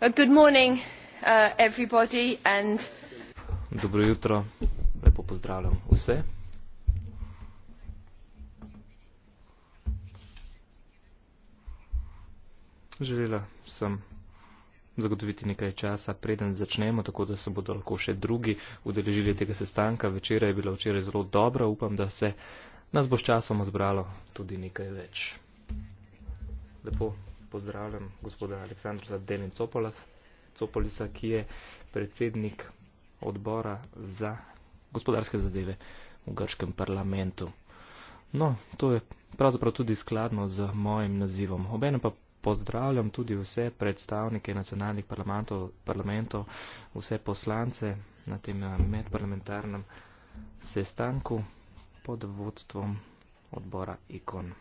Uh, uh, dobro jutro lepo pozdravljam vse želela sem zagotoviti nekaj časa preden začnemo tako da se bodo lahko še drugi udeležili tega sestanka večera je bila včeraj zelo dobra upam da se nas bo s časom zbralo tudi nekaj več lepo pozdravljam vse prisotne pozdravljam gospoda Aleksandra Denin Copolisa, ki je predsednik odbora za gospodarske zadeve v grškem parlamentu. No, to je pravzaprav tudi skladno z mojim nazivom. Obene pa pozdravljam tudi vse predstavnike nacionalnih parlamentov, parlamento, vse poslance na tem eh, medparlamentarnem sestanku pod vodstvom odbora ikon.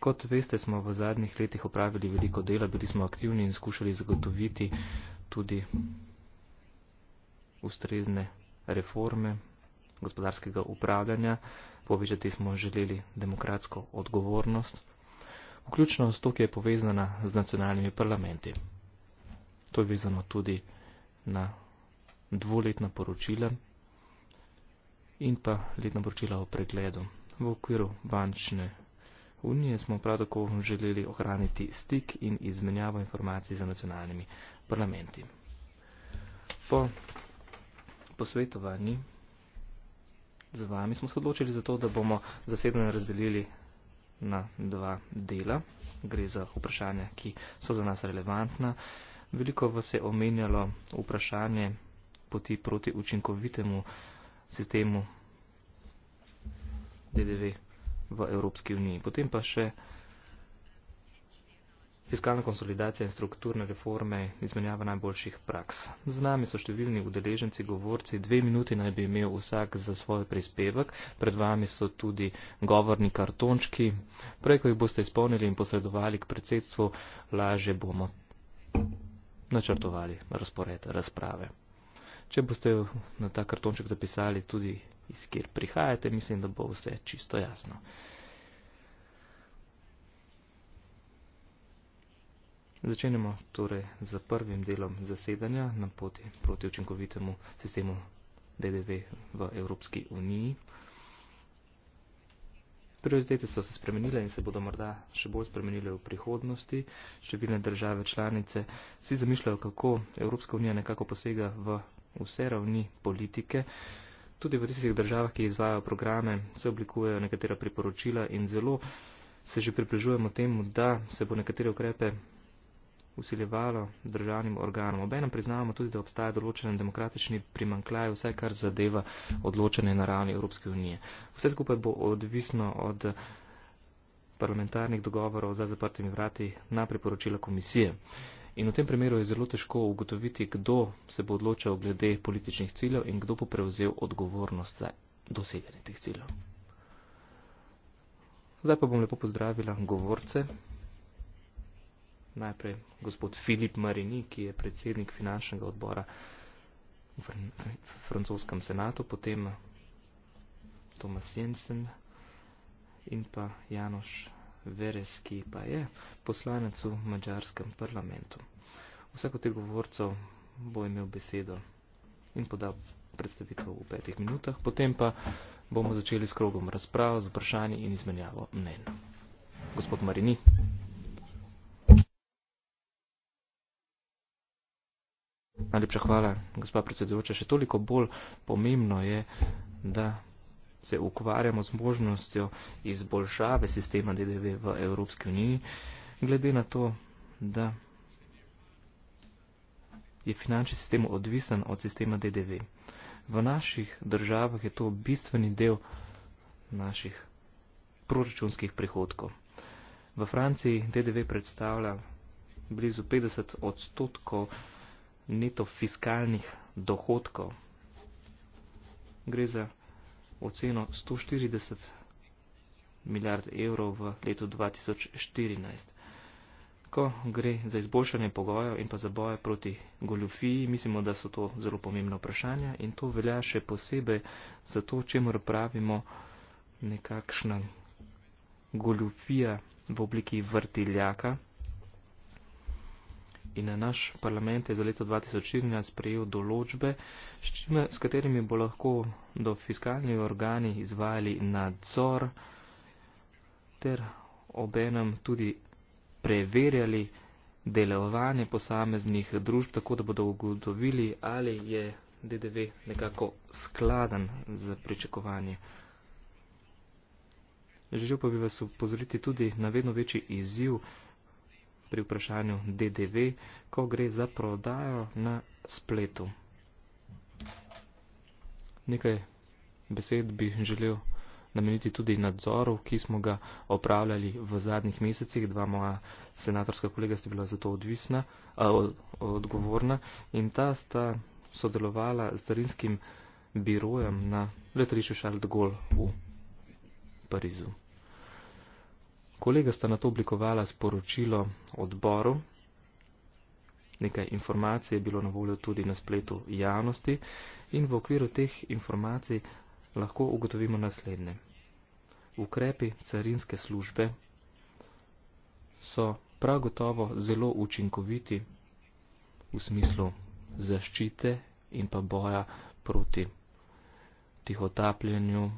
Kot veste, smo v zadnjih letih opravili veliko dela, bili smo aktivni in skušali zagotoviti tudi ustrezne reforme gospodarskega upravljanja. Povežati smo želeli demokratsko odgovornost, vključno s to, ki je povezana z nacionalnimi parlamenti. To je vezano tudi na dvoletna poročila in pa letna poročila o pregledu v okviru bančne Unije smo prav tako želeli ohraniti stik in izmenjavo informacij za nacionalnimi parlamenti. Po posvetovanji z vami smo se odločili za to, da bomo zasedanje razdelili na dva dela. Gre za vprašanja, ki so za nas relevantna. Veliko vas je omenjalo vprašanje poti proti učinkovitemu sistemu DDV v Evropski uniji. Potem pa še fiskalna konsolidacija in strukturne reforme izmenjava najboljših praks. Z nami so številni udeleženci, govorci, dve minuti naj bi imel vsak za svoj prispevek. Pred vami so tudi govorni kartončki. Prej, ko jih boste izpolnili in posredovali k predsedstvu, laže bomo načrtovali razpored razprave. Če boste na ta kartonček zapisali tudi iz kjer prihajate, mislim, da bo vse čisto jasno. Začenjamo torej z prvim delom zasedanja na poti proti učinkovitemu sistemu DDV v Evropski uniji. Prioritete so se spremenile in se bodo morda še bolj spremenile v prihodnosti. Številne države članice si zamišljajo, kako Evropska unija nekako posega v vse ravni politike. Uh, Tudi v tistih državah, ki izvajajo programe, se oblikujejo nekatera priporočila in zelo se že približujemo temu, da se bo nekatere ukrepe usiljevalo državnim organom. Obenem priznavamo tudi, da obstaja določen demokratični primankljaj, vse kar zadeva odločene na ravni Evropske unije. Vse skupaj bo odvisno od parlamentarnih dogovorov za zaprtimi vrati na priporočila komisije. In v tem primeru je zelo težko ugotoviti, kdo se bo odločal glede političnih ciljev in kdo bo prevzel odgovornost za doseganje teh ciljev. Zdaj pa bom lepo pozdravila govorce. Najprej gospod Filip Marini, ki je predsednik finančnega odbora v francoskem senatu, potem Tomas Jensen in pa Janoš Veres, ki pa je poslanec v mačarskem parlamentu. Vsak od teh govorcev bo imel besedo in podal predstavitev v petih minutah, potem pa bomo začeli s krogom razprav, z vprašanji in izmenjavo mnen. Gospod Marini. Najlepša hvala, gospa predsedujoča. Še toliko bolj pomembno je, da se ukvarjamo z možnostjo izboljšave sistema DDV v Evropski uniji, glede na to, da je finančni sistem odvisen od sistema DDV. V naših državah je to bistveni del naših proračunskih prihodkov. V Franciji DDV predstavlja blizu 50 odstotkov neto fiskalnih dohodkov. Gre za oceno 140 milijard evrov v letu 2014. Ko gre za izboljšanje pogojev in pa za boje proti goljofiji, mislimo, da so to zelo pomembna vprašanja in to velja še posebej za to, čemu pravimo nekakšna goljofija v obliki vrtiljaka in naš parlament je za leto 2014 sprejel določbe, s, čime, s katerimi bo lahko do fiskalni organi izvajali nadzor ter obenem tudi preverjali delovanje posameznih družb, tako da bodo ugotovili, ali je DDV nekako skladen z pričakovanje. Želel pa bi vas upozoriti tudi na vedno večji izziv, pri vprašanju DDV, ko gre za prodajo na spletu. Nekaj besed bi želel nameniti tudi nadzoru, ki smo ga opravljali v zadnjih mesecih. Dva moja senatorska kolega sta bila za to odvisna, a, odgovorna in ta sta sodelovala z carinskim birojem na letališču Charles de Gaulle v Parizu. Kolega sta na to oblikovala sporočilo odboru. Nekaj informacij je bilo na voljo tudi na spletu javnosti in v okviru teh informacij lahko ugotovimo naslednje. Ukrepi carinske službe so prav gotovo zelo učinkoviti v smislu zaščite in pa boja proti tihotapljenju,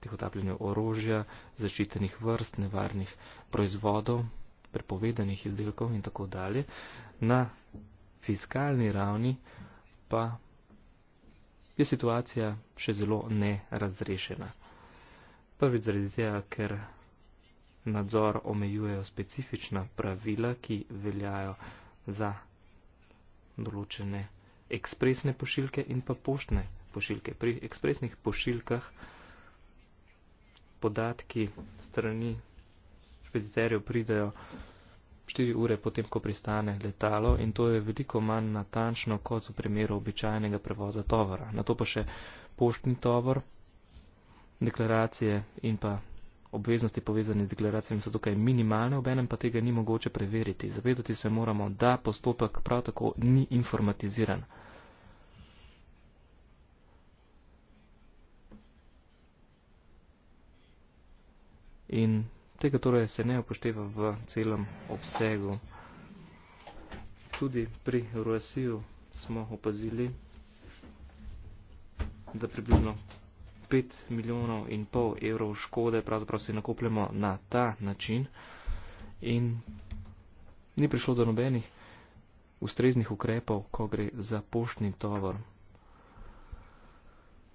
tihotapljenju orožja, zaščitenih vrst, nevarnih proizvodov, prepovedanih izdelkov in tako dalje. Na fiskalni ravni pa je situacija še zelo nerazrešena. Prvič zaradi tega, ker nadzor omejujejo specifična pravila, ki veljajo za določene ekspresne pošiljke in pa poštne pošiljke. Pri ekspresnih pošiljkah podatki strani špediterjev pridejo 4 ure potem, ko pristane letalo in to je veliko manj natančno kot v primeru običajnega prevoza tovora. Na to pa še poštni tovor, deklaracije in pa obveznosti povezane z deklaracijami so tukaj minimalne, obenem pa tega ni mogoče preveriti. Zavedati se moramo, da postopek prav tako ni informatiziran. in tega torej se ne upošteva v celem obsegu. Tudi pri Rojasiju smo opazili, da približno 5 milijonov in pol evrov škode pravzaprav se nakopljamo na ta način in ni prišlo do nobenih ustreznih ukrepov, ko gre za poštni tovor.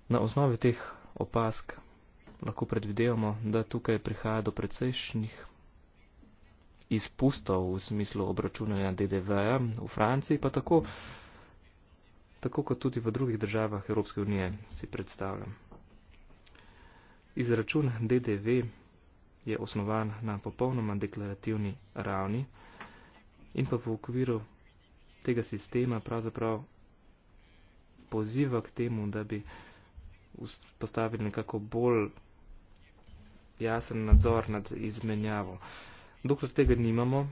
Na osnovi teh opask lahko predvidevamo, da tukaj prihaja do precejšnjih izpustov v smislu obračunanja DDV-ja v Franciji, pa tako, tako kot tudi v drugih državah Evropske unije si predstavljam. Izračun DDV je osnovan na popolnoma deklarativni ravni in pa v okviru tega sistema pravzaprav poziva k temu, da bi postavili nekako bolj jasen nadzor nad izmenjavo. Dokler tega nimamo,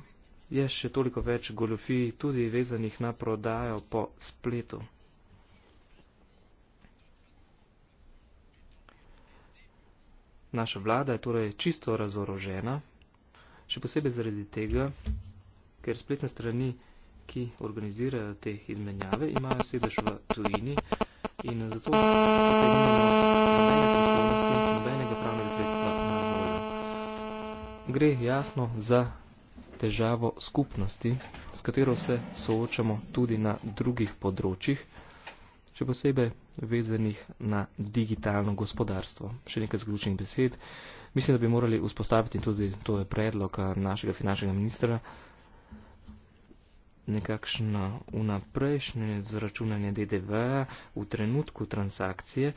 je še toliko več goljofij tudi vezanih na prodajo po spletu. Naša vlada je torej čisto razorožena, še posebej zaradi tega, ker spletne strani, ki organizirajo te izmenjave, imajo sedež v tujini in zato nobene pristojnosti, nobene gre jasno za težavo skupnosti, s katero se soočamo tudi na drugih področjih, še posebej vezanih na digitalno gospodarstvo. Še nekaj zaključnih besed. Mislim, da bi morali vzpostaviti tudi to je predlog eh, našega finančnega ministra, nekakšno unaprejšnje zračunanje DDV v trenutku transakcije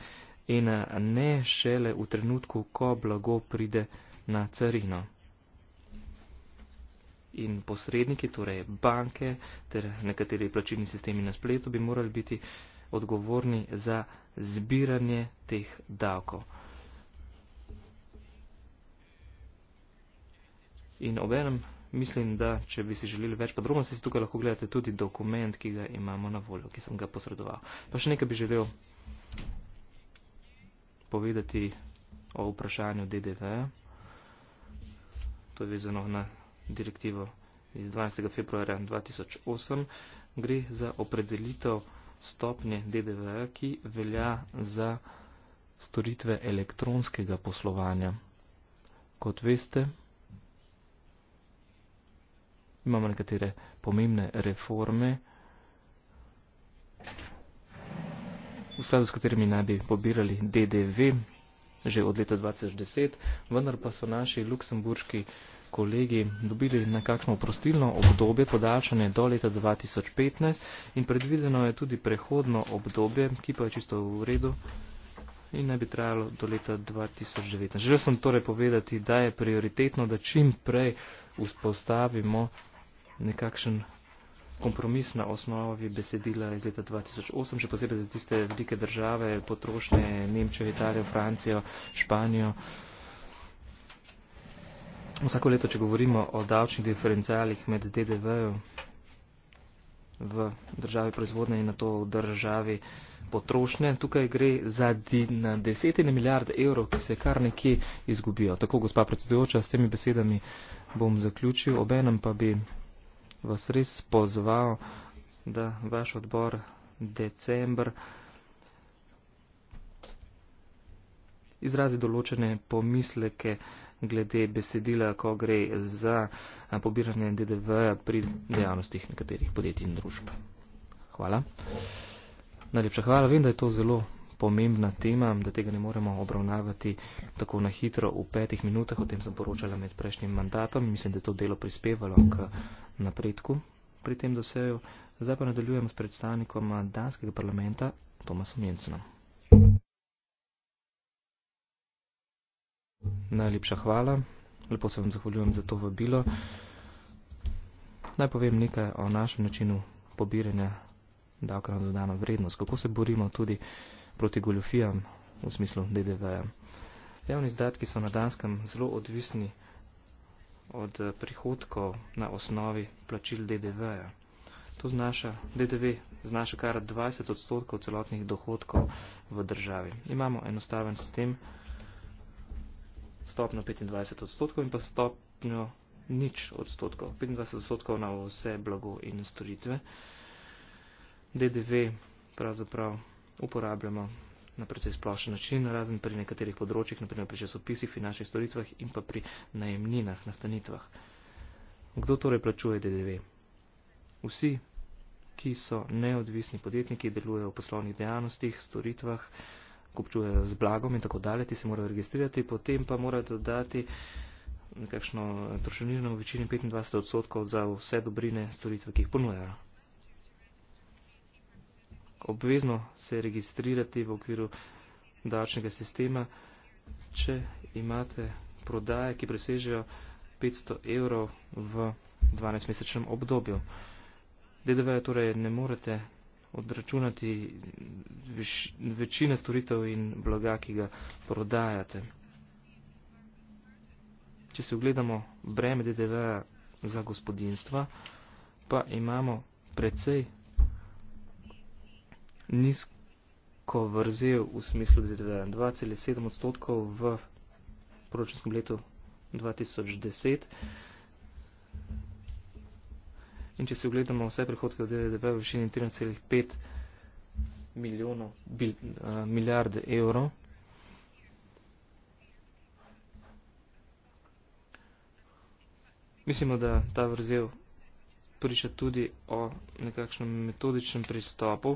in eh, ne šele v trenutku, ko blago pride na carino in posredniki, torej banke ter nekateri plačilni sistemi na spletu, bi morali biti odgovorni za zbiranje teh davkov. In obenem mislim, da če bi si želeli več podrobnosti, si tukaj lahko gledate tudi dokument, ki ga imamo na voljo, ki sem ga posredoval. Pa še nekaj bi želel povedati o vprašanju DDV. To je vezano na direktivo iz 12. februarja 2008, gre za opredelitev stopnje DDV, ki velja za storitve elektronskega poslovanja. Kot veste, imamo nekatere pomembne reforme, v skladu s katerimi naj bi pobirali DDV že od leta 2010, vendar pa so naši luksemburški kolegi dobili nekakšno oprostilno obdobje, podaljšanje do leta 2015 in predvideno je tudi prehodno obdobje, ki pa je čisto v redu in ne bi trajalo do leta 2019. Želel sem torej povedati, da je prioritetno, da čim prej vzpostavimo nekakšen kompromis na osnovi besedila iz leta 2008, še posebej za tiste velike države, potrošnje Nemčijo, Italijo, Francijo, Španijo vsako leto, če govorimo o davčnih diferencialih med DDV-jo v državi proizvodne in na to v državi potrošnje. Tukaj gre za na desetine milijarde evrov, ki se kar nekje izgubijo. Tako, gospa predsedujoča, s temi besedami bom zaključil. Obenem pa bi vas res pozval, da vaš odbor december izrazi določene pomisleke glede besedila, ko gre za pobiranje DDV pri dejavnostih nekaterih podjetij in družb. Hvala. Najlepša hvala. Vem, da je to zelo pomembna tema, da tega ne moremo obravnavati tako na hitro v petih minutah. O tem sem poročala med prejšnjim mandatom. Mislim, da je to delo prispevalo k napredku pri tem doseju. Zdaj pa nadaljujem s predstavnikom Danskega parlamenta Tomasom Jensenom. najlepša hvala. Lepo se vam zahvaljujem za to vabilo. Naj povem nekaj o našem načinu pobiranja davka na dodano vrednost, kako se borimo tudi proti goljofijam v smislu DDV-ja. Javni izdatki so na Danskem zelo odvisni od eh, prihodkov na osnovi plačil DDV-ja. To znaša, DDV znaša kar 20 odstotkov celotnih dohodkov v državi. Imamo enostaven sistem, stopno 25 odstotkov in pa stopno nič odstotkov. 25 odstotkov na vse blago in storitve. DDV pravzaprav uporabljamo na precej splošen način, razen pri nekaterih področjih, naprimer pri časopisih, finančnih storitvah in pa pri najemninah, nastanitvah. Kdo torej plačuje DDV? Vsi, ki so neodvisni podjetniki, delujejo v poslovnih dejavnostih, storitvah, kupčujejo z blagom in tako dalje, ti se morajo registrirati, potem pa morajo dodati nekakšno trošenino v večini 25 odstotkov za vse dobrine storitve, ki jih ponujajo. Obvezno se je registrirati v okviru davčnega sistema, če imate prodaje, ki presežejo 500 evrov v 12-mesečnem obdobju. DDV torej ne morete odračunati viš, večine storitev in blaga, ki ga prodajate. Če se ogledamo breme DDV -ja za gospodinstva, pa imamo precej nizko vrzel v smislu DDV. -ja. 2,7 odstotkov v proračunskem letu 2010 In če si ogledamo vse prihodke od DDV v višini 13,5 milijonov bil, uh, eh, milijarde evrov, mislimo, da ta vrzel priča tudi o nekakšnem metodičnem pristopu.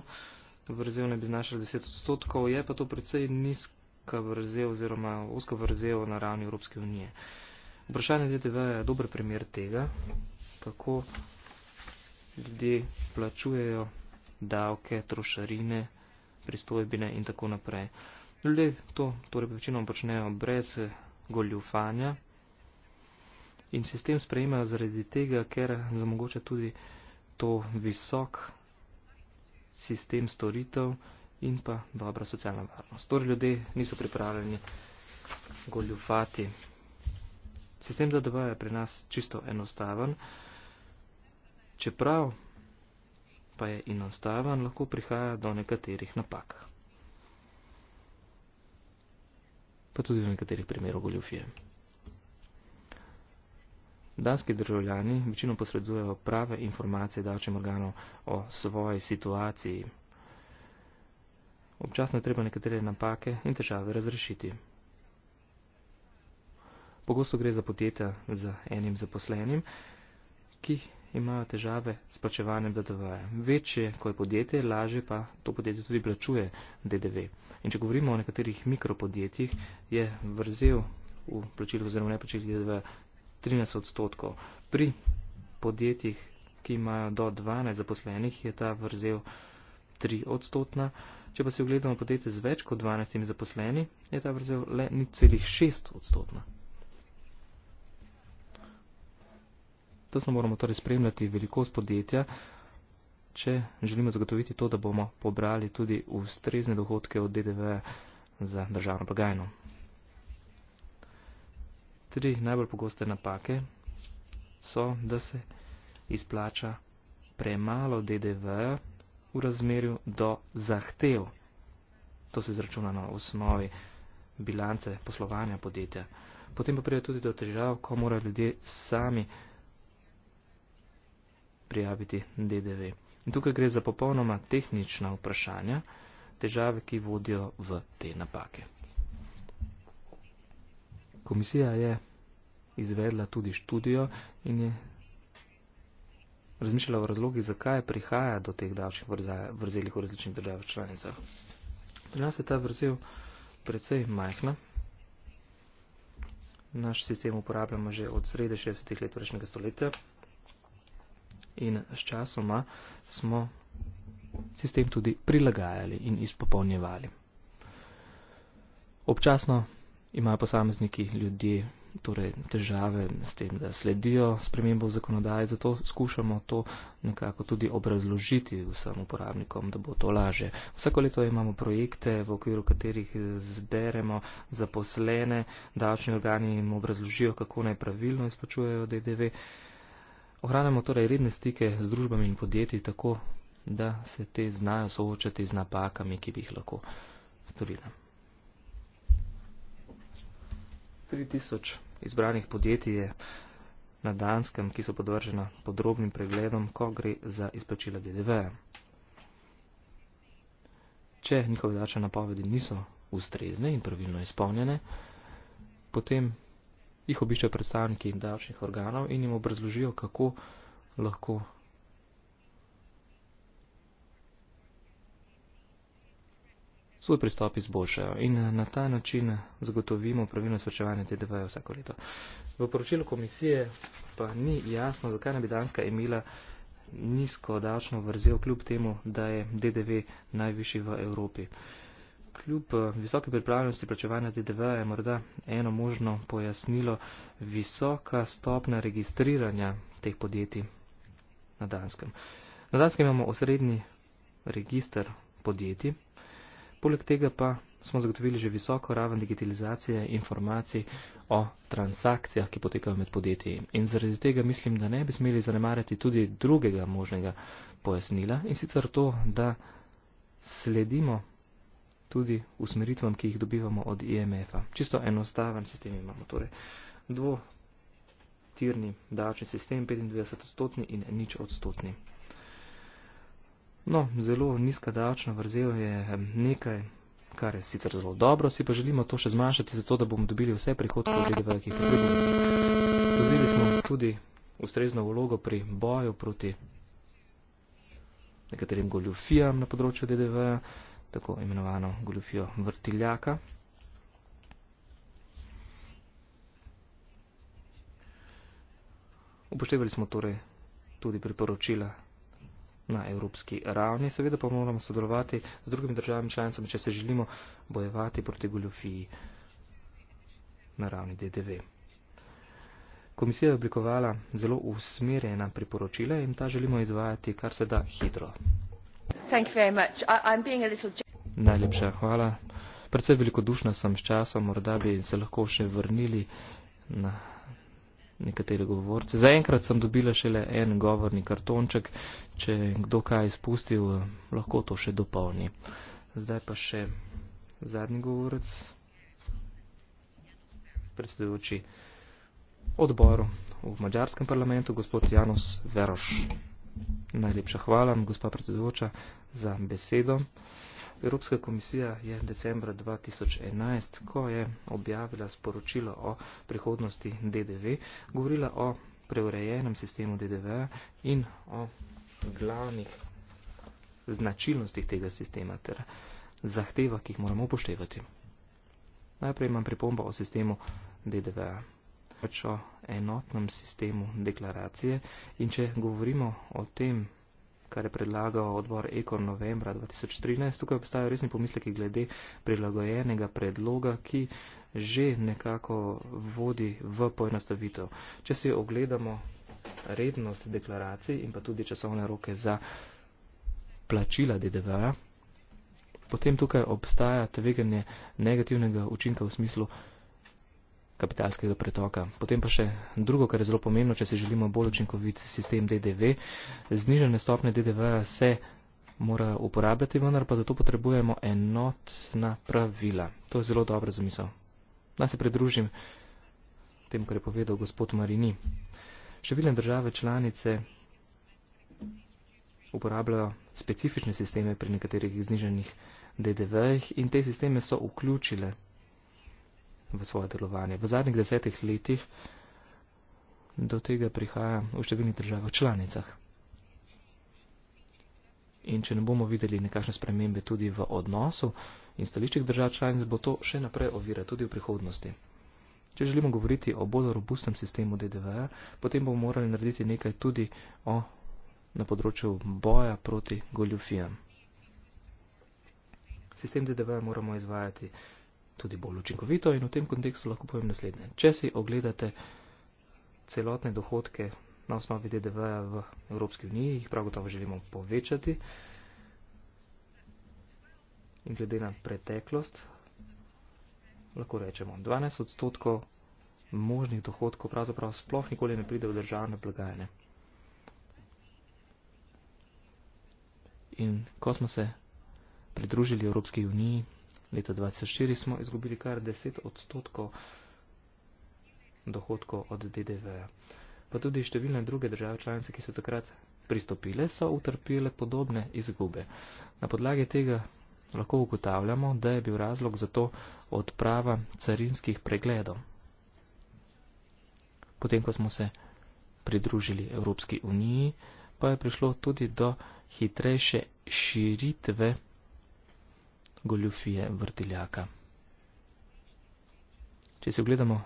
Vrzel ne bi znašal 10 odstotkov, je pa to precej nizka vrzel oziroma oska vrzel na ravni Evropske unije. Vprašanje DDV je dober primer tega, kako ljudje plačujejo davke, trošarine, pristojbine in tako naprej. Ljudje to torej večino počnejo brez goljufanja in sistem sprejemajo zaradi tega, ker zamogoče tudi to visok sistem storitev in pa dobra socialna varnost. Torej ljudje niso pripravljeni goljufati. Sistem zadovaja pri nas čisto enostaven čeprav pa je enostaven, lahko prihaja do nekaterih napak. Pa tudi v nekaterih primerov goljufije. Danski državljani večino posredujejo prave informacije davčnim organom o svoji situaciji. Občasno je treba nekatere napake in težave razrešiti. Pogosto gre za podjetja z enim zaposlenim, ki imajo težave s plačevanjem DDV. -ja. Večje, ko je podjetje, lažje pa to podjetje tudi plačuje DDV. In če govorimo o nekaterih mikropodjetjih, je vrzel v plačilih oziroma neplačilih DDV 13 odstotkov. Pri podjetjih, ki imajo do 12 zaposlenih, je ta vrzel 3 odstotna. Če pa si ogledamo podjetje z več kot 12 zaposleni, je ta vrzel le 0,6 odstotna. Tesno moramo torej spremljati velikost podjetja, če želimo zagotoviti to, da bomo pobrali tudi ustrezne dohodke od DDV za državno blagajno. Tri najbolj pogoste napake so, da se izplača premalo DDV v razmerju do zahtev. To se izračuna na osnovi bilance poslovanja podjetja. Potem pa pride tudi do težav, ko morajo ljudje sami prijaviti DDV. In tukaj gre za popolnoma tehnična vprašanja, težave, ki vodijo v te napake. Komisija je izvedla tudi študijo in je razmišljala o razlogih, zakaj prihaja do teh davčnih vrzeljih v različnih državah članicah. Pri nas je ta vrzel precej majhna. Naš sistem uporabljamo že od srede 60-ih let prejšnjega stoletja in sčasoma smo sistem tudi prilagajali in izpopolnjevali. Občasno imajo posamezniki ljudje torej, težave s tem, da sledijo spremembo zakonodaje, zato skušamo to nekako tudi obrazložiti vsem uporabnikom, da bo to laže. Vsako leto imamo projekte, v okviru katerih zberemo zaposlene, davčni organi jim obrazložijo, kako naj pravilno izplačujejo DDV. Ohranjamo torej redne stike z družbami in podjetji tako, da se te znajo soočati z napakami, ki bi jih lahko storila. 3000 izbranih podjetij je na Danskem, ki so podvržena podrobnim pregledom, ko gre za izplačila DDV. Če njihove dačne napovedi niso ustrezne in pravilno izpolnjene, potem jih obiščajo predstavniki davčnih organov in jim obrazložijo, kako lahko. Svoj pristop izboljšajo in eh, na ta način zagotovimo pravilno izvrševanje TDV vsako leto. V poročilu komisije pa ni jasno, zakaj ne bi Danska imela nizko davčno vrzel, kljub temu, da je DDV najvišji v Evropi. Uh, kljub eh, visoke pripravljenosti plačevanja DDV je morda eno možno pojasnilo visoka stopna registriranja teh podjetij na Danskem. Na Danskem imamo osrednji registr podjetij, poleg tega pa smo zagotovili že visoko raven digitalizacije informacij o transakcijah, ki potekajo med podjetji. In zaradi tega mislim, da ne bi smeli zanemarjati tudi drugega možnega pojasnila in sicer to, da sledimo tudi usmeritvam, ki jih dobivamo od IMF-a. Čisto enostaven sistem imamo, torej dvotirni davčni sistem, 25 odstotni in nič odstotni. No, zelo nizka davčna vrzel je nekaj, kar je sicer zelo dobro, si pa želimo to še zmanjšati, zato da bomo dobili vse prihodke v GDP, ki jih potrebujemo. Pozivili smo tudi ustrezno vlogo pri boju proti nekaterim goljufijam na področju DDV-ja tako imenovano golfijo vrtiljaka. Upoštevali smo torej tudi priporočila na evropski ravni, seveda pa moramo sodelovati z drugimi državami članicami, če se želimo bojevati proti golfiji na ravni DDV. Komisija je oblikovala zelo usmerjena priporočila in ta želimo izvajati kar se da hitro. Thank you very much. I, I'm being a little Najlepša hvala. Predvsej velikodušna sem s časom, morda bi se lahko še vrnili na nekatere govorce. Zaenkrat sem dobila šele en govorni kartonček, če kdo kaj izpustil, lahko to še dopolni. Zdaj pa še zadnji govorec, predsedujoči odboru v Mačarskem parlamentu, gospod Janus Veroš. Najlepša hvala, gospa predsedujoča, za besedo. Evropska komisija je decembra 2011, ko je objavila sporočilo o prihodnosti DDV, govorila o preurejenem sistemu DDV in o glavnih značilnostih tega sistema ter zahtevah, ki jih moramo upoštevati. Najprej imam pripombo o sistemu DDV, pač o enotnem sistemu deklaracije in če govorimo o tem, kar je predlagal odbor Ekor novembra 2013. Tukaj obstajajo resni pomisleki glede prilagojenega predloga, ki že nekako vodi v poenostavitev. Če si ogledamo rednost deklaracij in pa tudi časovne roke za plačila DDV, potem tukaj obstaja tveganje negativnega učinka v smislu kapitalskega pretoka. Potem pa še drugo, kar je zelo pomembno, če si želimo bolj učinkovit sistem DDV. Znižene stopne DDV se mora uporabljati, vendar pa zato potrebujemo enotna pravila. To je zelo dobra zamisel. Naj se pridružim tem, kar je povedal gospod Marini. Številne države članice uporabljajo specifične sisteme pri nekaterih znižanih DDV-jih in te sisteme so vključile v svoje delovanje. V zadnjih desetih letih do tega prihaja v številnih državah članicah. In če ne bomo videli nekakšne spremembe tudi v odnosu in stališčih držav članic, bo to še naprej ovira tudi v prihodnosti. Če želimo govoriti o bolj robustnem sistemu DDV, potem bomo morali narediti nekaj tudi o, na področju boja proti goljufijam. Sistem DDV moramo izvajati tudi bolj učinkovito in v tem kontekstu lahko povem naslednje. Če si ogledate celotne dohodke na osnovi DDV-ja v Evropski uniji, jih prav gotovo želimo povečati in glede na preteklost, lahko rečemo 12 odstotkov možnih dohodkov pravzaprav sploh nikoli ne pride v državne blagajne. In ko smo se pridružili Evropski uniji, leta 2004 smo izgubili kar 10 odstotkov dohodkov od DDV. Pa tudi številne druge države članice, ki so takrat pristopile, so utrpile podobne izgube. Na podlagi tega lahko ugotavljamo, da je bil razlog za to odprava carinskih pregledov. Potem, ko smo se pridružili Evropski uniji, pa je prišlo tudi do hitrejše širitve goljufije vrtiljaka. Če se ogledamo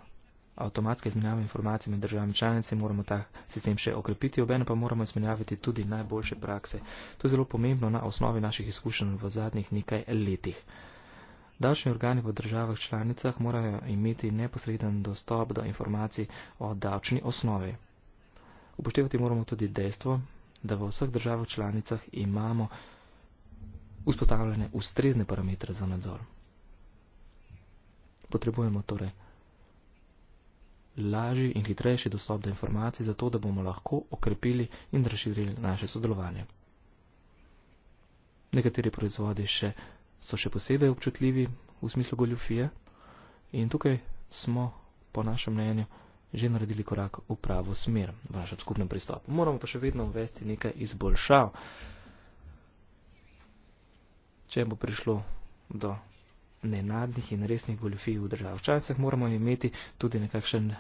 avtomatske izmenjave informacij med državami članice, moramo ta sistem še okrepiti, obene pa moramo izmenjavati tudi najboljše prakse. To je zelo pomembno na osnovi naših izkušenj v zadnjih nekaj letih. Davčni organi v državah članicah morajo imeti neposreden dostop do informacij o davčni osnovi. Upoštevati moramo tudi dejstvo, da v vseh državah članicah imamo vzpostavljene ustrezne parametre za nadzor. Potrebujemo torej lažji in hitrejši dostop do informacij, zato da bomo lahko okrepili in razširili naše sodelovanje. Nekateri proizvodi še, so še posebej občutljivi v smislu goljufije in tukaj smo, po našem mnenju, že naredili korak v pravo smer v našem skupnem pristopu. Moramo pa še vedno uvesti nekaj izboljšav če bo prišlo do nenadnih in resnih goljofij v državah članicah, moramo imeti tudi nekakšen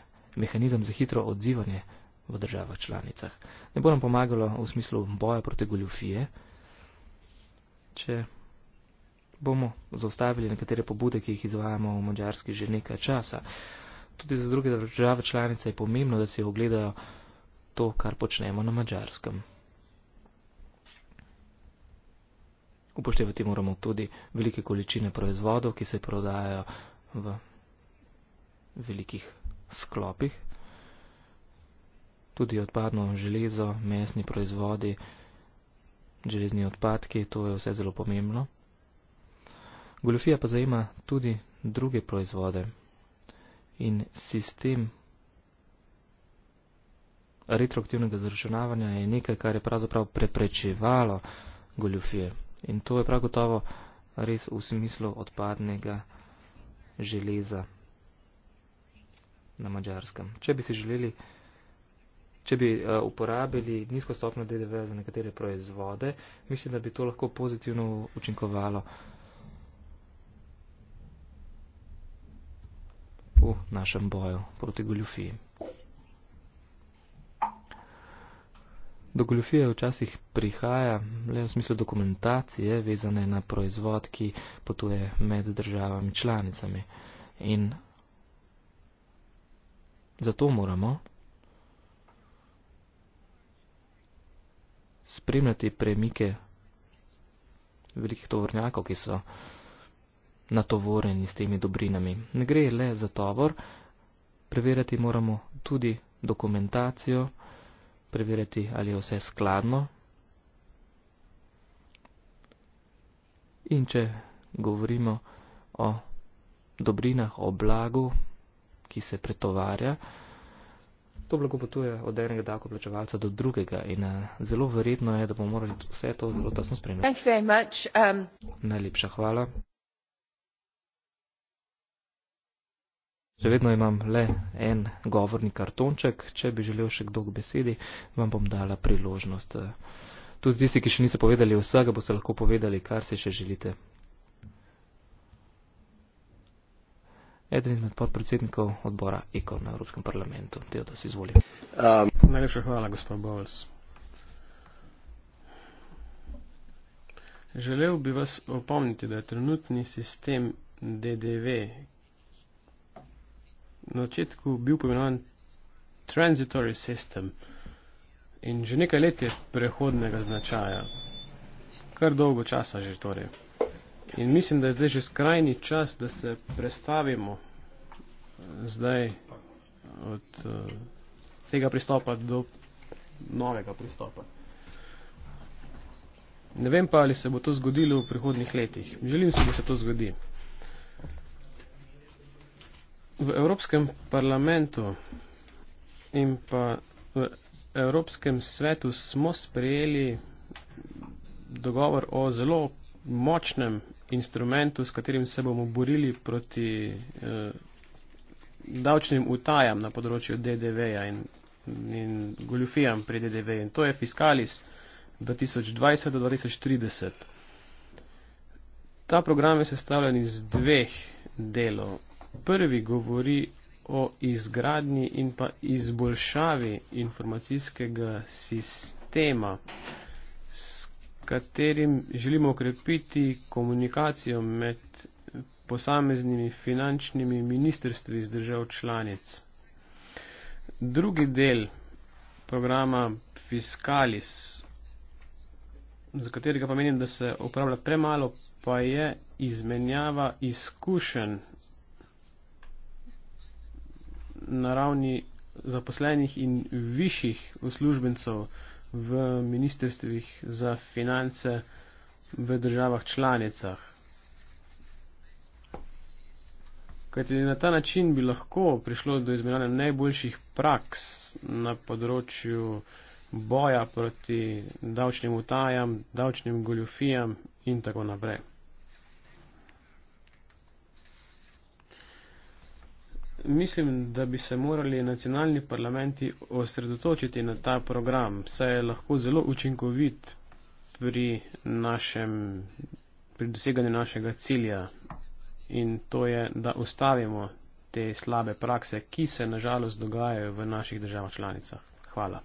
mehanizem za hitro odzivanje v državah članicah. Ne bo nam pomagalo v smislu boja proti goljofije, če bomo zaustavili nekatere pobude, ki jih izvajamo v Mačarski že nekaj časa. Tudi za druge države članice je pomembno, da si ogledajo to, kar počnemo na Mačarskem. Upoštevati moramo tudi velike količine proizvodov, ki se prodajajo v velikih sklopih. Tudi odpadno železo, mesni proizvodi, železni odpadki, to je vse zelo pomembno. Goljofija pa zajema tudi druge proizvode in sistem retroaktivnega zaračunavanja je nekaj, kar je pravzaprav preprečevalo goljofije. In to je prav gotovo res v smislu odpadnega železa na mačarskem. Če bi si želeli, če bi uh, uporabili nizko stopno DDV za nekatere proizvode, mislim, da bi to lahko pozitivno učinkovalo v našem boju proti goljufiji. Do goljofije včasih prihaja le v smislu dokumentacije, vezane na proizvod, ki potuje med državami članicami. In zato moramo spremljati premike velikih tovornjakov, ki so natovoreni s temi dobrinami. Ne gre le za tovor, preverjati moramo tudi dokumentacijo, preveriti, ali je vse skladno. In če govorimo o dobrinah, o blagu, ki se pretovarja, to blago potuje od enega davkoplačevalca do drugega in eh, zelo verjetno je, da bomo morali vse to zelo tasno spremljati. Um, Najlepša hvala. Še vedno imam le en govorni kartonček, če bi želel še kdo k besedi, vam bom dala priložnost. Tudi tisti, ki še niste povedali vsega, boste lahko povedali, kar si še želite. Eden izmed podpredsednikov odbora Eko na Evropskem parlamentu, Teo, da si izvoli. Um. Najlepša hvala, gospod Bovls. Želel bi vas opomniti, da je trenutni sistem DDV, na začetku bil pojmenovan transitory system in že nekaj let je prehodnega značaja. Kar dolgo časa že torej. In mislim, da je zdaj že skrajni čas, da se prestavimo eh, zdaj od uh, tega pristopa do novega pristopa. Ne vem pa, ali se bo to zgodilo v prihodnih letih. Želim se, da se to zgodi v Evropskem parlamentu in pa v Evropskem svetu smo sprejeli dogovor o zelo močnem instrumentu, s katerim se bomo borili proti eh, davčnim utajam na področju DDV-ja in, in goljufijam pri DDV. In to je Fiskalis 2020-2030. Ta program je sestavljen iz dveh delov prvi govori o izgradnji in pa izboljšavi informacijskega sistema, s katerim želimo okrepiti komunikacijo med posameznimi finančnimi ministrstvi iz držav članic. Drugi del programa Fiscalis, za katerega pa menim, da se upravlja premalo, pa je izmenjava izkušenj na ravni zaposlenih in višjih uslužbencev v ministrstvih za finance v državah članicah. Kajti na ta način bi lahko prišlo do izmenjave najboljših praks na področju boja proti davčnim utajam, davčnim goljofijam in tako naprej. mislim, da bi se morali nacionalni parlamenti osredotočiti na ta program, saj je lahko zelo učinkovit pri, našem, pri doseganju našega cilja in to je, da ustavimo te slabe prakse, ki se nažalost dogajajo v naših državah članicah. Hvala.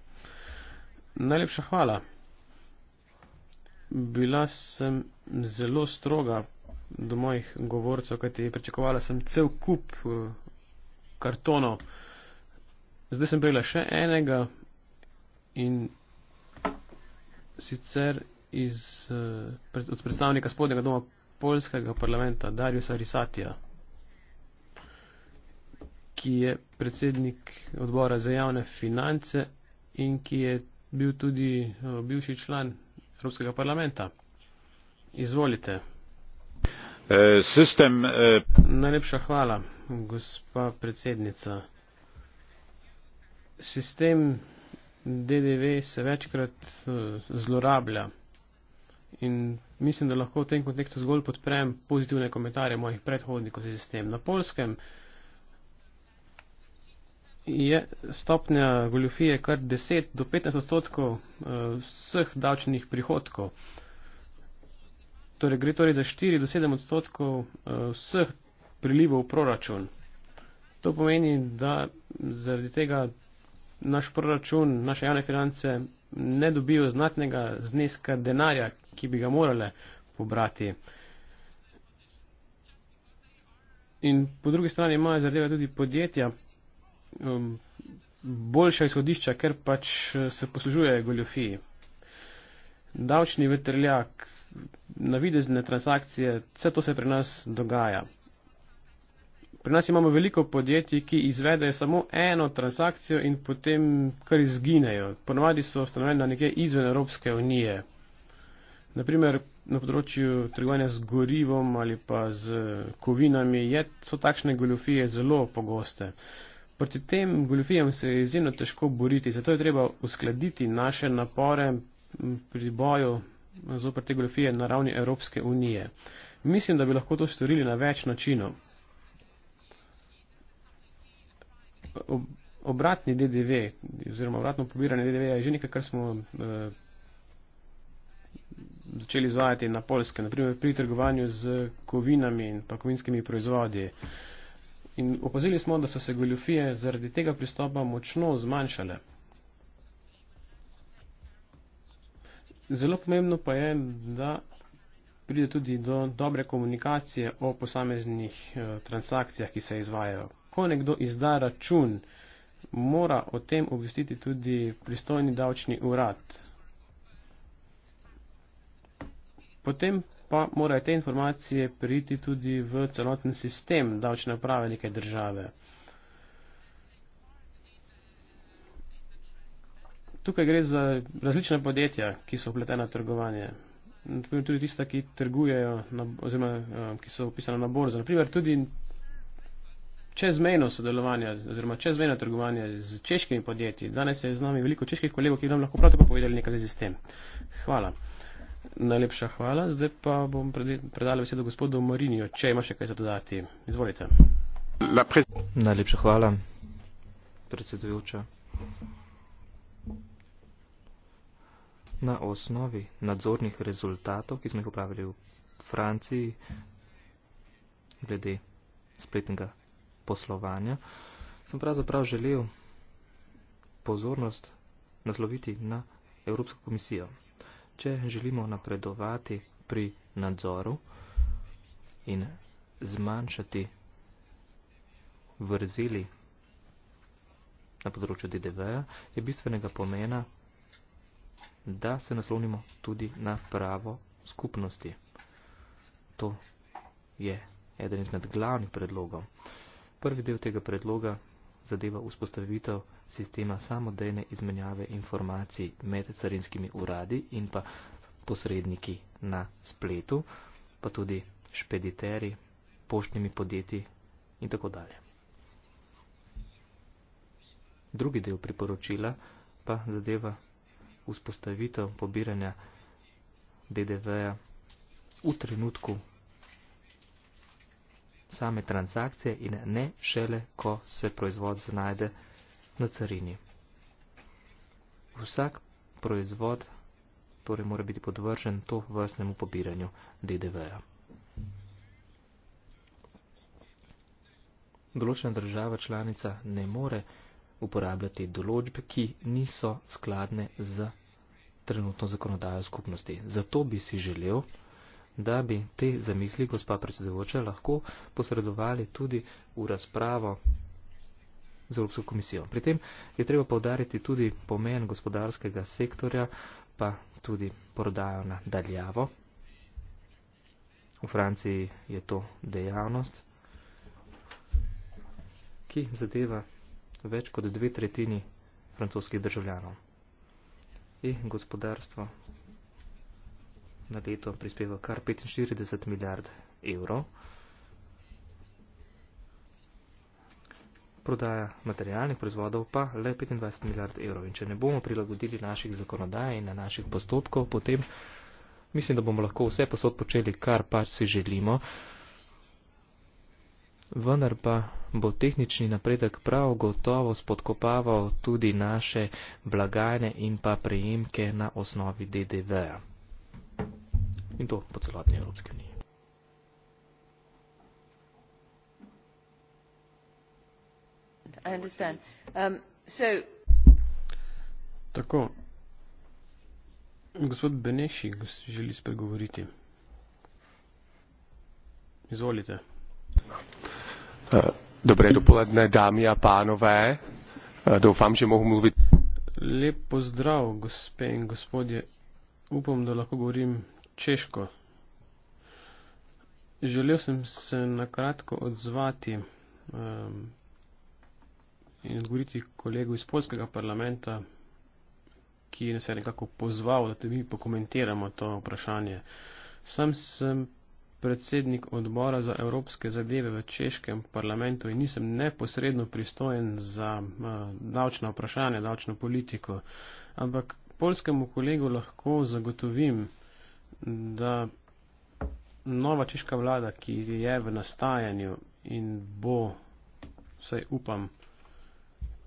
Najlepša hvala. Bila sem zelo stroga do mojih govorcev, kajti pričakovala sem cel kup eh, kartonov. Zdaj sem prijela še enega in sicer iz, eh, od predstavnika spodnjega doma polskega parlamenta Dariusa Risatija, ki je predsednik odbora za javne finance in ki je bil tudi eh, bivši član Evropskega parlamenta. Izvolite. Uh, eh, system, uh... Najlepša hvala gospa predsednica. Sistem DDV se večkrat eh, zlorablja in mislim, da lahko v tem kontekstu zgolj podprem pozitivne komentarje mojih predhodnikov za sistem. Na polskem je stopnja goljofije kar 10 do 15 odstotkov eh, vseh davčnih prihodkov. Torej, gre torej za 4 do 7 odstotkov eh, vseh prilivov v proračun. To pomeni, da zaradi tega naš proračun, naše javne finance ne dobijo znatnega zneska denarja, ki bi ga morale pobrati. In po drugi strani imajo zaradi tega tudi podjetja um, boljša izhodišča, ker pač eh, se poslužuje goljofiji. Davčni vetrljak, navidezne transakcije, vse to se pri nas dogaja. Pri nas imamo veliko podjetij, ki izvedejo samo eno transakcijo in potem kar izginejo. Ponovadi so ustanovljena nekje izven Evropske unije. Naprimer, na področju trgovanja z gorivom ali pa z kovinami je, so takšne goljofije zelo pogoste. Proti tem goljofijam se je izjemno težko boriti, zato je treba uskladiti naše napore pri boju zoprte goljofije na ravni Evropske unije. Mislim, da bi lahko to storili na več načinov. ob, obratni DDV oziroma obratno pobiranje DDV je že nekaj, kar smo eh, začeli izvajati na polske, naprimer pri trgovanju z kovinami in pa kovinskimi proizvodi. In opazili smo, da so se goljofije zaradi tega pristopa močno zmanjšale. Zelo pomembno pa je, da pride tudi do dobre komunikacije o posameznih eh, transakcijah, ki se izvajajo ko nekdo izda račun, mora o tem obvestiti tudi pristojni davčni urad. Potem pa morajo te informacije priti tudi v celoten sistem davčne uprave neke države. Tukaj gre za različne podjetja, ki so vpletena v trgovanje. Tudi tista, ki trgujejo, na, oziroma eh, ki so upisana na borzo. Naprimer, tudi čezmejno sodelovanje oziroma čezmejno trgovanje z češkimi podjetji. Danes je z nami veliko čeških kolegov, ki nam lahko prav tako povedali nekaj z tem. Hvala. Najlepša hvala. Zdaj pa bom predala besedo gospodu Marinijo, če ima še kaj za dodati. Izvolite. Najlepša hvala, predsedujoča. Na osnovi nadzornih rezultatov, ki smo jih upravili v Franciji, glede spletnega poslovanja, sem pravzaprav želel pozornost nasloviti na Evropsko komisijo. Če želimo napredovati pri nadzoru in zmanjšati vrzeli na področju DDV-ja, je bistvenega pomena, da se naslonimo tudi na pravo skupnosti. To je eden izmed glavnih predlogov. Prvi del tega predloga zadeva vzpostavitev sistema samodejne izmenjave informacij med carinskimi uradi in pa posredniki na spletu, pa tudi špediteri, poštnimi podjetji in tako dalje. Drugi del priporočila pa zadeva vzpostavitev pobiranja DDV-ja v trenutku same transakcije in ne šele, ko se proizvod znajde na carini. Vsak proizvod torej mora biti podvržen to vrstnemu pobiranju DDV-ja. Določena država članica ne more uporabljati določbe, ki niso skladne z trenutno zakonodajo skupnosti. Zato bi si želel, da bi te zamisli, gospa predsedujoča, lahko posredovali tudi v razpravo z Evropsko komisijo. Pri tem je treba povdariti tudi pomen gospodarskega sektorja, pa tudi prodajo na daljavo. V Franciji je to dejavnost, ki zadeva več kot dve tretjini francoskih državljanov. In gospodarstvo na leto prispeva kar 45 milijard evrov. Prodaja materialnih proizvodov pa le 25 milijard evrov. In če ne bomo prilagodili naših zakonodaj in na naših postopkov, potem mislim, da bomo lahko vse posod počeli, kar pač si želimo. Vendar pa bo tehnični napredek prav gotovo spodkopaval tudi naše blagajne in pa prejemke na osnovi DDV-ja in to po celotni Evropski uniji. I understand. Um, so Tako. Gospod Beneši želi spregovoriti. Izvolite. Uh, eh, dobre dopoledne, dami a panove. Uh, doufam, že mohu mluviti. Lep pozdrav, gospe in gospodje. Upam, da lahko govorim Češko. Želel sem se na kratko odzvati um, in odgovoriti kolegu iz polskega parlamenta, ki nas je nekako pozval, da tudi mi pokomentiramo to vprašanje. Sam sem predsednik odbora za evropske zadeve v češkem parlamentu in nisem neposredno pristojen za uh, eh, davčno vprašanje, davčno politiko, ampak polskemu kolegu lahko zagotovim, da nova češka vlada, ki je v nastajanju in bo, vsaj upam,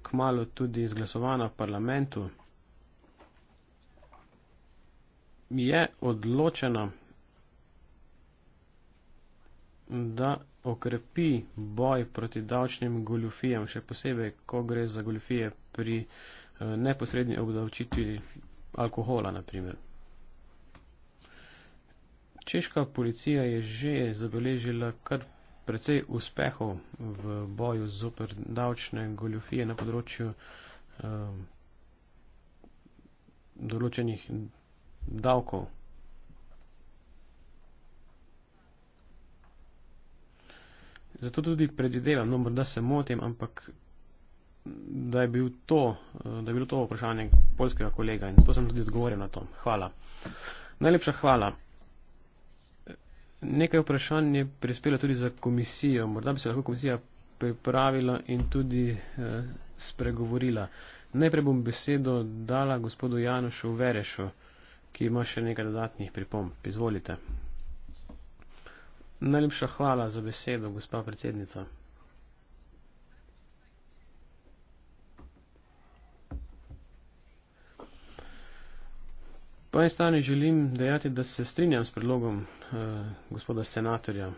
kmalo tudi izglasovana v parlamentu, je odločena, da okrepi boj proti davčnim goljufijam, še posebej, ko gre za goljufije pri eh, neposrednji obdavčitvi alkohola, naprimer. Češka policija je že zabeležila kar precej uspehov v boju zoper davčne goljofije na področju um, določenih davkov. Zato tudi predvidevam, no, da se motim, ampak da je, bil to, eh, da je bilo to vprašanje polskega kolega in zato sem tudi odgovoril na to. Hvala. Najlepša hvala nekaj vprašanj je prispelo tudi za komisijo. Morda bi se lahko komisija pripravila in tudi eh, spregovorila. Najprej bom besedo dala gospodu Janošu Verešu, ki ima še nekaj dodatnih pripomb. Izvolite. Najlepša hvala za besedo, gospa predsednica. Po eni strani želim dejati, da se strinjam s predlogom eh, gospoda senatorja,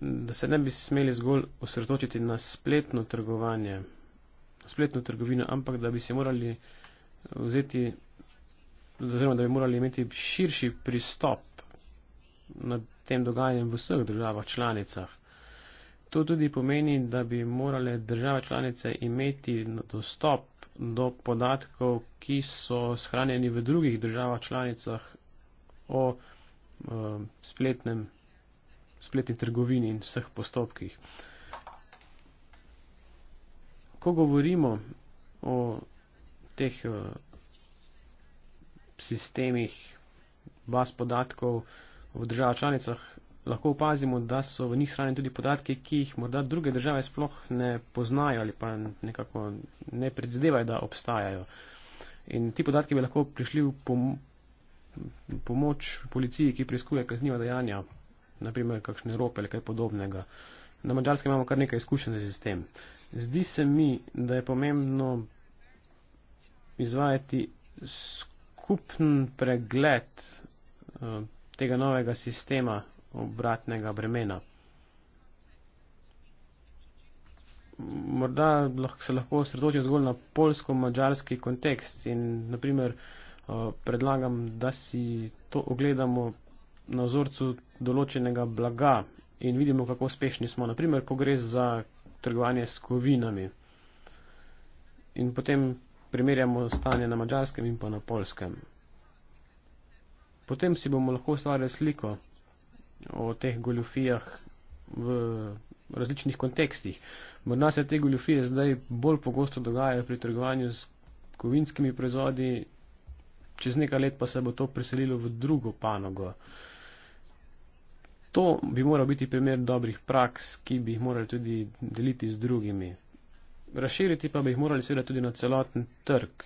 da se ne bi smeli zgolj osredotočiti na spletno trgovanje, na spletno trgovino, ampak da bi se morali eh, vzeti, oziroma da bi morali imeti širši pristop nad tem dogajanjem v vseh državah članicah. To tudi pomeni, da bi morale države članice imeti dostop do podatkov, ki so shranjeni v drugih državah članicah o eh, spletnem, spletni trgovini in vseh postopkih. Ko govorimo o teh eh, sistemih baz podatkov v državah članicah, lahko opazimo, da so v njih shranjeni tudi podatki, ki jih morda druge države sploh ne poznajo ali pa nekako ne predvidevajo, da obstajajo. In ti podatki bi lahko prišli v pomoč policiji, ki preiskuje kazniva dejanja, naprimer kakšne rope ali kaj podobnega. Na mačarskem imamo kar nekaj izkušenj z tem. Zdi se mi, da je pomembno izvajati skupen pregled uh, tega novega sistema obratnega bremena. Morda se lahko osredotočim zgolj na polsko-mađarski kontekst in naprimer eh, predlagam, da si to ogledamo na vzorcu določenega blaga in vidimo, kako uspešni smo, naprimer, ko gre za trgovanje s kovinami. In potem primerjamo stanje na mađarskem in pa na polskem. Potem si bomo lahko ustvarjali sliko, o teh goljofijah v različnih kontekstih. Morda se te goljofije zdaj bolj pogosto dogajajo pri trgovanju s kovinskimi proizvodi, čez nekaj let pa se bo to preselilo v drugo panogo. To bi moral biti primer dobrih praks, ki bi jih morali tudi deliti z drugimi. Razširiti pa bi jih morali seveda tudi na celoten trg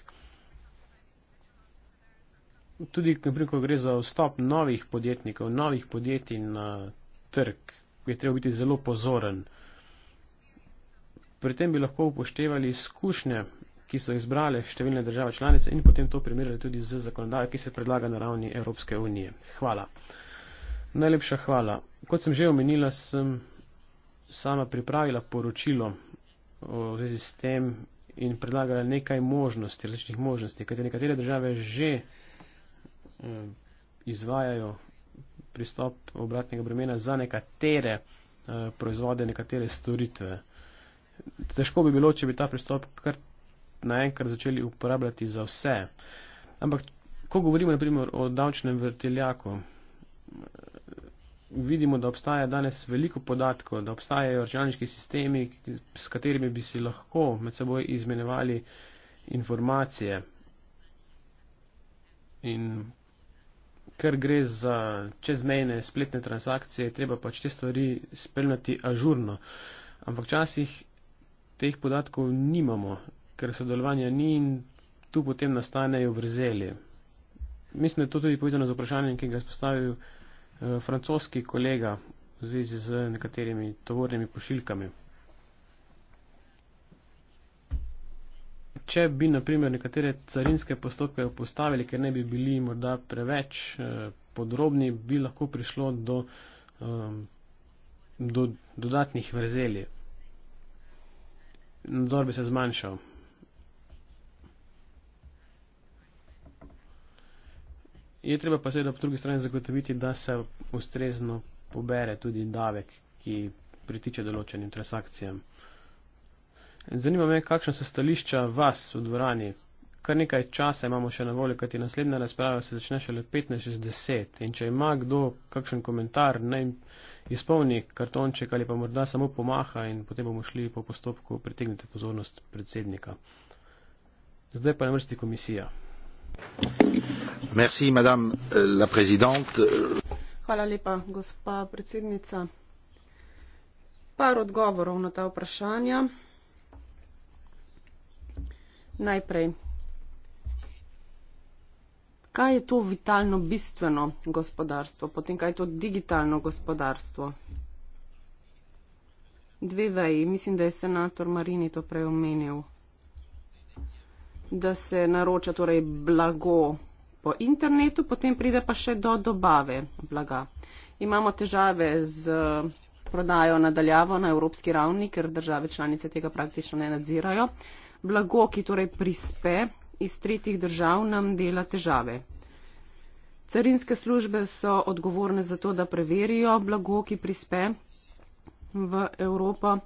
tudi, ko gre za vstop novih podjetnikov, novih podjetij na trg, je treba biti zelo pozoren. Pri tem bi lahko upoštevali izkušnje, ki so izbrale številne države članice in potem to primerjali tudi z zakonodajo, ki se predlaga na ravni Evropske unije. Hvala. Najlepša hvala. Kot sem že omenila, sem sama pripravila poročilo v zvezi s tem in predlagala nekaj možnosti, različnih možnosti, kajte nekatere države že Eh, izvajajo pristop obratnega bremena za nekatere eh, proizvode, nekatere storitve. Težko bi bilo, če bi ta pristop kar naenkrat začeli uporabljati za vse. Ampak, ko govorimo naprimer o davčnem vrteljaku, vidimo, da obstaja danes veliko podatkov, da obstajajo računalniški sistemi, s katerimi bi si lahko med seboj izmenjevali informacije. In ker gre za čezmejne spletne transakcije, treba pač te stvari spremljati ažurno. Ampak včasih teh podatkov nimamo, ker sodelovanja ni in tu potem nastanejo vrzeli. Mislim, da je to tudi povezano z vprašanjem, ki ga je postavil eh, francoski kolega v zvezi z nekaterimi tovornimi pošiljkami. če bi naprimer nekatere carinske postopke postavili, ker ne bi bili morda preveč eh, podrobni, bi lahko prišlo do, eh, do dodatnih vrzeli. Nadzor bi se zmanjšal. Je treba pa seveda po drugi strani zagotoviti, da se ustrezno pobere tudi davek, ki pritiče določenim transakcijam. Zanima me, kakšna so stališča vas v dvorani. Kar nekaj časa imamo še na voljo, kajti naslednja razprava se začne šele 15.60. In če ima kdo kakšen komentar, naj izpolni kartonček ali pa morda samo pomaha in potem bomo šli po postopku, pritegnite pozornost predsednika. Zdaj pa je na vrsti komisija. Merci, madame euh, la présidente. Hvala lepa, gospa predsednica. Par odgovorov na ta vprašanja najprej. Kaj je to vitalno bistveno gospodarstvo, potem kaj je to digitalno gospodarstvo? Dve veji, mislim, da je senator Marini to prej omenil, da se naroča torej blago po internetu, potem pride pa še do dobave blaga. Imamo težave z prodajo nadaljavo na evropski ravni, ker države članice tega praktično ne nadzirajo blago, ki torej prispe iz tretjih držav, nam dela težave. Carinske službe so odgovorne za to, da preverijo blago, ki prispe v Evropo.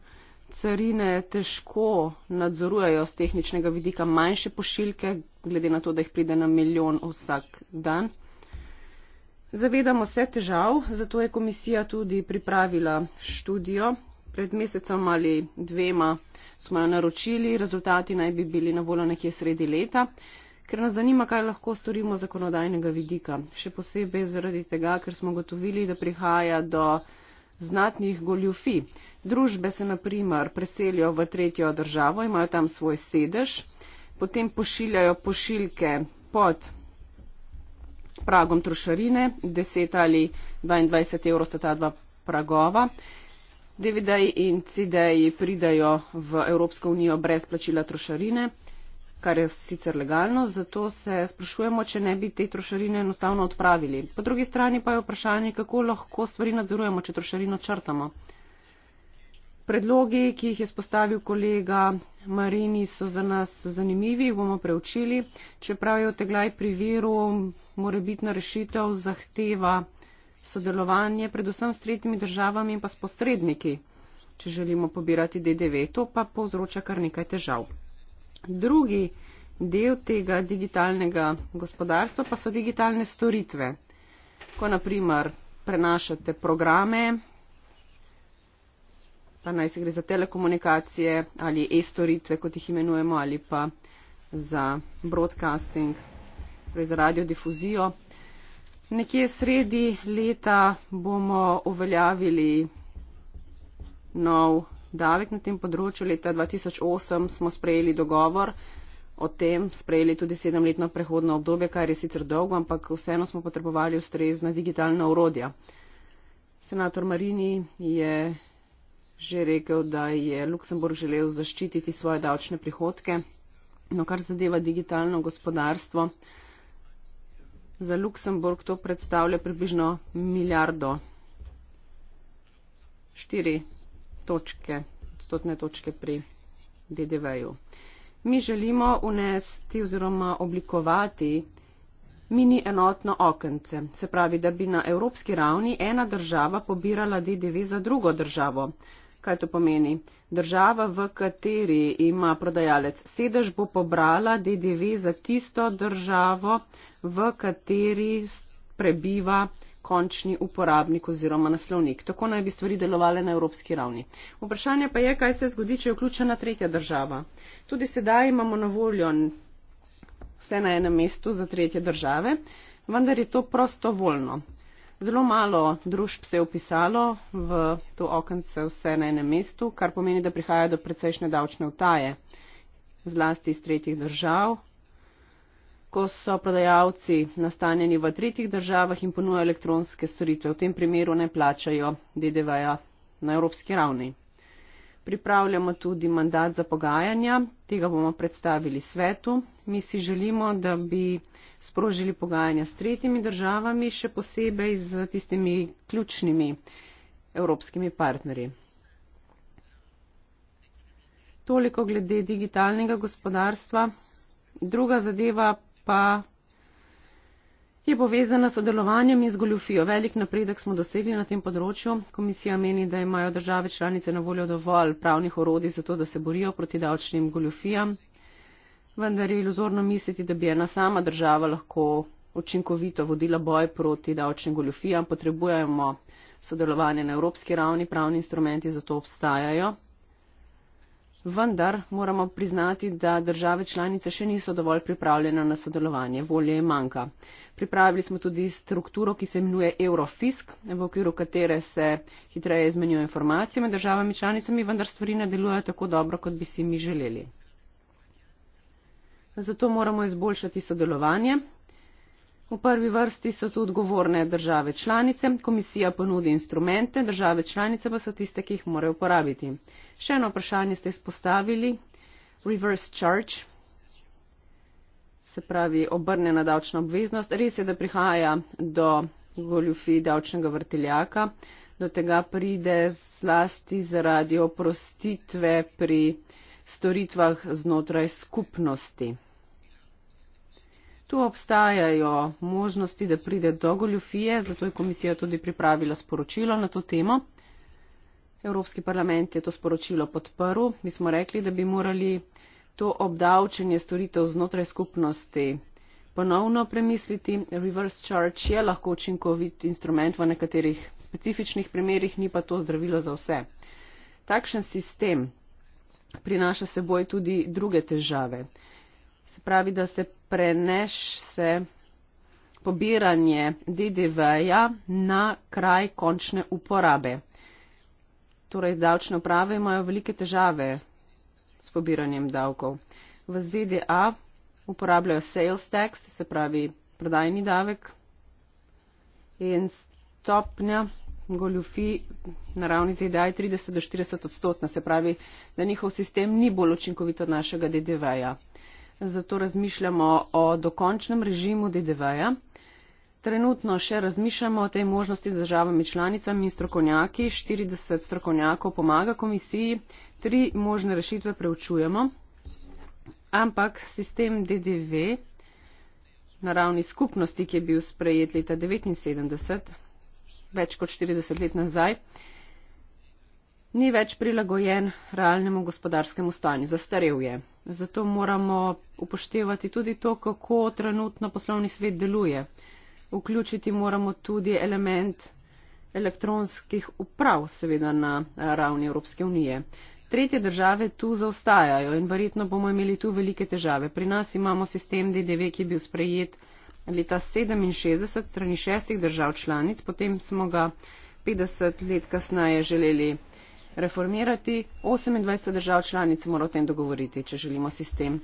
Carine težko nadzorujejo z tehničnega vidika manjše pošiljke, glede na to, da jih pride na milijon vsak dan. Zavedamo se težav, zato je komisija tudi pripravila študijo. Pred mesecem ali dvema smo jo naročili, rezultati naj bi bili na voljo nekje sredi leta, ker nas zanima, kaj lahko storimo zakonodajnega vidika. Še posebej zaradi tega, ker smo gotovili, da prihaja do znatnih goljufi. Družbe se naprimer preselijo v tretjo državo, imajo tam svoj sedež, potem pošiljajo pošiljke pod. Pragom trošarine, 10 ali 22 evrov sta ta dva pragova. DVD-ji in CD-ji pridajo v Evropsko unijo brez plačila trošarine, kar je sicer legalno, zato se sprašujemo, če ne bi te trošarine enostavno odpravili. Po drugi strani pa je vprašanje, kako lahko stvari nadzorujemo, če trošarino črtamo. Predlogi, ki jih je spostavil kolega Marini, so za nas zanimivi, jih bomo preučili. Čeprav je oteglaj pri viru, morebitna rešitev zahteva sodelovanje predvsem s tretjimi državami in pa s posredniki, če želimo pobirati DDV, to pa povzroča kar nekaj težav. Drugi del tega digitalnega gospodarstva pa so digitalne storitve. Ko naprimer prenašate programe, pa naj se gre za telekomunikacije ali e-storitve, kot jih imenujemo, ali pa za broadcasting, torej za radiodifuzijo. Nekje sredi leta bomo uveljavili nov davek na tem področju. Leta 2008 smo sprejeli dogovor o tem, sprejeli tudi sedemletno prehodno obdobje, kar je sicer dolgo, ampak vseeno smo potrebovali ustrezna digitalna urodja. Senator Marini je že rekel, da je Luksemburg želel zaščititi svoje davčne prihodke, no kar zadeva digitalno gospodarstvo za Luksemburg to predstavlja približno milijardo štiri točke, odstotne točke pri DDV-ju. Mi želimo unesti oziroma oblikovati mini enotno okence. Se pravi, da bi na evropski ravni ena država pobirala DDV za drugo državo. Kaj to pomeni? Država, v kateri ima prodajalec sedež, bo pobrala DDV za tisto državo, v kateri prebiva končni uporabnik oziroma naslovnik. Tako naj bi stvari delovale na evropski ravni. Vprašanje pa je, kaj se zgodi, če je vključena tretja država. Tudi sedaj imamo na voljo vse na enem mestu za tretje države, vendar je to prostovoljno. Zelo malo družb se je upisalo v to okence vse na enem mestu, kar pomeni, da prihaja do precejšnje davčne vtaje, zlasti iz tretjih držav. Ko so prodajalci nastanjeni v tretjih državah in ponujajo elektronske storitve, v tem primeru ne plačajo DDV-ja na evropski ravni. Pripravljamo tudi mandat za pogajanja, tega bomo predstavili svetu. Mi si želimo, da bi sprožili pogajanja s tretjimi državami, še posebej z tistimi ključnimi evropskimi partnerji. Toliko glede digitalnega gospodarstva. Druga zadeva pa je povezana s sodelovanjem in z goljufijo. Velik napredek smo dosegli na tem področju. Komisija meni, da imajo države članice na voljo dovolj pravnih orodij za to, da se borijo proti davčnim goljufijam. Vendar je iluzorno misliti, da bi ena sama država lahko učinkovito vodila boj proti davčnim goljufijam. Potrebujemo sodelovanje na evropski ravni, pravni instrumenti za to obstajajo. Vendar moramo priznati, da države članice še niso dovolj pripravljene na sodelovanje. Volje je manjka. Pripravili smo tudi strukturo, ki se imenuje Eurofisk, v okviru katere se hitreje izmenjuje informacije med državami članicami, vendar stvari ne delujejo tako dobro, kot bi si mi želeli. Zato moramo izboljšati sodelovanje. V prvi vrsti so tu odgovorne države članice, komisija ponudi instrumente, države članice pa so tiste, ki jih morajo uporabiti. Še eno vprašanje ste izpostavili. Reverse charge, se pravi obrnjena davčna obveznost. Res je, da prihaja do goljufi davčnega vrteljaka. Do tega pride zlasti zaradi oprostitve pri storitvah znotraj skupnosti. Tu obstajajo možnosti, da pride do goljufije, zato je komisija tudi pripravila sporočilo na to temo. Evropski parlament je to sporočilo podprl. Mi smo rekli, da bi morali to obdavčenje storitev znotraj skupnosti ponovno premisliti. Reverse charge je lahko učinkovit instrument v nekaterih specifičnih primerjih, ni pa to zdravilo za vse. Takšen sistem prinaša seboj tudi druge težave. Se pravi, da se preneš se pobiranje DDV-ja na kraj končne uporabe torej davčne uprave imajo velike težave s pobiranjem davkov. V ZDA uporabljajo sales tax, se pravi prodajni davek in stopnja goljufi na ravni ZDA je 30 do 40 odstotna, se pravi, da njihov sistem ni bolj učinkovit od našega DDV-ja. Zato razmišljamo o dokončnem režimu DDV-ja. Trenutno še razmišljamo o tej možnosti z državami članicami in strokovnjaki. 40 strokovnjakov pomaga komisiji, tri možne rešitve preučujemo. Ampak sistem DDV na ravni skupnosti, ki je bil sprejet leta 1979, več kot 40 let nazaj, ni več prilagojen realnemu gospodarskemu stanju. Zastarev je. Zato moramo upoštevati tudi to, kako trenutno poslovni svet deluje vključiti moramo tudi element elektronskih uprav, seveda na eh, ravni Evropske unije. Tretje države tu zaostajajo in verjetno bomo imeli tu velike težave. Pri nas imamo sistem DDV, ki je bil sprejet leta 67 strani šestih držav članic, potem smo ga 50 let kasneje želeli reformirati. 28 držav članic mora o tem dogovoriti, če želimo sistem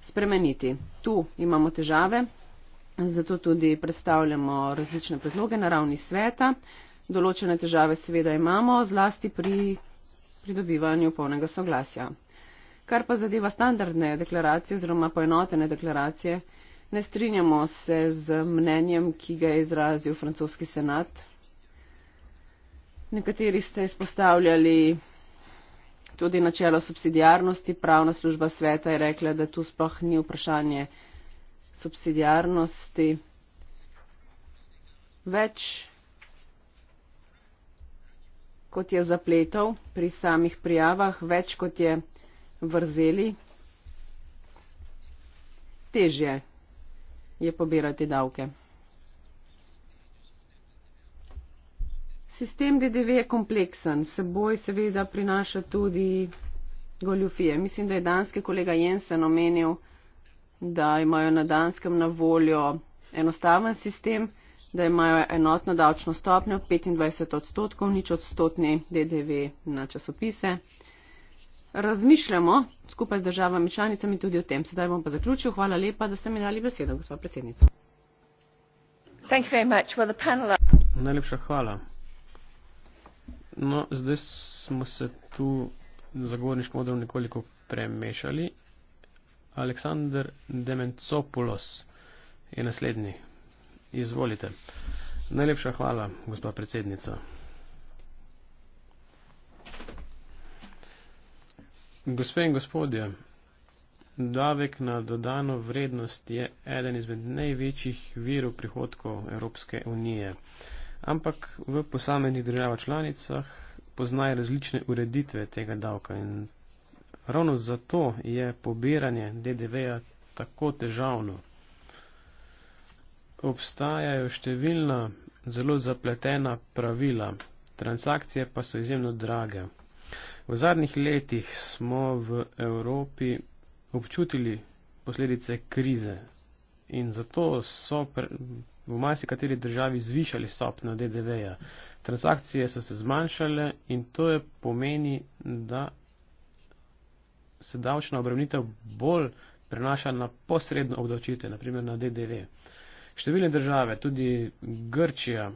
spremeniti. Tu imamo težave zato tudi predstavljamo različne predloge na ravni sveta. Določene težave seveda imamo, zlasti pri pridobivanju polnega soglasja. Kar pa zadeva standardne deklaracije oziroma poenotene deklaracije, ne strinjamo se z mnenjem, ki ga je izrazil francoski senat. Nekateri ste izpostavljali tudi načelo subsidijarnosti, pravna služba sveta je rekla, da tu sploh ni vprašanje subsidiarnosti več kot je zapletov pri samih prijavah, več kot je vrzeli, težje je pobirati davke. Sistem DDV je kompleksen, seboj seveda prinaša tudi goljufije. Mislim, da je danski kolega Jensen omenil, da imajo na Danskem na voljo enostaven sistem, da imajo enotno davčno stopnjo 25 odstotkov, nič odstotni DDV na časopise. Razmišljamo skupaj z državami članicami tudi o tem. Sedaj bom pa zaključil. Hvala lepa, da ste mi dali besedo, gospod predsednica. Well, Najlepša hvala. No, zdaj smo se tu zagovorniškem odru nekoliko premešali. Aleksandr Dementsopoulos je naslednji. Izvolite. Najlepša hvala, gospa predsednica. Gospe in gospodje, davek na dodano vrednost je eden izmed največjih virov prihodkov Evropske unije. Ampak v posameznih državah članicah poznajo različne ureditve tega davka in Ravno zato je pobiranje DDV-ja tako težavno. Obstajajo številna zelo zapletena pravila, transakcije pa so izjemno drage. V zadnjih letih smo v Evropi občutili posledice krize in zato so v masi kateri državi zvišali stopno DDV-ja. Transakcije so se zmanjšale in to je pomeni, da se davčna obremenitev bolj prenaša na posredno obdavčitev, naprimer na DDV. Številne države, tudi Grčija,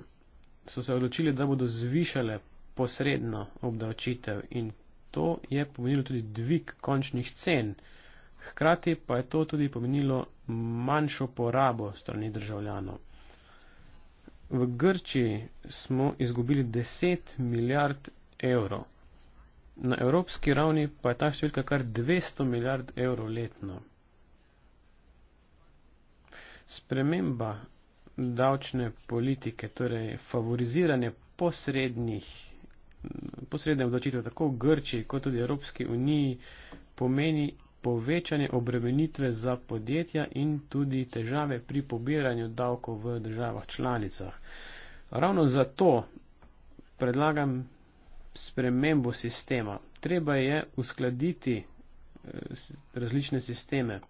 so se odločili, da bodo zvišale posredno obdavčitev in to je pomenilo tudi dvig končnih cen. Hkrati pa je to tudi pomenilo manjšo porabo strani državljanov. V Grčiji smo izgubili 10 milijard evrov na evropski ravni pa je ta številka kar 200 milijard evrov letno. Sprememba davčne politike, torej favoriziranje posrednih, posredne odločitve tako v Grčiji kot tudi Evropski uniji pomeni povečanje obremenitve za podjetja in tudi težave pri pobiranju davkov v državah članicah. Ravno zato predlagam spremembo sistema. Treba je uskladiti eh, različne sisteme.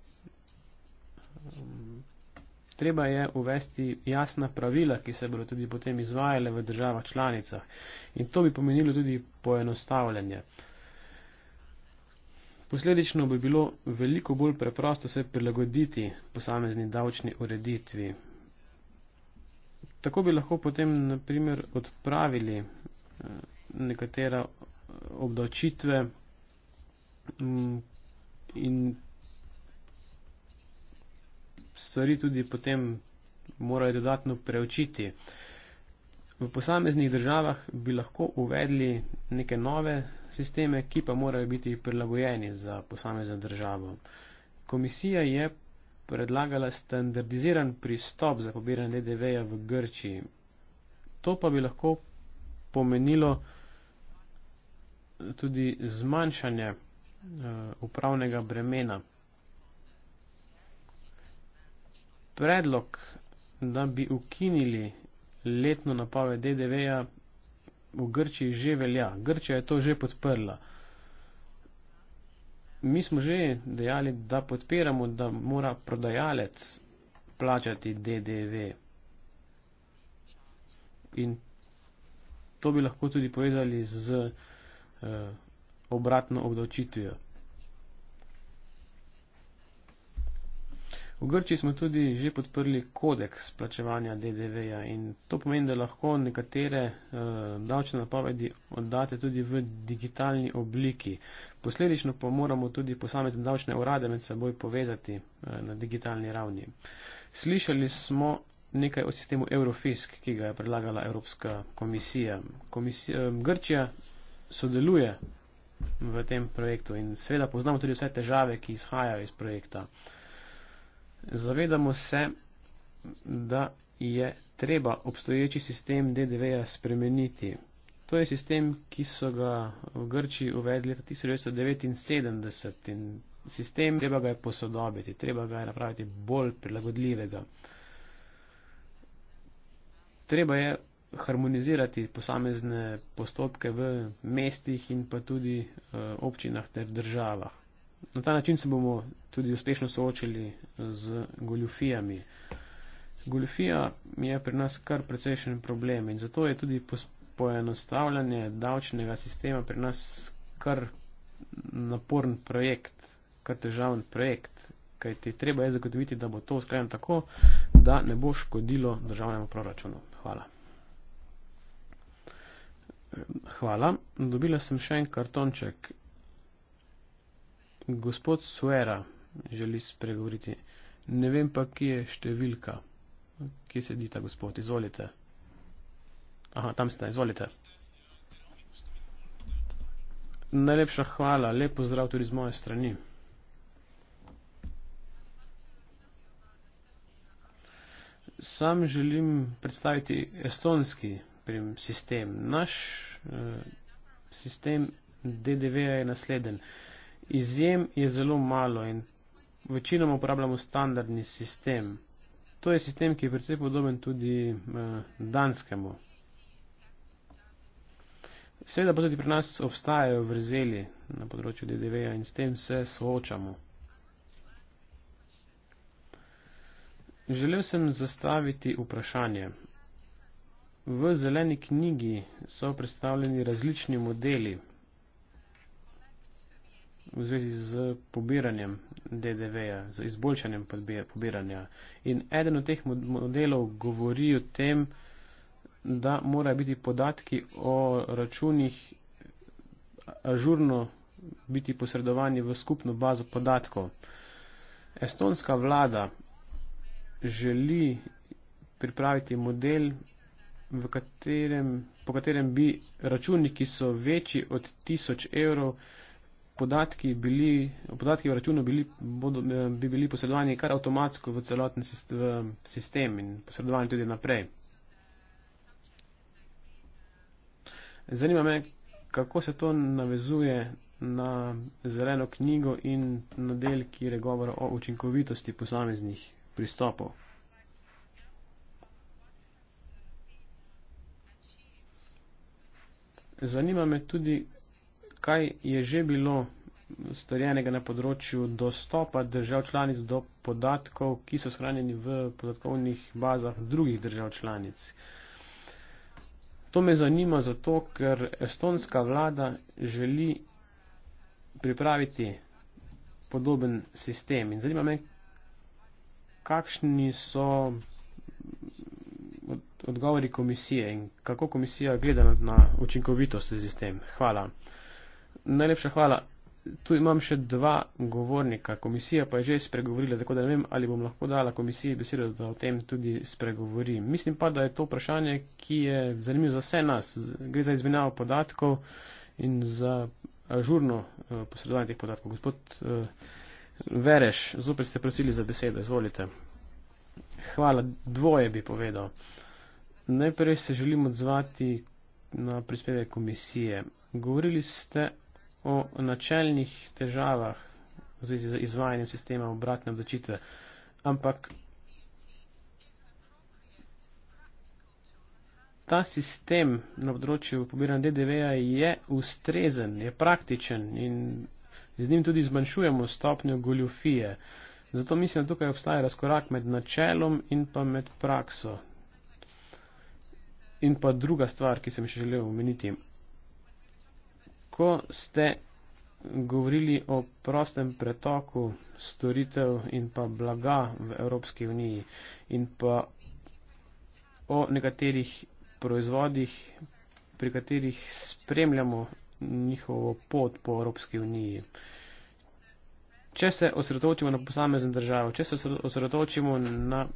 Treba je uvesti jasna pravila, ki se bodo tudi potem izvajale v državah članicah. In to bi pomenilo tudi poenostavljanje. Posledično bi bilo veliko bolj preprosto se prilagoditi posamezni davčni ureditvi. Tako bi lahko potem, na primer, odpravili eh, nekatera obdavčitve mm, in stvari tudi potem morajo dodatno preučiti. V posameznih državah bi lahko uvedli neke nove sisteme, ki pa morajo biti prilagojeni za posamezno državo. Komisija je predlagala standardiziran pristop za pobiranje DDV-ja v Grčiji. To pa bi lahko pomenilo, da tudi zmanjšanje uh, upravnega bremena. Predlog, da bi ukinili letno napave DDV-ja v Grčiji že velja. Grčija je to že podprla. Mi smo že dejali, da podpiramo, da mora prodajalec plačati DDV. In to bi lahko tudi povezali z Eh, obratno obdavčitvijo. V Grči smo tudi že podprli kodeks plačevanja DDV-ja in to pomeni, da lahko nekatere uh, davčne napovedi oddate tudi v digitalni obliki. Posledično pa moramo tudi posamezne davčne urade med seboj povezati uh, na digitalni ravni. Slišali smo nekaj o sistemu Eurofisk, ki ga je predlagala Evropska komisija. komisija um, Grčija sodeluje v tem projektu in seveda poznamo tudi vse težave, ki izhajajo iz projekta. Zavedamo se, da je treba obstoječi sistem DDV-ja spremeniti. To je sistem, ki so ga v Grči uvedli leta 1979 in sistem treba ga je posodobiti, treba ga je napraviti bolj prilagodljivega. Treba je harmonizirati posamezne postopke v mestih in pa tudi eh, občinah ter državah. Na ta način se bomo tudi uspešno soočili z goljufijami. Goljufija je pri nas kar precejšen problem in zato je tudi poenostavljanje davčnega sistema pri nas kar naporen projekt, kar težaven projekt, kajti treba je zagotoviti, da bo to usklajeno tako, da ne bo škodilo državnemu proračunu. Hvala. Hvala. Dobila sem še en kartonček. Gospod Suera želi spregovoriti. Ne vem pa, kje je številka. Kje sedi ta gospod? Izvolite. Aha, tam ste. Izvolite. Najlepša hvala. Lep pozdrav tudi z moje strani. Sam želim predstaviti estonski prim, sistem. Naš uh, sistem DDV -ja je nasleden. Izjem je zelo malo in večinoma uporabljamo standardni sistem. To je sistem, ki je precej podoben tudi uh, danskemu. Seveda pa tudi pri nas obstajajo vrzeli na področju DDV -ja in s tem se soočamo. Želel sem zastaviti vprašanje. V zeleni knjigi so predstavljeni različni modeli v zvezi z pobiranjem DDV-ja, z izboljšanjem pobiranja. In eden od teh modelov govori o tem, da morajo biti podatki o računih ažurno biti posredovani v skupno bazo podatkov. Estonska vlada želi pripraviti model, katerem, po katerem bi računi, ki so večji od 1000 evrov, podatki, bili, podatki v računu bili, bodo, eh, bi bili posredovani kar avtomatsko v celoten sistem in posredovani tudi naprej. Zanima me, kako se to navezuje na zeleno knjigo in na del, kjer je govor o učinkovitosti posameznih pristopov. zanima me tudi, kaj je že bilo storjenega na področju dostopa držav članic do podatkov, ki so shranjeni v podatkovnih bazah drugih držav članic. To me zanima zato, ker estonska vlada želi pripraviti podoben sistem in zanima me, kakšni so odgovori komisije in kako komisija gleda na učinkovitost sistem. Hvala. Najlepša hvala. Tu imam še dva govornika. Komisija pa je že spregovorila, tako da ne vem, ali bom lahko dala komisiji besedo, da o tem tudi spregovori. Mislim pa, da je to vprašanje, ki je zanimivo za vse nas. Gre za izmenjavo podatkov in za žurno eh, posredovanje teh podatkov. Gospod eh, Vereš, zopet ste prosili za besedo. Izvolite. Hvala. Dvoje bi povedal. Najprej se želim odzvati na prispeve komisije. Govorili ste o načeljnih težavah v zvezi z izvajanjem sistema obratne odločitve, ampak ta sistem na področju pobiranja DDV-ja je ustrezen, je praktičen in z njim tudi zmanjšujemo stopnjo goljufije. Zato mislim, da tukaj obstaja razkorak med načelom in pa med prakso. In pa druga stvar, ki sem še želel omeniti. Ko ste govorili o prostem pretoku storitev in pa blaga v Evropski uniji in pa o nekaterih proizvodih, pri katerih spremljamo njihovo pot po Evropski uniji. Če se osredotočimo na posamezne države, če se osredotočimo na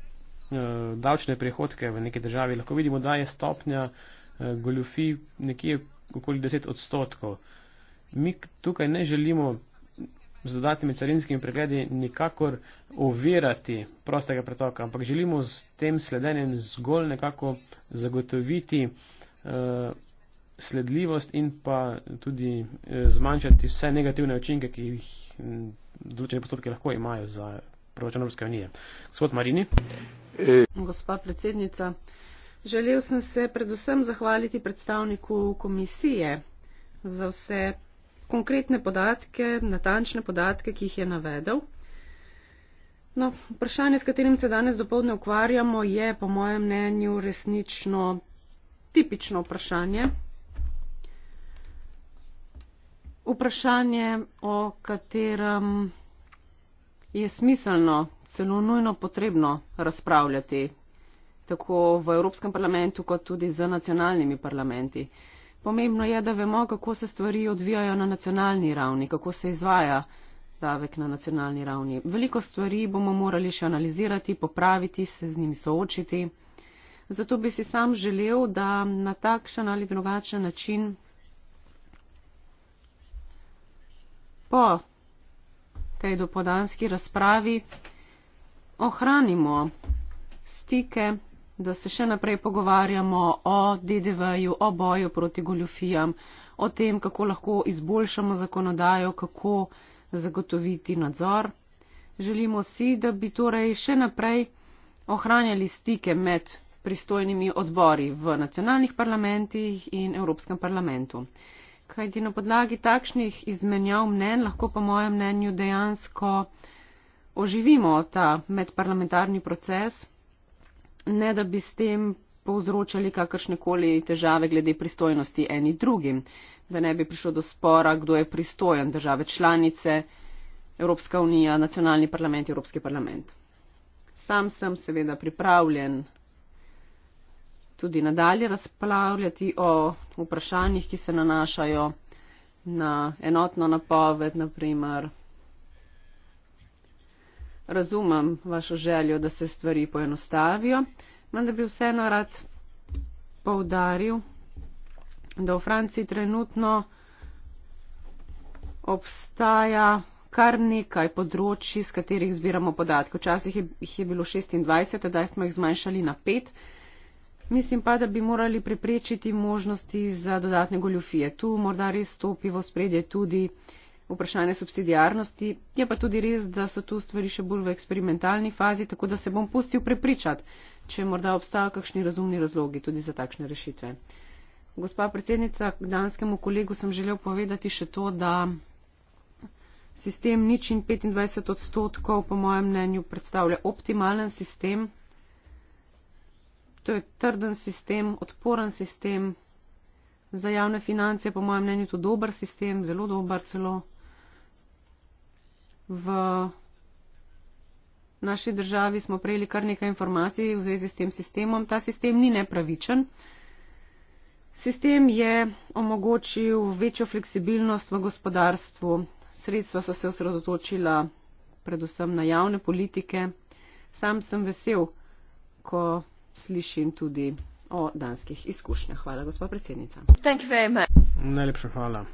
Eh, davčne prihodke v neki državi, lahko vidimo, da je stopnja eh, goljufi nekje okoli 10 odstotkov. Mi tukaj ne želimo z dodatnimi carinskimi pregledi nikakor ovirati prostega pretoka, ampak želimo s tem sledenjem zgolj nekako zagotoviti uh, sledljivost in pa tudi uh, zmanjšati vse negativne učinke, ki jih mm, določene postopke lahko imajo za proračun Evropske unije. Gospod Marini. Gospa predsednica, želel sem se predvsem zahvaliti predstavniku komisije za vse konkretne podatke, natančne podatke, ki jih je navedel. No, vprašanje, s katerim se danes dopolne ukvarjamo, je po mojem mnenju resnično tipično vprašanje. Vprašanje, o katerem je smiselno, celo nujno potrebno razpravljati tako v Evropskem parlamentu, kot tudi z nacionalnimi parlamenti. Pomembno je, da vemo, kako se stvari odvijajo na nacionalni ravni, kako se izvaja davek na nacionalni ravni. Veliko stvari bomo morali še analizirati, popraviti, se z njimi soočiti. Zato bi si sam želel, da na takšen ali drugačen način po tej dopodanski razpravi. Ohranimo stike, da se še naprej pogovarjamo o DDV-ju, o boju proti goljufijam, o tem, kako lahko izboljšamo zakonodajo, kako zagotoviti nadzor. Želimo si, da bi torej še naprej ohranjali stike med pristojnimi odbori v nacionalnih parlamentih in Evropskem parlamentu kajti na podlagi takšnih izmenjav mnen lahko po mojem mnenju dejansko oživimo ta medparlamentarni proces, ne da bi s tem povzročali kakršnekoli težave glede pristojnosti eni drugim, da ne bi prišlo do spora, kdo je pristojen, države članice, Evropska unija, nacionalni parlament, Evropski parlament. Sam sem seveda pripravljen tudi nadalje razpravljati o vprašanjih, ki se nanašajo na enotno napoved, naprimer. Razumem vašo željo, da se stvari poenostavijo, vendar bi vseeno rad poudaril, da v Franciji trenutno obstaja kar nekaj področji, z katerih zbiramo podatke. Včasih jih je bilo 26, zdaj smo jih zmanjšali na 5 mislim pa, da bi morali preprečiti možnosti za dodatne goljufije. Tu morda res stopi v spredje tudi vprašanje subsidijarnosti. Je pa tudi res, da so tu stvari še bolj v eksperimentalni fazi, tako da se bom pustil prepričati, če morda obstajajo kakšni razumni razlogi tudi za takšne rešitve. Gospa predsednica, danskemu kolegu sem želel povedati še to, da sistem nič in 25 odstotkov po mojem mnenju predstavlja optimalen sistem. To je trden sistem, odporen sistem. Za javne finance je po mojem mnenju to dober sistem, zelo dober celo. V naši državi smo prejeli kar nekaj informacij v zvezi s tem sistemom. Ta sistem ni nepravičen. Sistem je omogočil večjo fleksibilnost v gospodarstvu. Sredstva so se osredotočila predvsem na javne politike. Sam sem vesel, ko slišim tudi o danskih izkušnjah. Hvala, gospa predsednica. Najlepša hvala.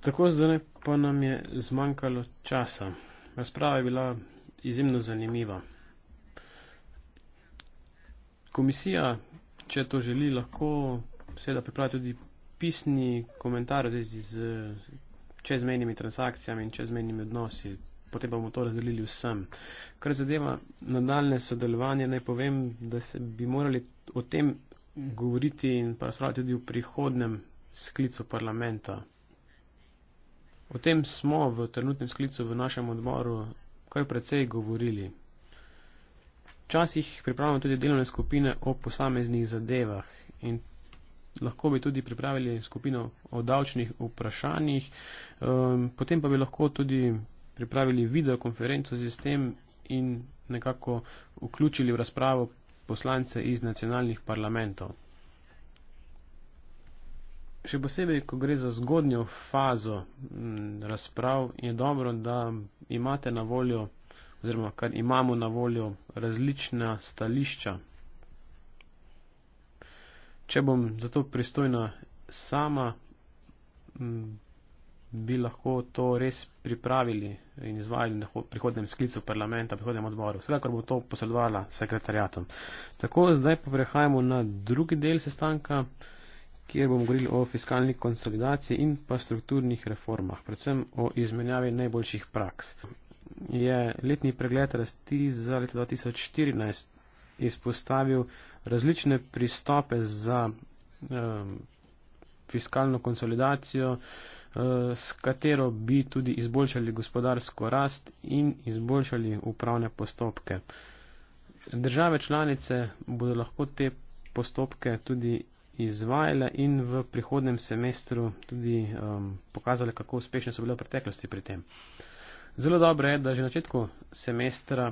Tako zdaj pa nam je zmanjkalo časa. Razprava je bila izjemno zanimiva. Komisija, če to želi, lahko seveda pripravi tudi pisni komentar v zvezi z čezmejnimi transakcijami in čezmejnimi odnosi potem bomo to razdelili vsem. Kar zadeva nadaljne sodelovanje, naj povem, da se bi morali o tem govoriti in pa razpravljati tudi v prihodnem sklicu parlamenta. O tem smo v trenutnem sklicu v našem odboru kar precej govorili. Včasih pripravljamo tudi delovne skupine o posameznih zadevah in lahko bi tudi pripravili skupino o davčnih vprašanjih, ehm, potem pa bi lahko tudi pripravili videokonferenco z tem in nekako vključili v razpravo poslance iz nacionalnih parlamentov. Še posebej, ko gre za zgodnjo fazo razprav, je dobro, da imate na voljo oziroma kar imamo na voljo različna stališča. Če bom zato pristojna sama, bi lahko to res pripravili in izvajali na prihodnem sklicu parlamenta, prihodnem odboru. Vsekakor bo to posredovala sekretarjatom. Tako, zdaj pa prehajamo na drugi del sestanka, kjer bomo govorili o fiskalni konsolidaciji in pa strukturnih reformah, predvsem o izmenjavi najboljših praks. Je letni pregled rasti za leto 2014 izpostavil različne pristope za um, fiskalno konsolidacijo, Eh, s katero bi tudi izboljšali gospodarsko rast in izboljšali upravne postopke. Države članice bodo lahko te postopke tudi izvajale in v prihodnem semestru tudi um, pokazale, kako uspešne so bile v preteklosti pri tem. Zelo dobro je, da že na začetku semestra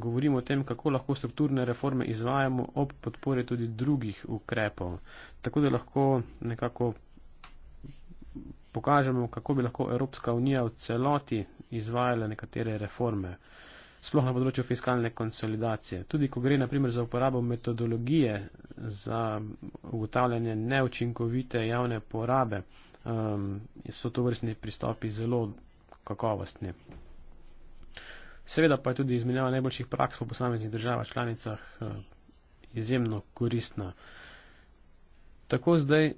govorimo o tem, kako lahko strukturne reforme izvajamo ob podpori tudi drugih ukrepov, tako da lahko nekako pokažemo, kako bi lahko Evropska unija v celoti izvajala nekatere reforme, sploh na področju fiskalne konsolidacije. Tudi, ko gre naprimer za uporabo metodologije za ugotavljanje neučinkovite javne porabe, um, so to vrstni pristopi zelo kakovostni. Seveda pa je tudi izmenjava najboljših praks po posameznih državah članicah uh, izjemno koristna. Tako zdaj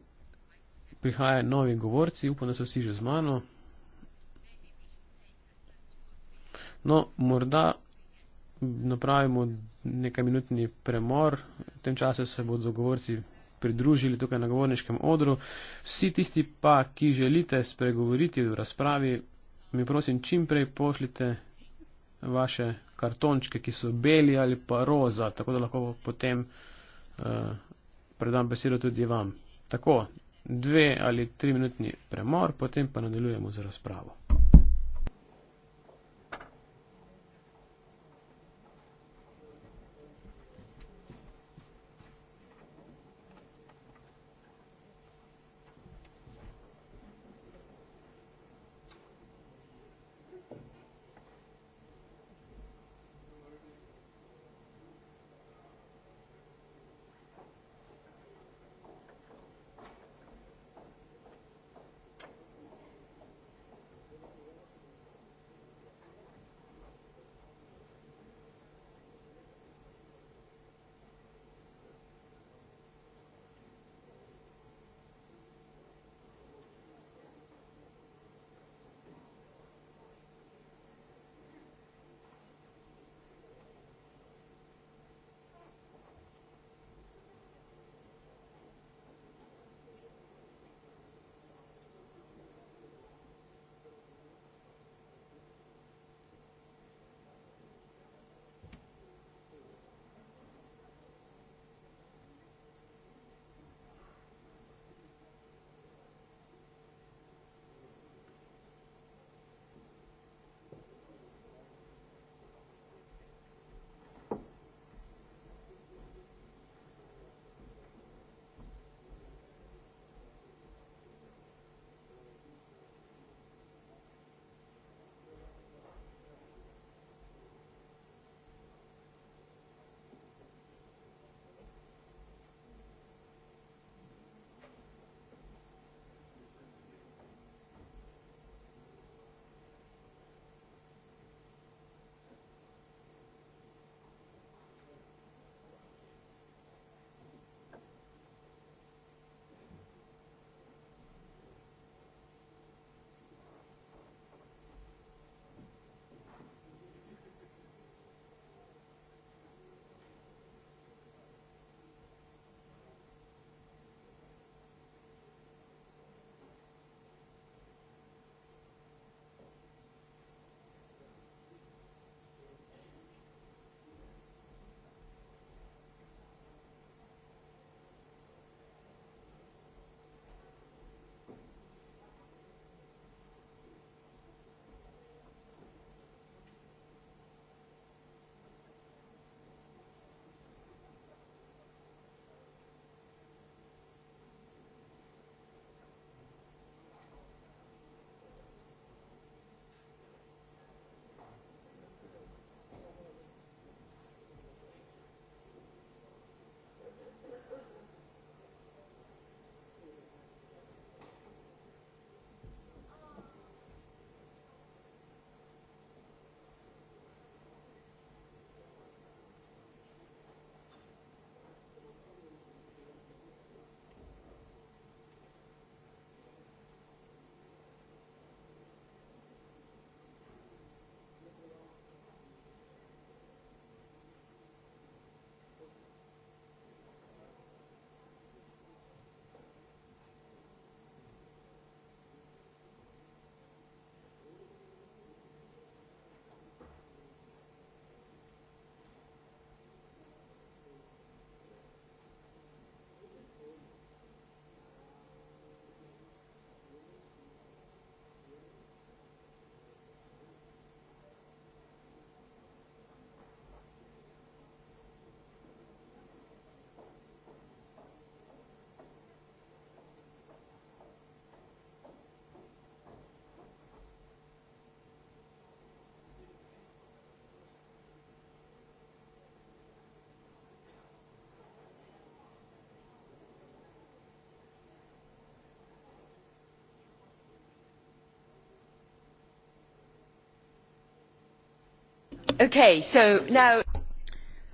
prihajajo novi govorci, upam, da so vsi že z mano. No, morda napravimo nekaj minutni premor, v tem času se bodo govorci pridružili tukaj na govorniškem odru. Vsi tisti pa, ki želite spregovoriti v razpravi, mi prosim čimprej pošljite vaše kartončke, ki so beli ali pa roza, tako da lahko potem uh, predam besedo tudi vam. Tako, dve ali tri minutni premor, potem pa nadaljujemo z razpravo.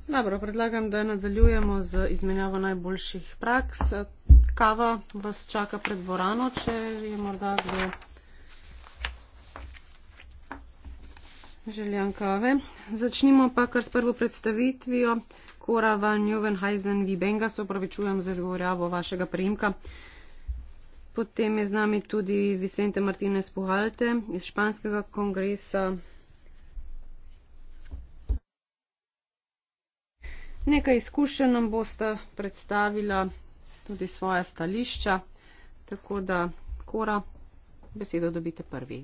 dobro predlagam da nadaljujemo z izmenjavo najboljših praks kava vas čaka pred dvorano če je morda kdo željan kave začnimo pa kar s prvo predstavitvijo Kora van Njovenhajzen Vibenga, se opravičujem za izgovorjavo vašega prejemka. Potem je z nami tudi Vicente Martinez Pohalte iz španskega kongresa Nekaj izkušenj nam boste predstavila tudi svoje stališča, tako da kora besedo dobite prvi.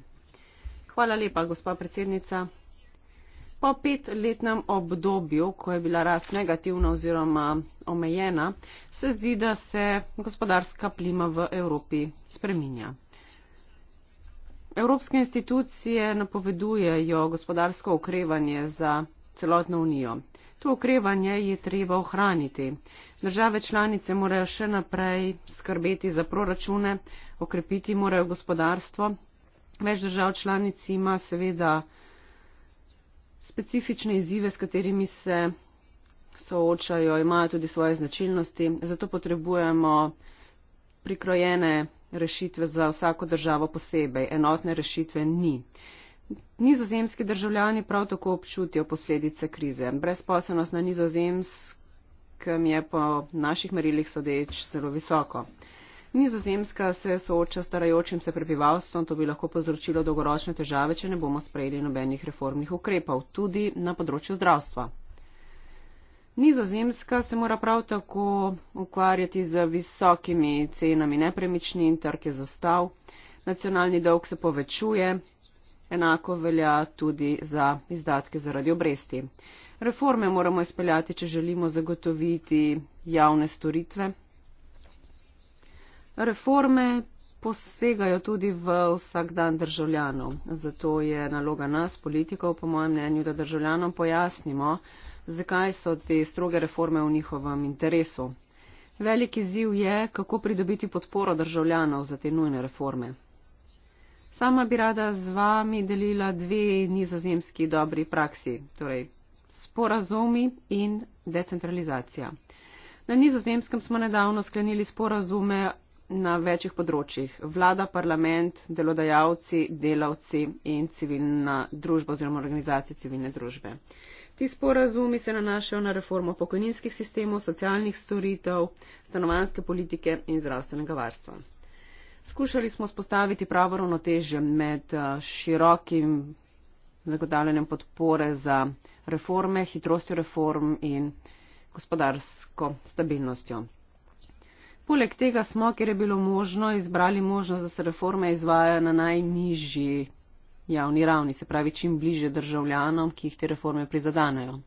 Hvala lepa, gospa predsednica. Po petletnem obdobju, ko je bila rast negativna oziroma omejena, se zdi, da se gospodarska plima v Evropi spreminja. Evropske institucije napovedujejo gospodarsko okrevanje za celotno unijo. To okrevanje je treba ohraniti. Države članice morajo še naprej skrbeti za proračune, okrepiti morajo gospodarstvo. Več držav članic ima seveda specifične izzive, s katerimi se soočajo, imajo tudi svoje značilnosti. Zato potrebujemo prikrojene rešitve za vsako državo posebej. Enotne rešitve ni. Nizozemski državljani prav tako občutijo posledice krize. Brezposobnost na nizozemskem je po naših merilih sodeč zelo visoko. Nizozemska se sooča starajočim se prebivalstvom, to bi lahko povzročilo dolgoročne težave, če ne bomo sprejeli nobenih reformnih ukrepov, tudi na področju zdravstva. Nizozemska se mora prav tako ukvarjati z visokimi cenami nepremičnin, trg je zastav, nacionalni dolg se povečuje, Enako velja tudi za izdatke zaradi obresti. Reforme moramo izpeljati, če želimo zagotoviti javne storitve. Reforme posegajo tudi v vsak dan državljanov. Zato je naloga nas, politikov, po mojem mnenju, da državljanom pojasnimo, zakaj so te stroge reforme v njihovem interesu. Veliki ziv je, kako pridobiti podporo državljanov za te nujne reforme. Sama bi rada z vami delila dve nizozemski dobri praksi, torej sporazumi in decentralizacija. Na nizozemskem smo nedavno sklenili sporazume na večjih področjih. Vlada, parlament, delodajalci, delavci in civilna družba oziroma organizacije civilne družbe. Ti sporazumi se nanašajo na reformo pokojninskih sistemov, socialnih storitev, stanovanske politike in zdravstvenega varstva. Skušali smo spostaviti pravo ravnotežje med eh, širokim zagotavljanjem podpore za reforme, hitrostjo reform in gospodarsko stabilnostjo. Poleg tega smo, ker je bilo možno, izbrali možnost, da se reforme izvaja na najnižji javni ravni, se pravi čim bliže državljanom, ki jih te reforme prizadanejo.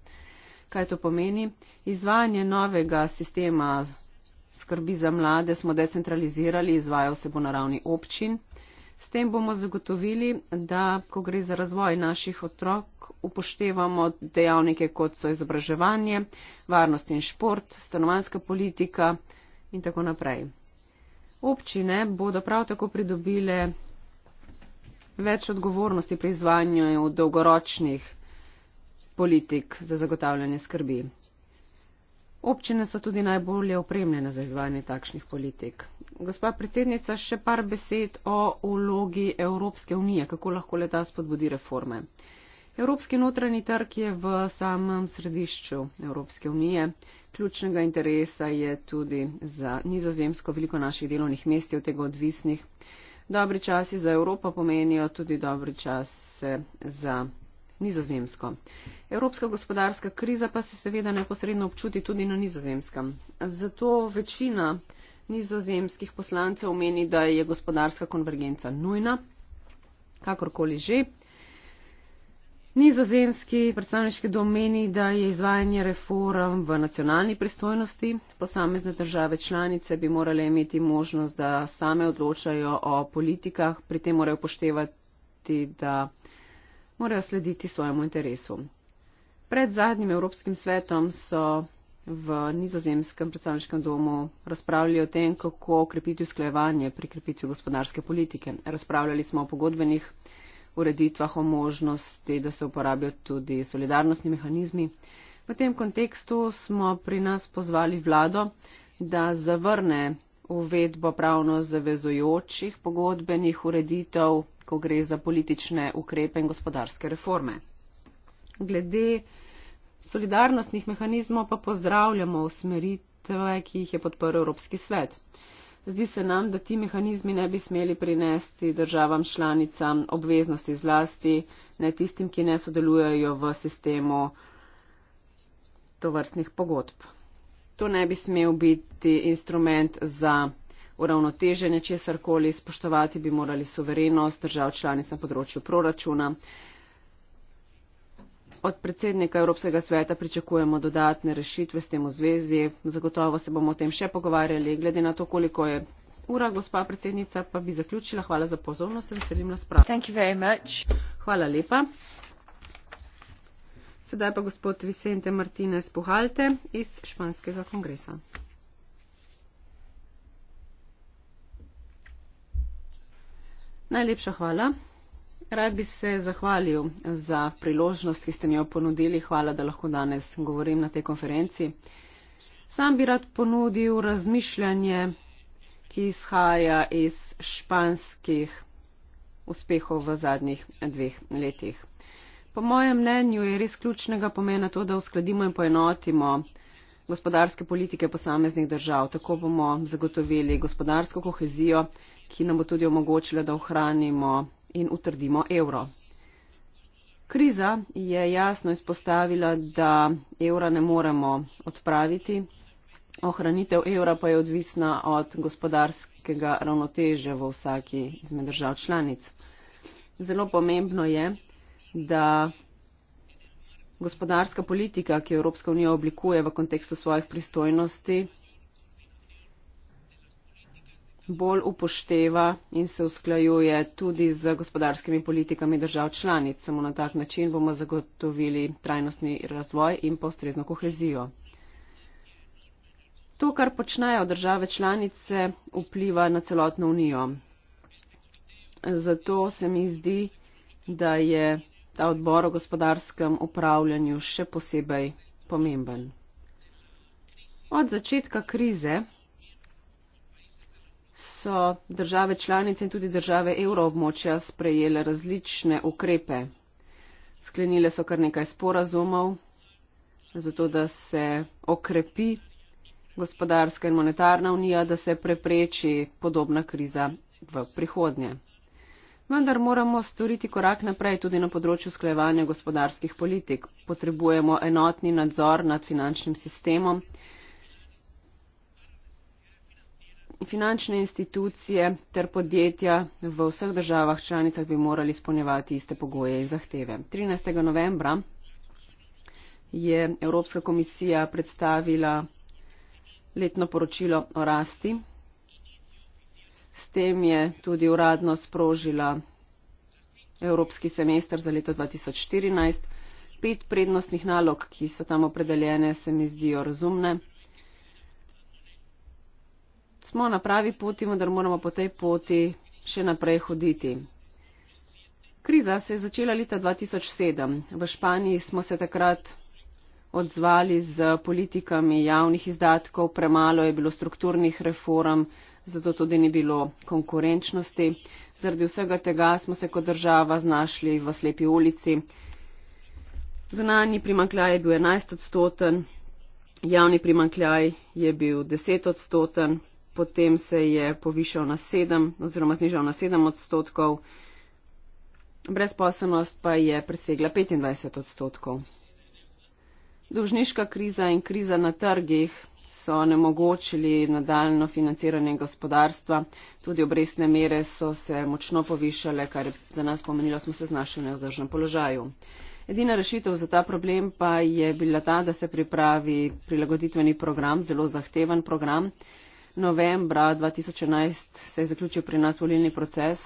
Kaj to pomeni? Izvajanje novega sistema skrbi za mlade smo decentralizirali, izvajal se bo na ravni občin. S tem bomo zagotovili, da ko gre za razvoj naših otrok, upoštevamo dejavnike, kot so izobraževanje, varnost in šport, stanovanska politika in tako naprej. Občine bodo prav tako pridobile več odgovornosti pri izvajanju dolgoročnih politik za zagotavljanje skrbi. Občine so tudi najbolje opremljene za izvajanje takšnih politik. Gospa predsednica, še par besed o vlogi Evropske unije, kako lahko leta spodbudi reforme. Evropski notranji trg je v samem središču Evropske unije. Ključnega interesa je tudi za nizozemsko veliko naših delovnih mest od tega odvisnih. Dobri časi za Evropo pomenijo tudi dobri čas za nizozemsko. Evropska gospodarska kriza pa se seveda neposredno občuti tudi na nizozemskem. Zato večina nizozemskih poslancev meni, da je gospodarska konvergenca nujna, kakorkoli že. Nizozemski predstavniški dom meni, da je izvajanje reform v nacionalni pristojnosti. Posamezne države članice bi morale imeti možnost, da same odločajo o politikah, pri tem morajo upoštevati, da morajo slediti svojemu interesu. Pred zadnjim Evropskim svetom so v nizozemskem predstavniškem domu razpravljali o tem, kako okrepiti usklajevanje pri krepitvi gospodarske politike. Razpravljali smo o pogodbenih ureditvah, o možnosti, da se uporabijo tudi solidarnostni mehanizmi. V tem kontekstu smo pri nas pozvali vlado, da zavrne uvedbo pravno zavezujočih pogodbenih ureditev ko gre za politične ukrepe in gospodarske reforme. Glede solidarnostnih mehanizmov pa pozdravljamo usmeritve, ki jih je podprl Evropski svet. Zdi se nam, da ti mehanizmi ne bi smeli prinesti državam članicam obveznosti zlasti, ne tistim, ki ne sodelujejo v sistemu tovrstnih pogodb. To ne bi smel biti instrument za uravnoteženje česar koli, spoštovati bi morali suverenost držav članic na področju proračuna. Od predsednika Evropskega sveta pričakujemo dodatne rešitve s tem v zvezi. Zagotovo se bomo o tem še pogovarjali, glede na to, koliko je ura, gospa predsednica, pa bi zaključila. Hvala za pozornost, se veselim razprave. Hvala lepa. Sedaj pa gospod Vicente Martinez Puhalte iz Španskega kongresa. Najlepša hvala. Rad bi se zahvalil za priložnost, ki ste mi jo ponudili. Hvala, da lahko danes govorim na tej konferenci. Sam bi rad ponudil razmišljanje, ki izhaja iz španskih uspehov v zadnjih dveh letih. Po mojem mnenju je res ključnega pomena to, da uskladimo in poenotimo gospodarske politike posameznih držav. Tako bomo zagotovili gospodarsko kohezijo ki nam bo tudi omogočila, da ohranimo in utrdimo evro. Kriza je jasno izpostavila, da evra ne moremo odpraviti. Ohranitev evra pa je odvisna od gospodarskega ravnoteže v vsaki izmed držav članic. Zelo pomembno je, da gospodarska politika, ki jo Evropska unija oblikuje v kontekstu svojih pristojnosti, bolj upošteva in se usklajuje tudi z gospodarskimi politikami držav članic. Samo na tak način bomo zagotovili trajnostni razvoj in pa ustrezno kohezijo. To, kar počnejo države članice, vpliva na celotno unijo. Zato se mi zdi, da je ta odbor o gospodarskem upravljanju še posebej pomemben. Od začetka krize so države članice in tudi države evroobmočja sprejele različne ukrepe. Sklenile so kar nekaj sporazumov, zato da se okrepi gospodarska in monetarna unija, da se prepreči podobna kriza v prihodnje. Vendar moramo storiti korak naprej tudi na področju sklevanja gospodarskih politik. Potrebujemo enotni nadzor nad finančnim sistemom finančne institucije ter podjetja v vseh državah članicah bi morali izpolnjevati iste pogoje in zahteve. 13. novembra je Evropska komisija predstavila letno poročilo o rasti. S tem je tudi uradno sprožila Evropski semester za leto 2014. Pet prednostnih nalog, ki so tam opredeljene, se mi zdijo razumne smo na pravi poti, vendar moramo po tej poti še naprej hoditi. Kriza se je začela leta 2007. V Španiji smo se takrat odzvali z politikami javnih izdatkov, premalo je bilo strukturnih reform, zato tudi ni bilo konkurenčnosti. Zaradi vsega tega smo se kot država znašli v slepi ulici. Zunanji primankljaj je bil 11 odstoten, javni primankljaj je bil 10 odstoten potem se je povišal na 7 oziroma znižal na 7 odstotkov, brezposobnost pa je presegla 25 odstotkov. Dolžniška kriza in kriza na trgih so onemogočili nadaljno financiranje gospodarstva, tudi obrestne mere so se močno povišale, kar je za nas pomenilo, smo se znašli v nevzdržnem položaju. Edina rešitev za ta problem pa je bila ta, da se pripravi prilagoditveni program, zelo zahteven program, novembra 2011 se je zaključil pri nas volilni proces.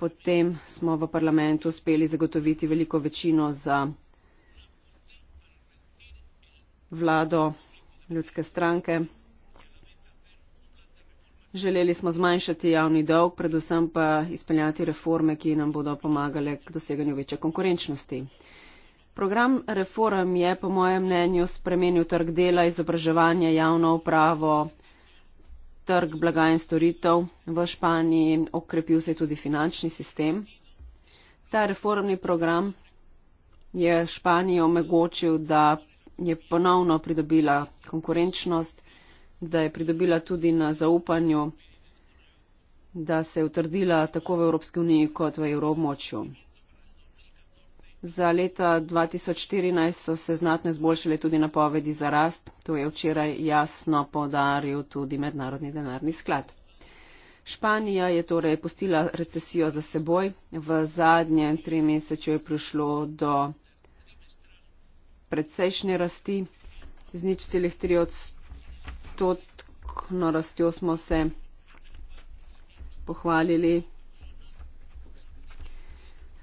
Potem smo v parlamentu uspeli zagotoviti veliko večino za vlado ljudske stranke. Želeli smo zmanjšati javni dolg, predvsem pa izpeljati reforme, ki nam bodo pomagale k doseganju večje konkurenčnosti. Program reform je, po mojem mnenju, spremenil trg dela, izobraževanje, javno upravo, trg blaga in storitev v Španiji, okrepil se je tudi finančni sistem. Ta reformni program je Španijo omogočil, da je ponovno pridobila konkurenčnost, da je pridobila tudi na zaupanju, da se je utrdila tako v Evropski uniji kot v evromočju. Za leto 2014 so se znatno zboljšale tudi napovedi za rast, to je včeraj jasno podaril tudi Mednarodni denarni sklad. Španija je torej pustila recesijo za seboj, v zadnjem tri mesecu je prišlo do predsejšnje rasti, z nič celih tri odstotkno rastjo smo se pohvalili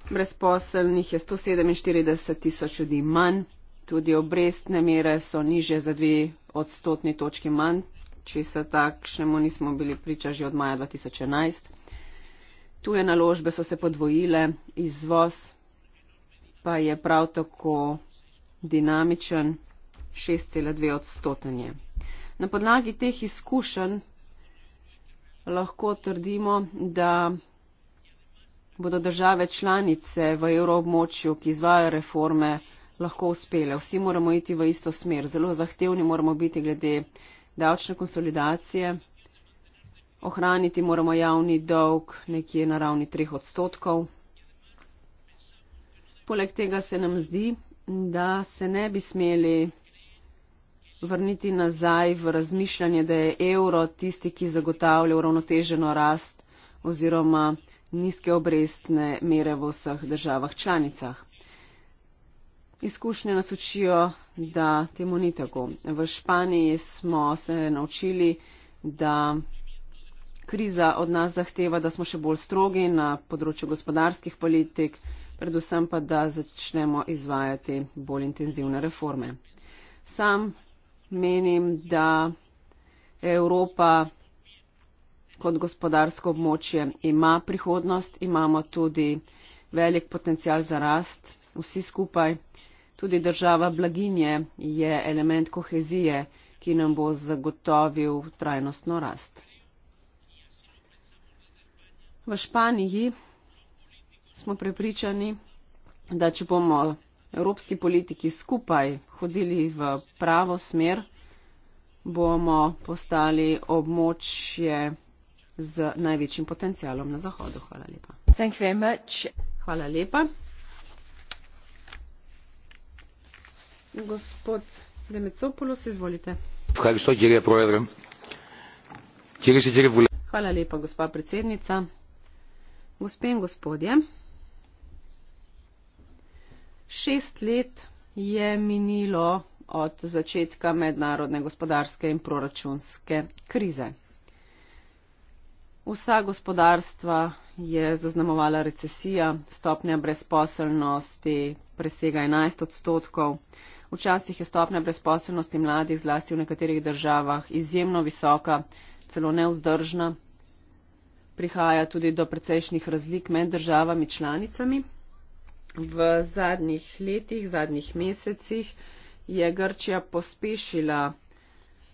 brezposelnih je 147 tisoč ljudi manj, tudi obrestne mere so niže za dve odstotni točki manj, če se takšnemu nismo bili priča že od maja 2011. Tuje naložbe so se podvojile, izvoz pa je prav tako dinamičen, 6,2 odstotanje. Na podlagi teh izkušenj lahko trdimo, da bodo države članice v evroobmočju, ki izvajo reforme, lahko uspele. Vsi moramo iti v isto smer. Zelo zahtevni moramo biti glede davčne konsolidacije. Ohraniti moramo javni dolg nekje na ravni treh odstotkov. Poleg tega se nam zdi, da se ne bi smeli vrniti nazaj v razmišljanje, da je evro tisti, ki zagotavlja uravnoteženo rast oziroma nizke obrestne mere v vseh državah članicah. Izkušnje nas učijo, da temu ni tako. V Španiji smo se naučili, da kriza od nas zahteva, da smo še bolj strogi na področju gospodarskih politik, predvsem pa, da začnemo izvajati bolj intenzivne reforme. Sam menim, da Evropa kot gospodarsko območje ima prihodnost, imamo tudi velik potencial za rast, vsi skupaj. Tudi država blaginje je element kohezije, ki nam bo zagotovil trajnostno rast. V Španiji smo prepričani, da če bomo evropski politiki skupaj hodili v pravo smer, bomo postali območje z največjim potencialom na zahodu. Hvala lepa. Hvala lepa. Gospod Demetsopoulos, izvolite. Hvala lepa, gospa predsednica. Gospe in gospodje, šest let je minilo od začetka mednarodne gospodarske in proračunske krize. Vsa gospodarstva je zaznamovala recesija, stopnja brezposelnosti presega 11 odstotkov. Včasih je stopnja brezposelnosti mladih, zlasti v nekaterih državah, izjemno visoka, celo neuzdržna. Prihaja tudi do precejšnjih razlik med državami članicami. V zadnjih letih, zadnjih mesecih je Grčija pospešila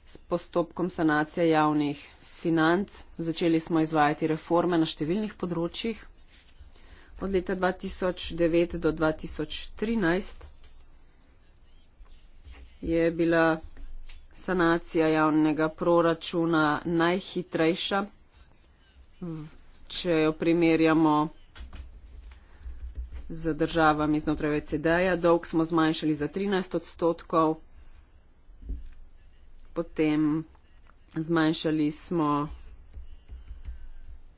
s postopkom sanacije javnih financ, začeli smo izvajati reforme na številnih področjih. Od leta 2009 do 2013 je bila sanacija javnega proračuna najhitrejša, če jo primerjamo z državami znotraj OECD-ja. Dolg smo zmanjšali za 13 odstotkov, potem zmanjšali smo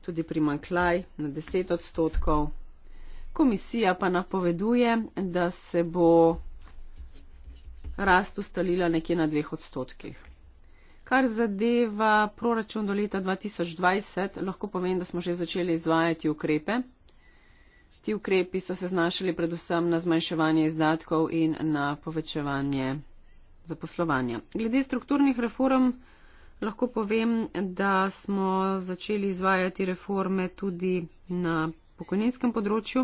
tudi primanklaj na 10 odstotkov. Komisija pa napoveduje, da se bo rast ustalila nekje na 2 odstotkih. Kar zadeva proračun do leta 2020, lahko povem, da smo že začeli izvajati ukrepe. Ti ukrepi so se znašali predvsem na zmanjševanje izdatkov in na povečevanje zaposlovanja. Glede strukturnih reform, Lahko povem, da smo začeli izvajati reforme tudi na pokojninskem področju.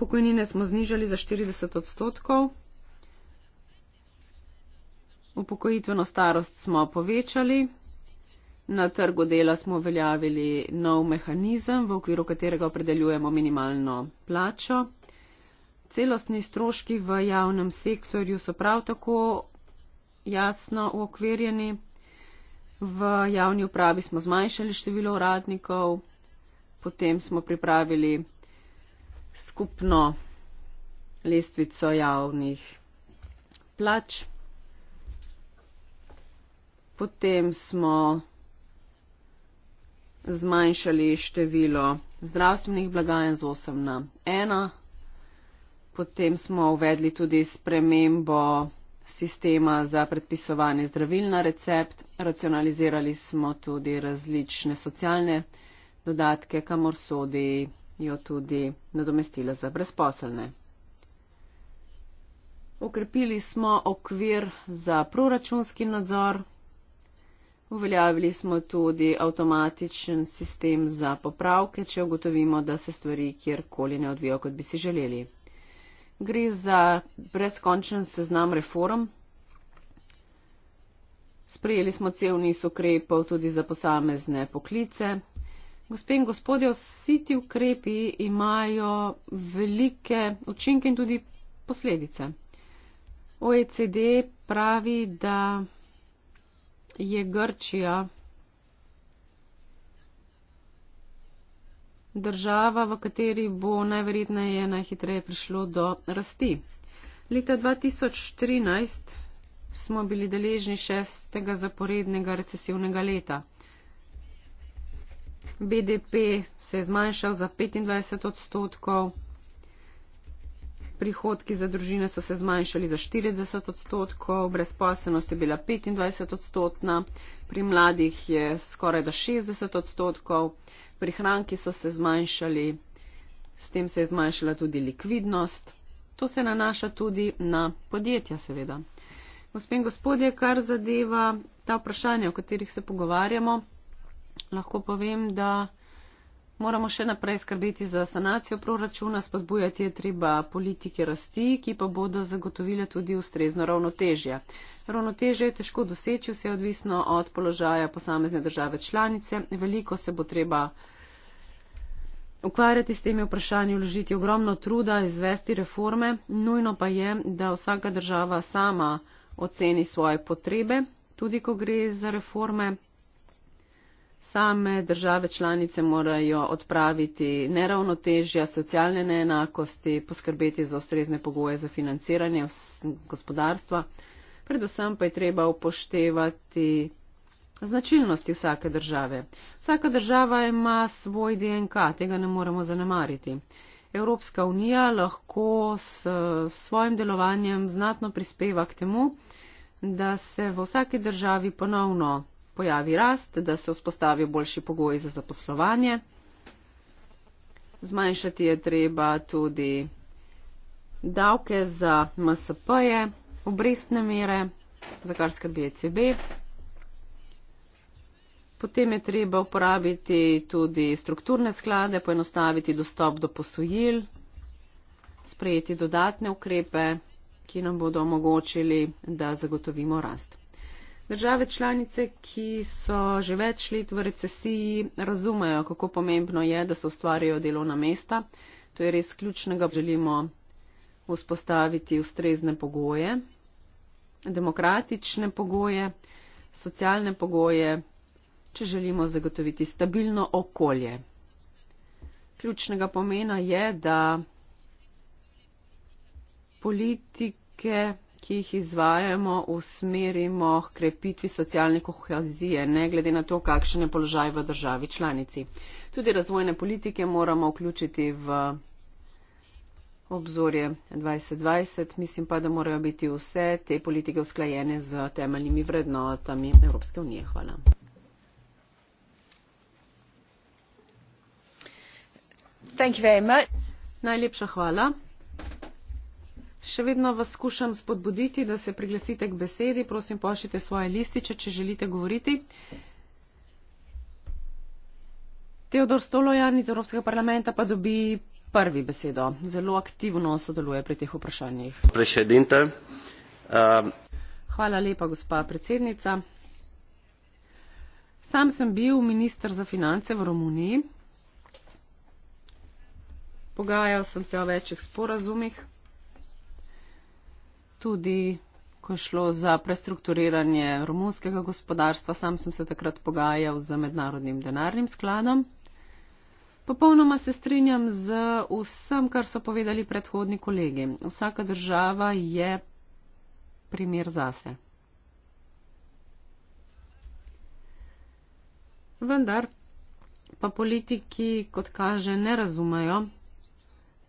Pokojnine smo znižali za 40 odstotkov. Upokojitveno starost smo povečali. Na trgu dela smo uveljavili nov mehanizem, v okviru katerega opredeljujemo minimalno plačo. Celostni stroški v javnem sektorju so prav tako jasno uokvirjeni. V javni upravi smo zmanjšali število uradnikov, potem smo pripravili skupno lestvico javnih plač. Potem smo zmanjšali število zdravstvenih blagajen z 8 na 1. Potem smo uvedli tudi spremembo sistema za predpisovanje zdravil na recept, racionalizirali smo tudi različne socialne dodatke, kamor sodi jo tudi nadomestila za brezposelne. Okrepili smo okvir za proračunski nadzor, uveljavili smo tudi avtomatičen sistem za popravke, če ugotovimo, da se stvari kjerkoli ne odvijo, kot bi si želeli gre za brezkončen seznam reform. Sprejeli smo cel niz ukrepov tudi za posamezne poklice. Gospe in gospodje, vsi ti ukrepi imajo velike učinke in tudi posledice. OECD pravi, da je Grčija država, v kateri bo najverjetneje najhitreje prišlo do rasti. Leta 2013 smo bili deležni šestega zaporednega recesivnega leta. BDP se je zmanjšal za 25 odstotkov prihodki za družine so se zmanjšali za 40 odstotkov, brezposelnost je bila 25 odstotna, pri mladih je skoraj da 60 odstotkov, prihranki so se zmanjšali, s tem se je zmanjšala tudi likvidnost. To se nanaša tudi na podjetja, seveda. Gospe in gospodje, kar zadeva ta vprašanja, o katerih se pogovarjamo, lahko povem, da moramo še naprej skrbeti za sanacijo proračuna, spodbujati je treba politike rasti, ki pa bodo zagotovile tudi ustrezno ravnotežje. Ravnotežje je težko doseči, vse odvisno od položaja posamezne države članice. Veliko se bo treba ukvarjati s temi vprašanji, vložiti ogromno truda, izvesti reforme. Nujno pa je, da vsaka država sama oceni svoje potrebe, tudi ko gre za reforme. Same države članice morajo odpraviti neravnotežja, socialne neenakosti, poskrbeti za ustrezne pogoje za financiranje gospodarstva. Predvsem pa je treba upoštevati značilnosti vsake države. Vsaka država ima svoj DNK, tega ne moremo zanemariti. Evropska unija lahko s svojim delovanjem znatno prispeva k temu, da se v vsaki državi ponovno pojavi rast, da se vzpostavi boljši pogoj za zaposlovanje. Zmanjšati je treba tudi davke za MSP-je, obrestne mere, za kar skrbi ECB. Potem je treba uporabiti tudi strukturne sklade, poenostaviti dostop do posojil, sprejeti dodatne ukrepe, ki nam bodo omogočili, da zagotovimo rast. Države članice, ki so že več let v recesiji, razumejo, kako pomembno je, da se ustvarjajo delovna mesta. To je res ključnega. Želimo vzpostaviti ustrezne pogoje, demokratične pogoje, socialne pogoje, če želimo zagotoviti stabilno okolje. Ključnega pomena je, da politike ki jih izvajamo, usmerimo k krepitvi socialne kohezije, ne glede na to, kakšen je položaj v državi članici. Tudi razvojne politike moramo vključiti v obzorje 2020. Mislim pa, da morajo biti vse te politike usklajene z temeljnimi vrednotami Evropske unije. Hvala. Najlepša hvala. Še vedno vas skušam spodbuditi, da se priglasite k besedi. Prosim, pošljite svoje lističe, če želite govoriti. Teodor Stolojan iz Evropskega parlamenta pa dobi prvi besedo. Zelo aktivno sodeluje pri teh vprašanjih. Um, Hvala lepa, gospa predsednica. Sam sem bil ministr za finance v Romuniji. Pogajal sem se o večjih sporazumih tudi ko je šlo za prestrukturiranje romunskega gospodarstva, sam sem se takrat pogajal z mednarodnim denarnim skladom. Popolnoma se strinjam z vsem, kar so povedali predhodni kolegi. Vsaka država je primer zase. Vendar pa politiki, kot kaže, ne razumejo,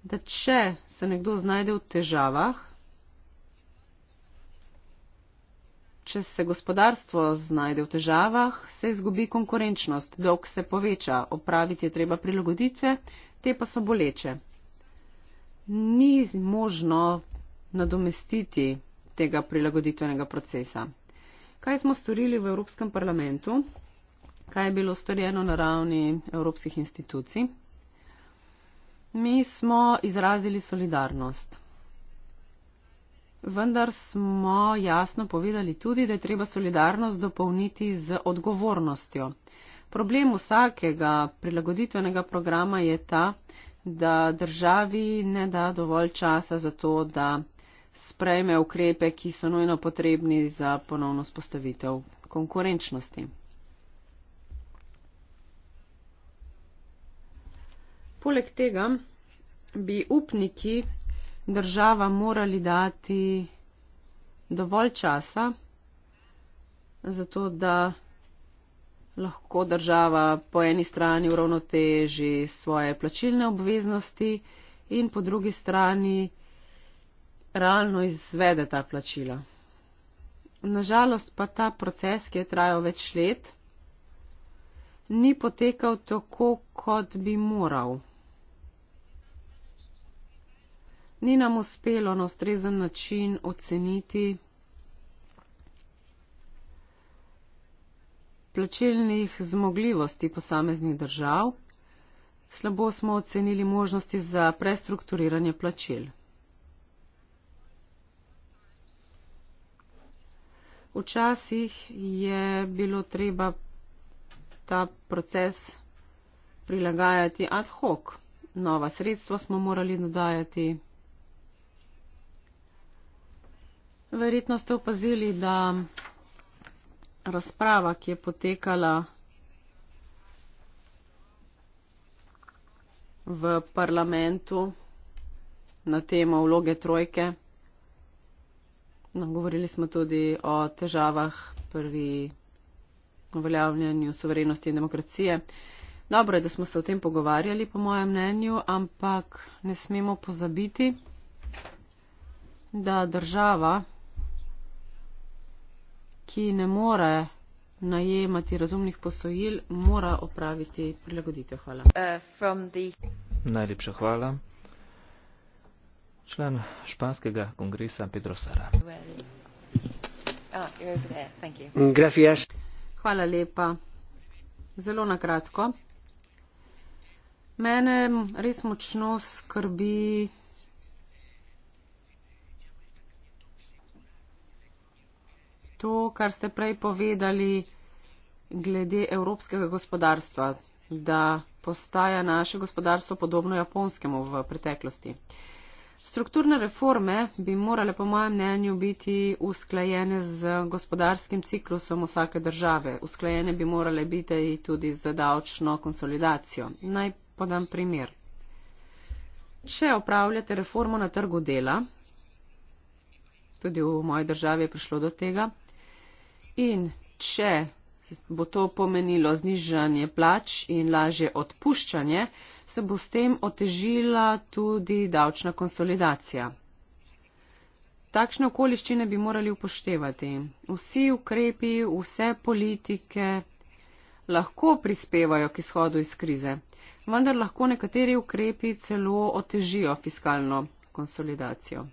da če se nekdo znajde v težavah, če se gospodarstvo znajde v težavah, se izgubi konkurenčnost, dolg se poveča, opraviti je treba prilagoditve, te pa so boleče. Ni možno nadomestiti tega prilagoditvenega procesa. Kaj smo storili v Evropskem parlamentu? Kaj je bilo storjeno na ravni evropskih institucij? Mi smo izrazili solidarnost vendar smo jasno povedali tudi, da je treba solidarnost dopolniti z odgovornostjo. Problem vsakega prilagoditvenega programa je ta, da državi ne da dovolj časa za to, da sprejme ukrepe, ki so nujno potrebni za ponovno spostavitev konkurenčnosti. Poleg tega bi upniki država morali dati dovolj časa, zato da lahko država po eni strani uravnoteži svoje plačilne obveznosti in po drugi strani realno izvede ta plačila. Nažalost pa ta proces, ki je trajal več let, ni potekal tako, kot bi moral. ni nam uspelo na ustrezen način oceniti plačilnih zmogljivosti posameznih držav, slabo smo ocenili možnosti za prestrukturiranje plačil. Včasih je bilo treba ta proces prilagajati ad hoc. Nova sredstva smo morali dodajati. Verjetno ste opazili, da razprava, ki je potekala v parlamentu na temo vloge trojke, govorili smo tudi o težavah pri uveljavljanju soverenosti in demokracije. Dobro je, da smo se o tem pogovarjali, po mojem mnenju, ampak ne smemo pozabiti, da država, ki ne more najemati razumnih posojil, mora opraviti prilagoditev. Hvala. Uh, the... Najlepša hvala. Član španskega kongresa Pedro Sara. Uh, ah, hvala lepa. Zelo na kratko. Mene res močno skrbi to, kar ste prej povedali glede evropskega gospodarstva, da postaja naše gospodarstvo podobno japonskemu v preteklosti. Strukturne reforme bi morale, po mojem mnenju, biti usklajene z gospodarskim ciklusom vsake države. Usklajene bi morale biti tudi z davčno konsolidacijo. Naj podam primer. Če upravljate reformo na trgu dela, tudi v moji državi je prišlo do tega, In če bo to pomenilo znižanje plač in lažje odpuščanje, se bo s tem otežila tudi davčna konsolidacija. Takšne okoliščine bi morali upoštevati. Vsi ukrepi, vse politike lahko prispevajo k izhodu iz krize, vendar lahko nekateri ukrepi celo otežijo fiskalno konsolidacijo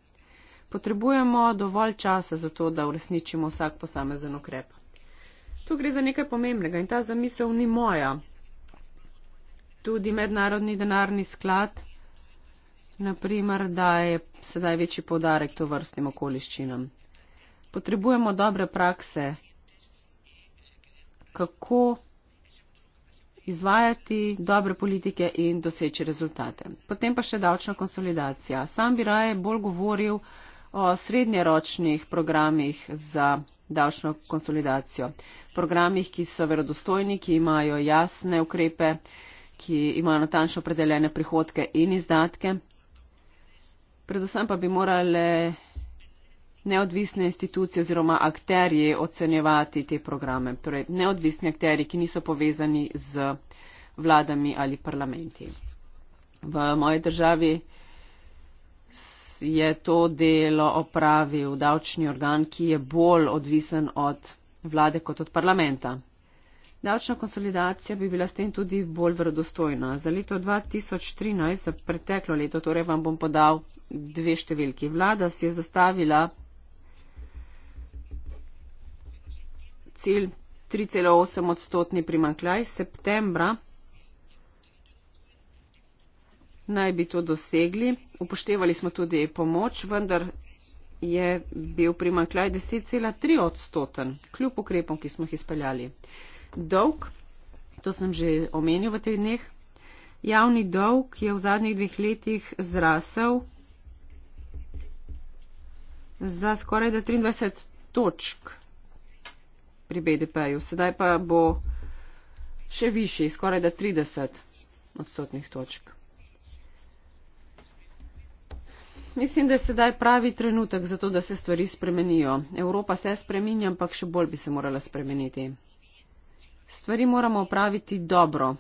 potrebujemo dovolj časa za to, da uresničimo vsak posamezen ukrep. Tu gre za nekaj pomembnega in ta zamisel ni moja. Tudi mednarodni denarni sklad, naprimer, daje sedaj večji podarek to vrstnim okoliščinam. Potrebujemo dobre prakse, kako izvajati dobre politike in doseči rezultate. Potem pa še davčna konsolidacija. Sam bi raje bolj govoril o srednjeročnih programih za davčno konsolidacijo, programih, ki so verodostojni, ki imajo jasne ukrepe, ki imajo natančno predeljene prihodke in izdatke. Predvsem pa bi morale neodvisne institucije oziroma akterji ocenjevati te programe, torej neodvisni akterji, ki niso povezani z vladami ali parlamenti. V moji državi je to delo opravil davčni organ, ki je bolj odvisen od vlade kot od parlamenta. Davčna konsolidacija bi bila s tem tudi bolj verodostojna. Za leto 2013, za preteklo leto, torej vam bom podal dve številki. Vlada si je zastavila cilj 3,8 odstotni primankljaj. Septembra naj bi to dosegli. Upoštevali smo tudi pomoč, vendar je bil primankljaj 10,3 odstoten, kljub ukrepom, ki smo jih izpeljali. Dolg, to sem že omenil v teh dneh, javni dolg je v zadnjih dveh letih zrasel za skoraj 23 točk pri BDP-ju, sedaj pa bo še višji, skoraj 30 odstotnih točk. Mislim, da je sedaj pravi trenutek za to, da se stvari spremenijo. Evropa se spreminja, ampak še bolj bi se morala spremeniti. Stvari moramo opraviti dobro,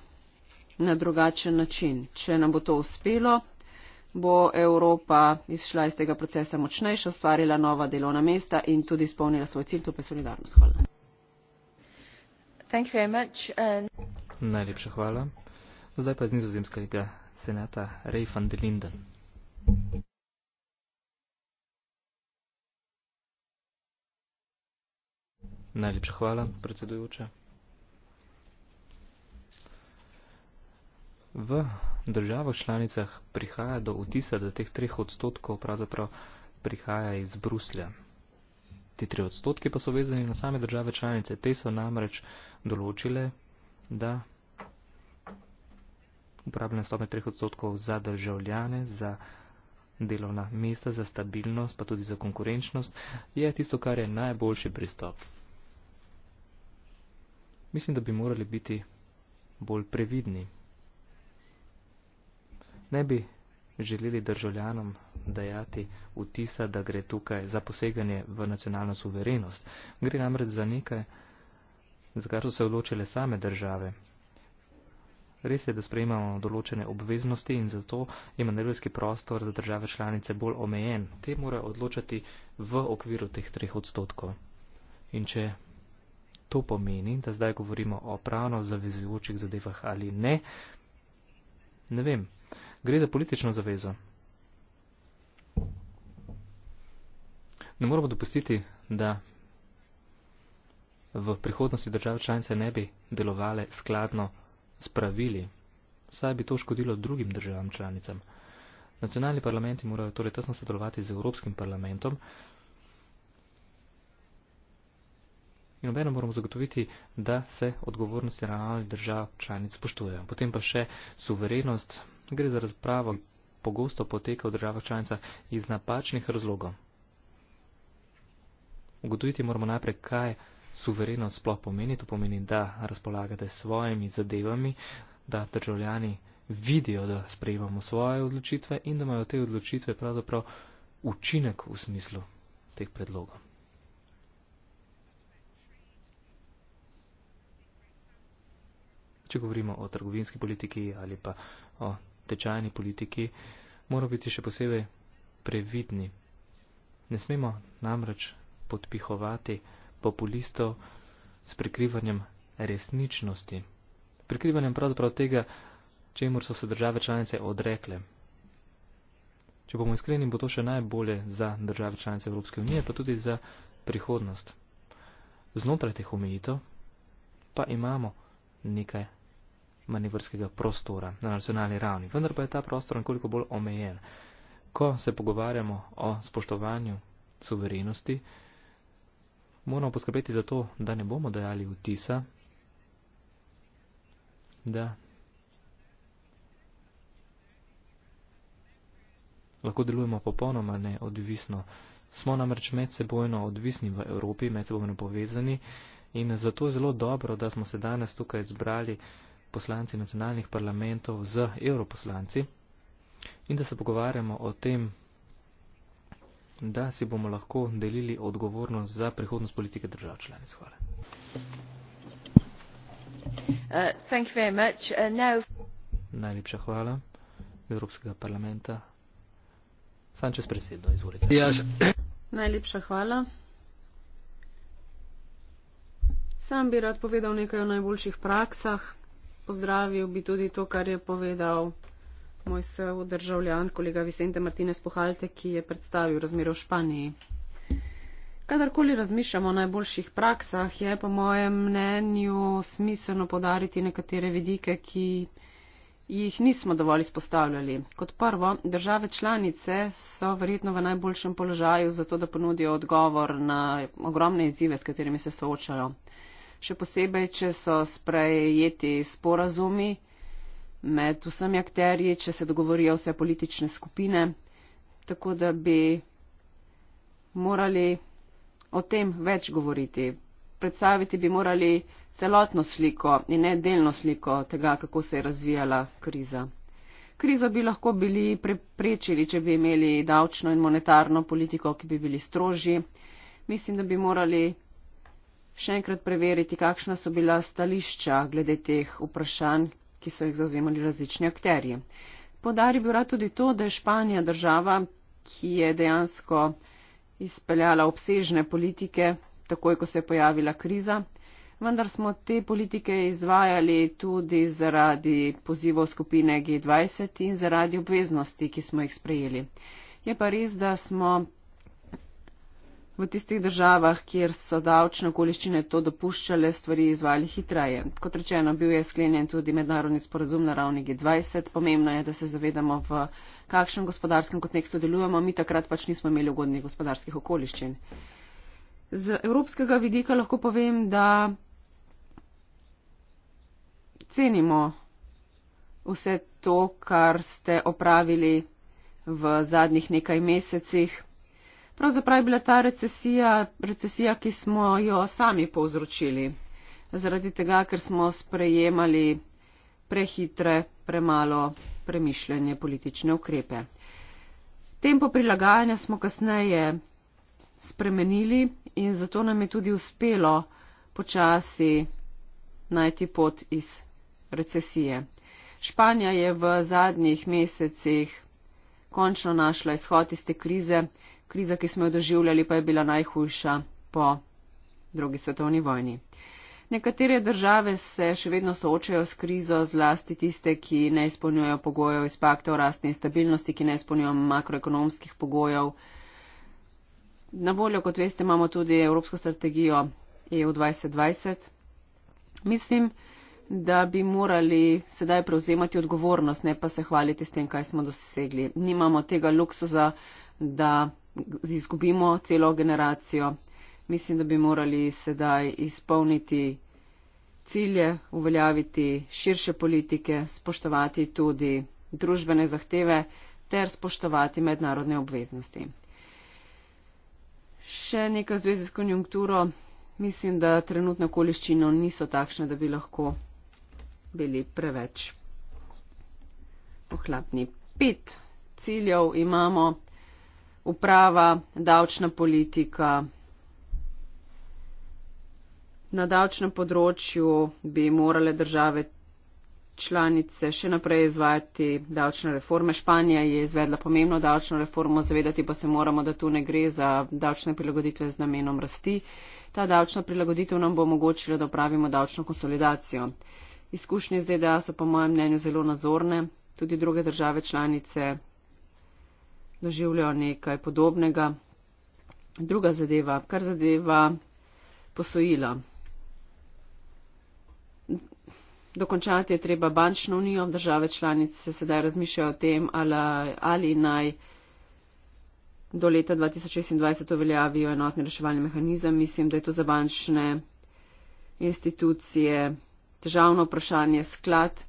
na drugačen način. Če nam bo to uspelo, bo Evropa izšla iz tega procesa močnejša, ustvarila nova delovna mesta in tudi izpolnila svoj cilj, to pa je solidarnost. Hvala. Najlepša hvala. Zdaj pa iz nizozemskega senata Rej van de Linden. Najlepša hvala, predsedujoča. V državah članicah prihaja do vtisa, da teh treh odstotkov pravzaprav prihaja iz Bruslja. Ti tri odstotki pa so vezani na same države članice. Te so namreč določile, da uporabljene stopne treh odstotkov za državljane, za delovna mesta, za stabilnost, pa tudi za konkurenčnost, je tisto, kar je najboljši pristop. Mislim, da bi morali biti bolj previdni. Ne bi želeli državljanom dajati vtisa, da gre tukaj za poseganje v nacionalno suverenost. Gre namreč za nekaj, za kar so se odločile same države. Res je, da sprejemamo določene obveznosti in zato je manevrski prostor za države članice bolj omejen. Te morajo odločati v okviru teh treh odstotkov. In če to pomeni, da zdaj govorimo o pravno zavezujočih zadevah ali ne, ne vem. Gre za politično zavezo. Ne moramo dopustiti, da v prihodnosti države članice ne bi delovale skladno s pravili. Saj bi to škodilo drugim državam članicam. Nacionalni parlamenti morajo torej tesno sodelovati z Evropskim parlamentom, In obenem moramo zagotoviti, da se odgovornosti ravnalnih držav članic spoštujejo. Potem pa še suverenost. Gre za razpravo, ki pogosto poteka v državah članicah iz napačnih razlogov. Ugotoviti moramo najprej, kaj suverenost sploh pomeni. To pomeni, da razpolagate s svojimi zadevami, da državljani vidijo, da sprejemamo svoje odločitve in da imajo te odločitve pravzaprav učinek v smislu teh predlogov. če govorimo o trgovinski politiki ali pa o tečajni politiki, moramo biti še posebej previdni. Ne smemo namreč podpihovati populistov s prikrivanjem resničnosti, prikrivanjem pravzaprav tega, čemu so se države članice odrekle. Če bomo iskreni, bo to še najbolje za države članice Evropske unije, pa tudi za prihodnost. Znotraj teh omejitev pa imamo nekaj manevrskega prostora na nacionalni ravni. Vendar pa je ta prostor nekoliko bolj omejen. Ko se pogovarjamo o spoštovanju suverenosti, moramo poskrbeti za to, da ne bomo dajali vtisa, da lahko delujemo popolnoma neodvisno. Smo namreč medsebojno odvisni v Evropi, medsebojno povezani in zato je zelo dobro, da smo se danes tukaj zbrali uh, poslanci nacionalnih parlamentov z europoslanci in da se pogovarjamo o tem, da si bomo lahko delili odgovornost za prihodnost politike držav članic. Hvala. Uh, thank you very much. Uh, now... Najlepša hvala Evropskega parlamenta. Sančes presedno, izvolite. Yes. Ja, Najlepša hvala. Sam bi rad povedal nekaj o najboljših praksah pozdravil bi tudi to, kar je povedal moj sodržavljan, kolega Vicente Martinez Pohalte, ki je predstavil razmero v Španiji. Kadarkoli razmišljamo o najboljših praksah, je po mojem mnenju smiselno podariti nekatere vidike, ki jih nismo dovolj izpostavljali. Kot prvo, države članice so verjetno v najboljšem položaju za to, da ponudijo odgovor na ogromne izzive, s katerimi se soočajo še posebej, če so sprejeti sporazumi med vsemi akterji, če se dogovorijo vse politične skupine. Tako da bi morali o tem več govoriti. Predstaviti bi morali celotno sliko in ne delno sliko tega, kako se je razvijala kriza. Krizo bi lahko bili preprečili, če bi imeli davčno in monetarno politiko, ki bi bili strožji. Mislim, da bi morali še enkrat preveriti, kakšna so bila stališča glede teh vprašanj, ki so jih zauzemali različni akterji. Podari bi rad tudi to, da je Španija država, ki je dejansko izpeljala obsežne politike, takoj ko se je pojavila kriza. Vendar smo te politike izvajali tudi zaradi pozivov skupine G20 in zaradi obveznosti, ki smo jih sprejeli. Je pa res, da smo v tistih državah, kjer so davčne okoliščine to dopuščale, stvari izvali hitreje. Kot rečeno, bil je sklenjen tudi mednarodni sporazum na ravni G20. Pomembno je, da se zavedamo, v kakšnem gospodarskem kontekstu delujemo. Mi takrat pač nismo imeli ugodnih gospodarskih okoliščin. Z evropskega vidika lahko povem, da cenimo vse to, kar ste opravili v zadnjih nekaj mesecih pravzaprav je bila ta recesija, recesija, ki smo jo sami povzročili, zaradi tega, ker smo sprejemali prehitre, premalo premišljene politične ukrepe. Tempo prilagajanja smo kasneje spremenili in zato nam je tudi uspelo počasi najti pot iz recesije. Španija je v zadnjih mesecih končno našla izhod iz te krize Kriza, ki smo jo doživljali, pa je bila najhujša po drugi svetovni vojni. Nekatere države se še vedno soočajo s krizo, zlasti tiste, ki ne izpolnjujejo pogojev iz pakta o rasti in stabilnosti, ki ne izpolnjujejo makroekonomskih pogojev. Na voljo, kot veste, imamo tudi Evropsko strategijo EU 2020. Mislim, da bi morali sedaj prevzemati odgovornost, ne pa se hvaliti s tem, kaj smo dosegli. Nimamo tega luksuza, da izgubimo celo generacijo. Mislim, da bi morali sedaj izpolniti cilje, uveljaviti širše politike, spoštovati tudi družbene zahteve ter spoštovati mednarodne obveznosti. Še nekaj zvezi s konjunkturo. Mislim, da trenutne okoliščine niso takšne, da bi lahko bili preveč pohlapni. Pet ciljev imamo uprava, davčna politika. Na davčnem področju bi morale države članice še naprej izvajati davčne reforme. Španija je izvedla pomembno davčno reformo, zavedati pa se moramo, da tu ne gre za davčne prilagoditve z namenom rasti. Ta davčna prilagoditev nam bo omogočila, da upravimo davčno konsolidacijo. Izkušnje z ZDA so po mojem mnenju zelo nazorne, tudi druge države članice doživljajo nekaj podobnega. Druga zadeva, kar zadeva posojila. Dokončati je treba bančno unijo, države članice sedaj razmišljajo o tem, ali, ali naj do leta 2026 uveljavijo enotni reševalni mehanizem. Mislim, da je to za bančne institucije težavno vprašanje sklad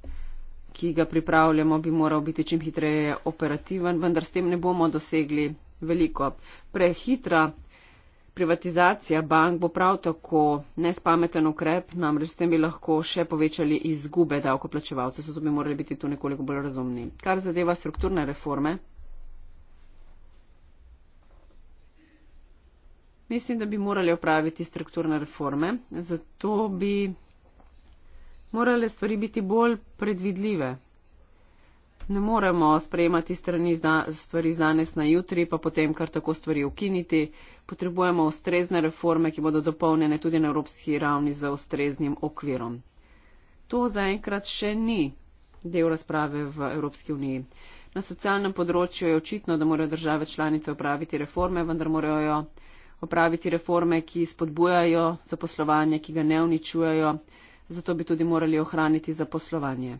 ki ga pripravljamo, bi moral biti čim hitreje operativen, vendar s tem ne bomo dosegli veliko. Prehitra privatizacija bank bo prav tako nespameten ukrep, namreč s tem bi lahko še povečali izgube davkoplačevalcev, zato bi morali biti tu nekoliko bolj razumni. Kar zadeva strukturne reforme. Mislim, da bi morali opraviti strukturne reforme, zato bi morale stvari biti bolj predvidljive. Ne moremo sprejemati strani zna, stvari z danes na jutri, pa potem kar tako stvari ukiniti. Potrebujemo ustrezne reforme, ki bodo dopolnjene tudi na evropski ravni z ustreznim okvirom. To zaenkrat še ni del razprave v Evropski uniji. Na socialnem področju je očitno, da morajo države članice opraviti reforme, vendar morajo opraviti reforme, ki spodbujajo zaposlovanje, ki ga ne uničujajo zato bi tudi morali ohraniti zaposlovanje.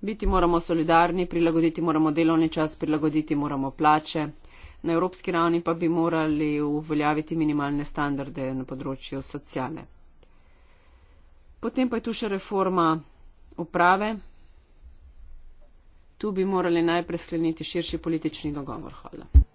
Biti moramo solidarni, prilagoditi moramo delovni čas, prilagoditi moramo plače. Na evropski ravni pa bi morali uveljaviti minimalne standarde na področju sociale. Potem pa je tu še reforma uprave. Tu bi morali najprej skleniti širši politični dogovor. Hvala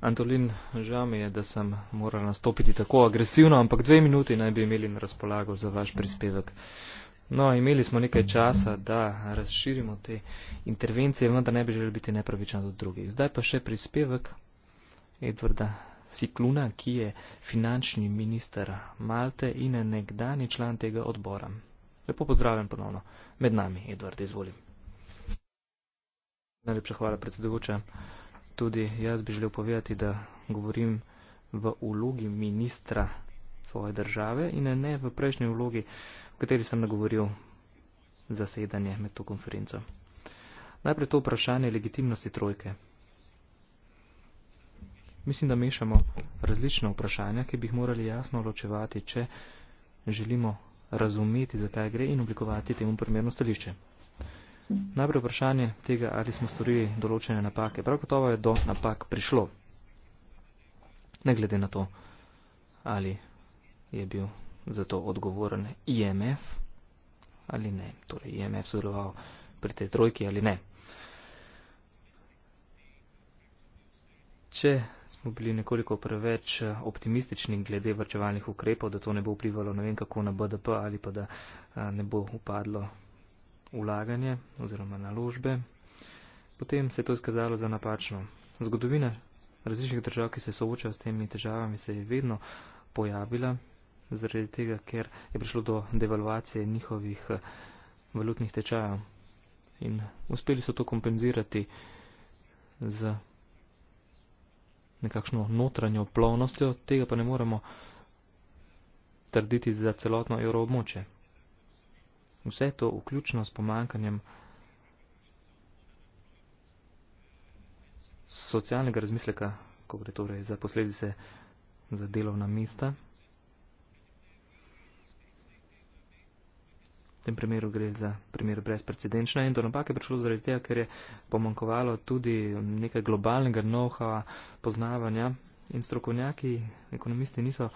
antolin žal mi je da sem morala nastopiti tako agresivno ampak dve minuti naj bi imeli na razpolago za vaš prispevek. No, imeli smo nekaj časa, da razširimo te intervencije, vendar ne bi želeli biti nepravičani do drugih. Zdaj pa še prispevek Edvarda Sikluna, ki je finančni minister Malte in je nekdani član tega odbora. Lepo pozdravljam ponovno med nami, Edvard, izvolim. Najlepša hvala, predsedujoča. Tudi jaz bi želel povedati, da govorim v ulogi ministra svoje države in ne v prejšnji ulogi, v kateri sem nagovoril zasedanje med to konferenco. Najprej to vprašanje legitimnosti trojke. Mislim, da mešamo različna vprašanja, ki bi jih morali jasno ločevati, če želimo razumeti, zakaj gre in oblikovati temu primerno stališče. Najprej vprašanje tega, ali smo storili določene napake. Prav gotovo je do napak prišlo. Ne glede na to, ali je bil za to odgovoren IMF ali ne. Torej, IMF sodeloval pri tej trojki ali ne. Če smo bili nekoliko preveč eh, optimistični glede vrčevalnih ukrepov, da to ne bo vplivalo na vem kako na BDP ali pa da eh, ne bo upadlo vlaganje oziroma naložbe, potem se je to izkazalo za napačno. Zgodovina različnih držav, ki se soočajo s temi težavami, se je vedno pojavila zaradi tega, ker je prišlo do devalvacije njihovih eh, valutnih tečajev in uspeli so to kompenzirati z nekakšno notranjo plovnostjo, tega pa ne moremo trditi za celotno evroobmočje. Vse to vključno s pomankanjem socialnega razmisleka, ko gre torej za posledice za delovna mesta. V tem primeru gre za primer brezprecedenčna in do napake prišlo zaradi tega, ker je pomankovalo tudi nekaj globalnega know-howa, poznavanja in strokovnjaki, ekonomisti niso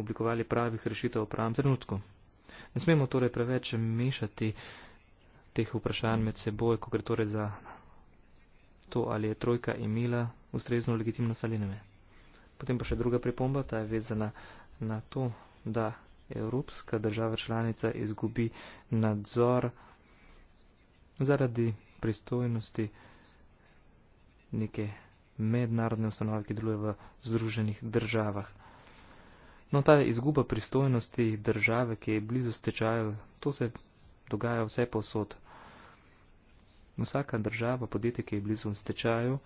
oblikovali pravih rešitev v pravem trenutku. Ne smemo torej preveč mešati teh vprašanj med seboj, ko gre torej za to, ali je trojka imela ustrezno legitimnost ali ne. Potem pa še druga pripomba, ta je vezana na to, da Evropska država članica izgubi nadzor zaradi pristojnosti neke mednarodne ustanove, ki deluje v združenih državah. No, ta izguba pristojnosti države, ki je blizu stečaja, to se dogaja vse posod. Vsaka država, podjetje, ki je blizu stečaju,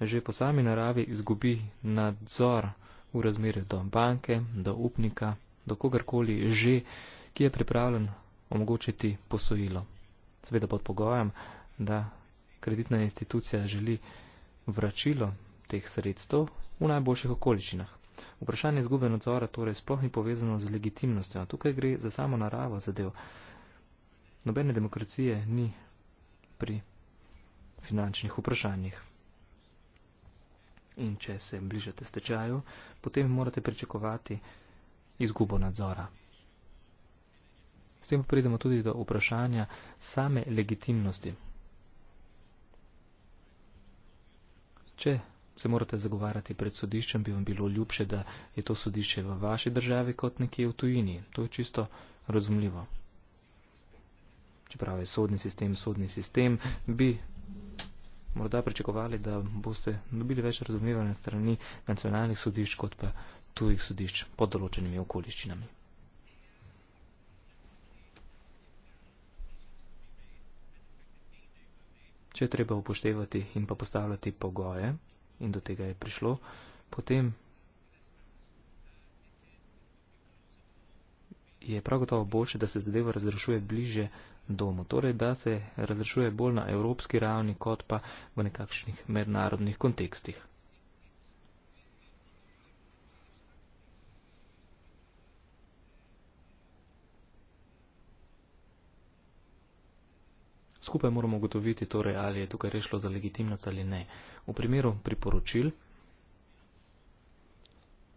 že po sami naravi izgubi nadzor v razmerju do banke, do upnika, do kogarkoli že, ki je pripravljen omogočiti posojilo. Seveda pod pogojem, da kreditna institucija želi vračilo teh sredstev v najboljših okoličinah. Vprašanje izgube nadzora torej sploh ni povezano z legitimnostjo. Tukaj gre za samo naravo zadev. Nobene demokracije ni pri finančnih vprašanjih. In če se bližate stečaju, potem morate pričakovati izgubo nadzora. S tem pa pridemo tudi do vprašanja same legitimnosti. Če se morate zagovarjati pred sodiščem, bi vam bilo ljubše, da je to sodišče v vaši državi kot nekje v tujini. To je čisto razumljivo. Čeprav je sodni sistem, sodni sistem, bi morda pričakovali, da boste dobili več razumljivanja strani nacionalnih sodišč kot pa tujih sodišč pod določenimi okoliščinami. Če je treba upoštevati in pa postavljati pogoje, in do tega je prišlo. Potem je prav gotovo boljše, da se zadeva razrešuje bliže domu, torej da se razrešuje bolj na evropski ravni kot pa v nekakšnih mednarodnih kontekstih. Skupaj moramo ugotoviti, torej, ali je tukaj rešilo za legitimnost ali ne. V primeru priporočil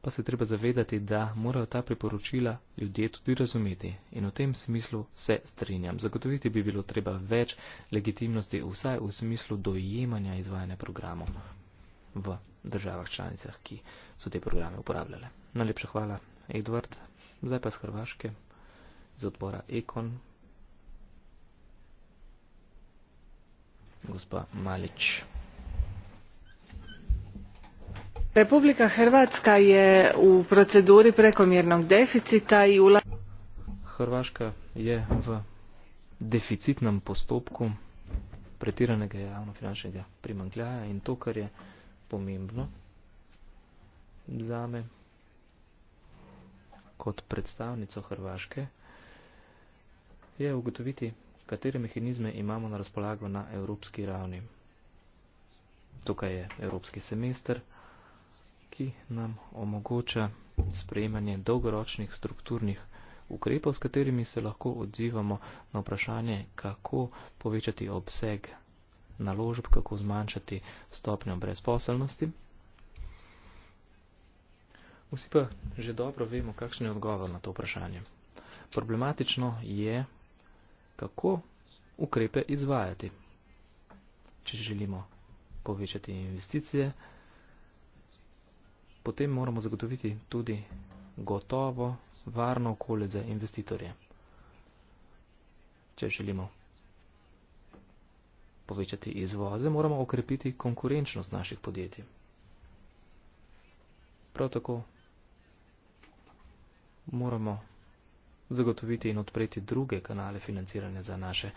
pa se treba zavedati, da morajo ta priporočila ljudje tudi razumeti. In v tem smislu se strinjam. Zagotoviti bi bilo treba več legitimnosti, vsaj v smislu dojemanja izvajanja programov v državah članicah, ki so te programe uporabljale. Najlepša hvala, Edward. Zdaj pa z Hrvaške, z odbora Ekon, gospa malič. Republika Hrvatska je u proceduri prekomjernog deficita i ula... Hrvaška je v deficitnom postopku pretiranega javnofinančnega primankljaja in to, kar je pomembno za me kot predstavnico Hrvaške, je ugotoviti, katere mehanizme imamo na razpolago na evropski ravni. Tukaj je evropski semester, ki nam omogoča sprejemanje dolgoročnih strukturnih ukrepov, s katerimi se lahko odzivamo na vprašanje, kako povečati obseg naložb, kako zmanjšati stopnjo brezposelnosti. Vsi pa že dobro vemo, kakšen je odgovor na to vprašanje. Problematično je kako ukrepe izvajati, če želimo povečati investicije, potem moramo zagotoviti tudi gotovo, varno okolje za investitorje. Če želimo povečati izvoze, moramo okrepiti konkurenčnost naših podjetij. Prav tako moramo zagotoviti in odpreti druge kanale financiranja za naše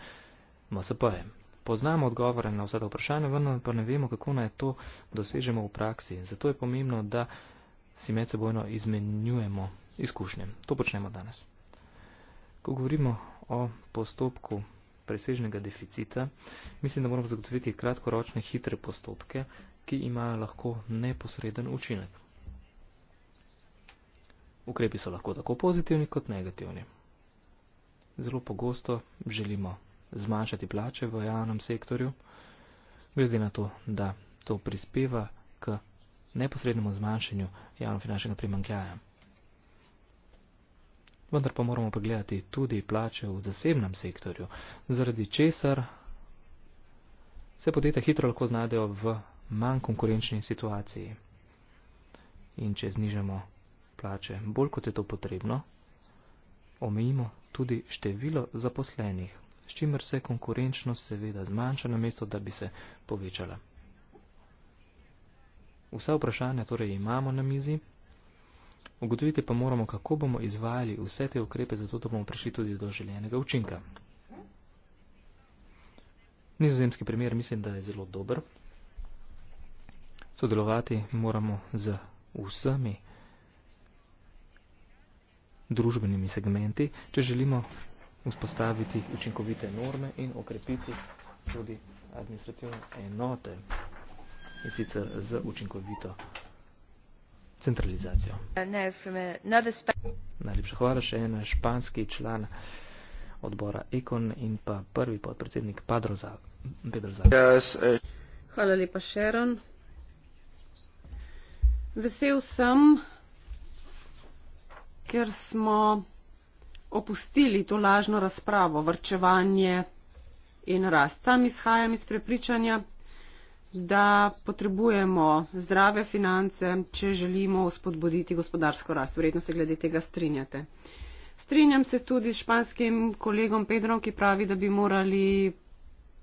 MSP-je. Poznamo odgovore na vsa ta vprašanja, vendar pa ne vemo, kako naj to dosežemo v praksi. Zato je pomembno, da si med sebojno izmenjujemo izkušnje. To počnemo danes. Ko govorimo o postopku presežnega deficita, mislim, da moramo zagotoviti kratkoročne hitre postopke, ki imajo lahko neposreden učinek. Ukrepi so lahko tako pozitivni kot negativni. Zelo pogosto želimo zmanjšati plače v javnem sektorju, glede na to, da to prispeva k neposrednemu zmanjšanju javnofinančnega primankljaja. Vendar pa moramo pogledati tudi plače v zasebnem sektorju, zaradi česar se podjetja hitro lahko znajdejo v manj konkurenčni situaciji. In če znižamo plače, bolj kot je to potrebno, omejimo tudi število zaposlenih, s čimer se konkurenčnost seveda zmanjša, namesto da bi se povečala. Vsa vprašanja torej imamo na mizi. Ugotoviti pa moramo, kako bomo izvajali vse te ukrepe, zato da bomo prišli tudi do željenega učinka. Nizozemski primer mislim, da je zelo dober. Sodelovati moramo z vsemi družbenimi segmenti, če želimo vzpostaviti učinkovite norme in okrepiti tudi administrativne enote in sicer z učinkovito centralizacijo. Najlepša hvala še ena španski član odbora Ekon in pa prvi podpredsednik Padroza, Pedroza. Yes, eh, hvala lepa, Sharon. Vesel sem, ker smo opustili to lažno razpravo, vrčevanje in rast. Sam izhajam iz prepričanja, da potrebujemo zdrave finance, če želimo spodbuditi gospodarsko rast. Verjetno se glede tega strinjate. Strinjam se tudi s španskim kolegom Pedrom, ki pravi, da bi morali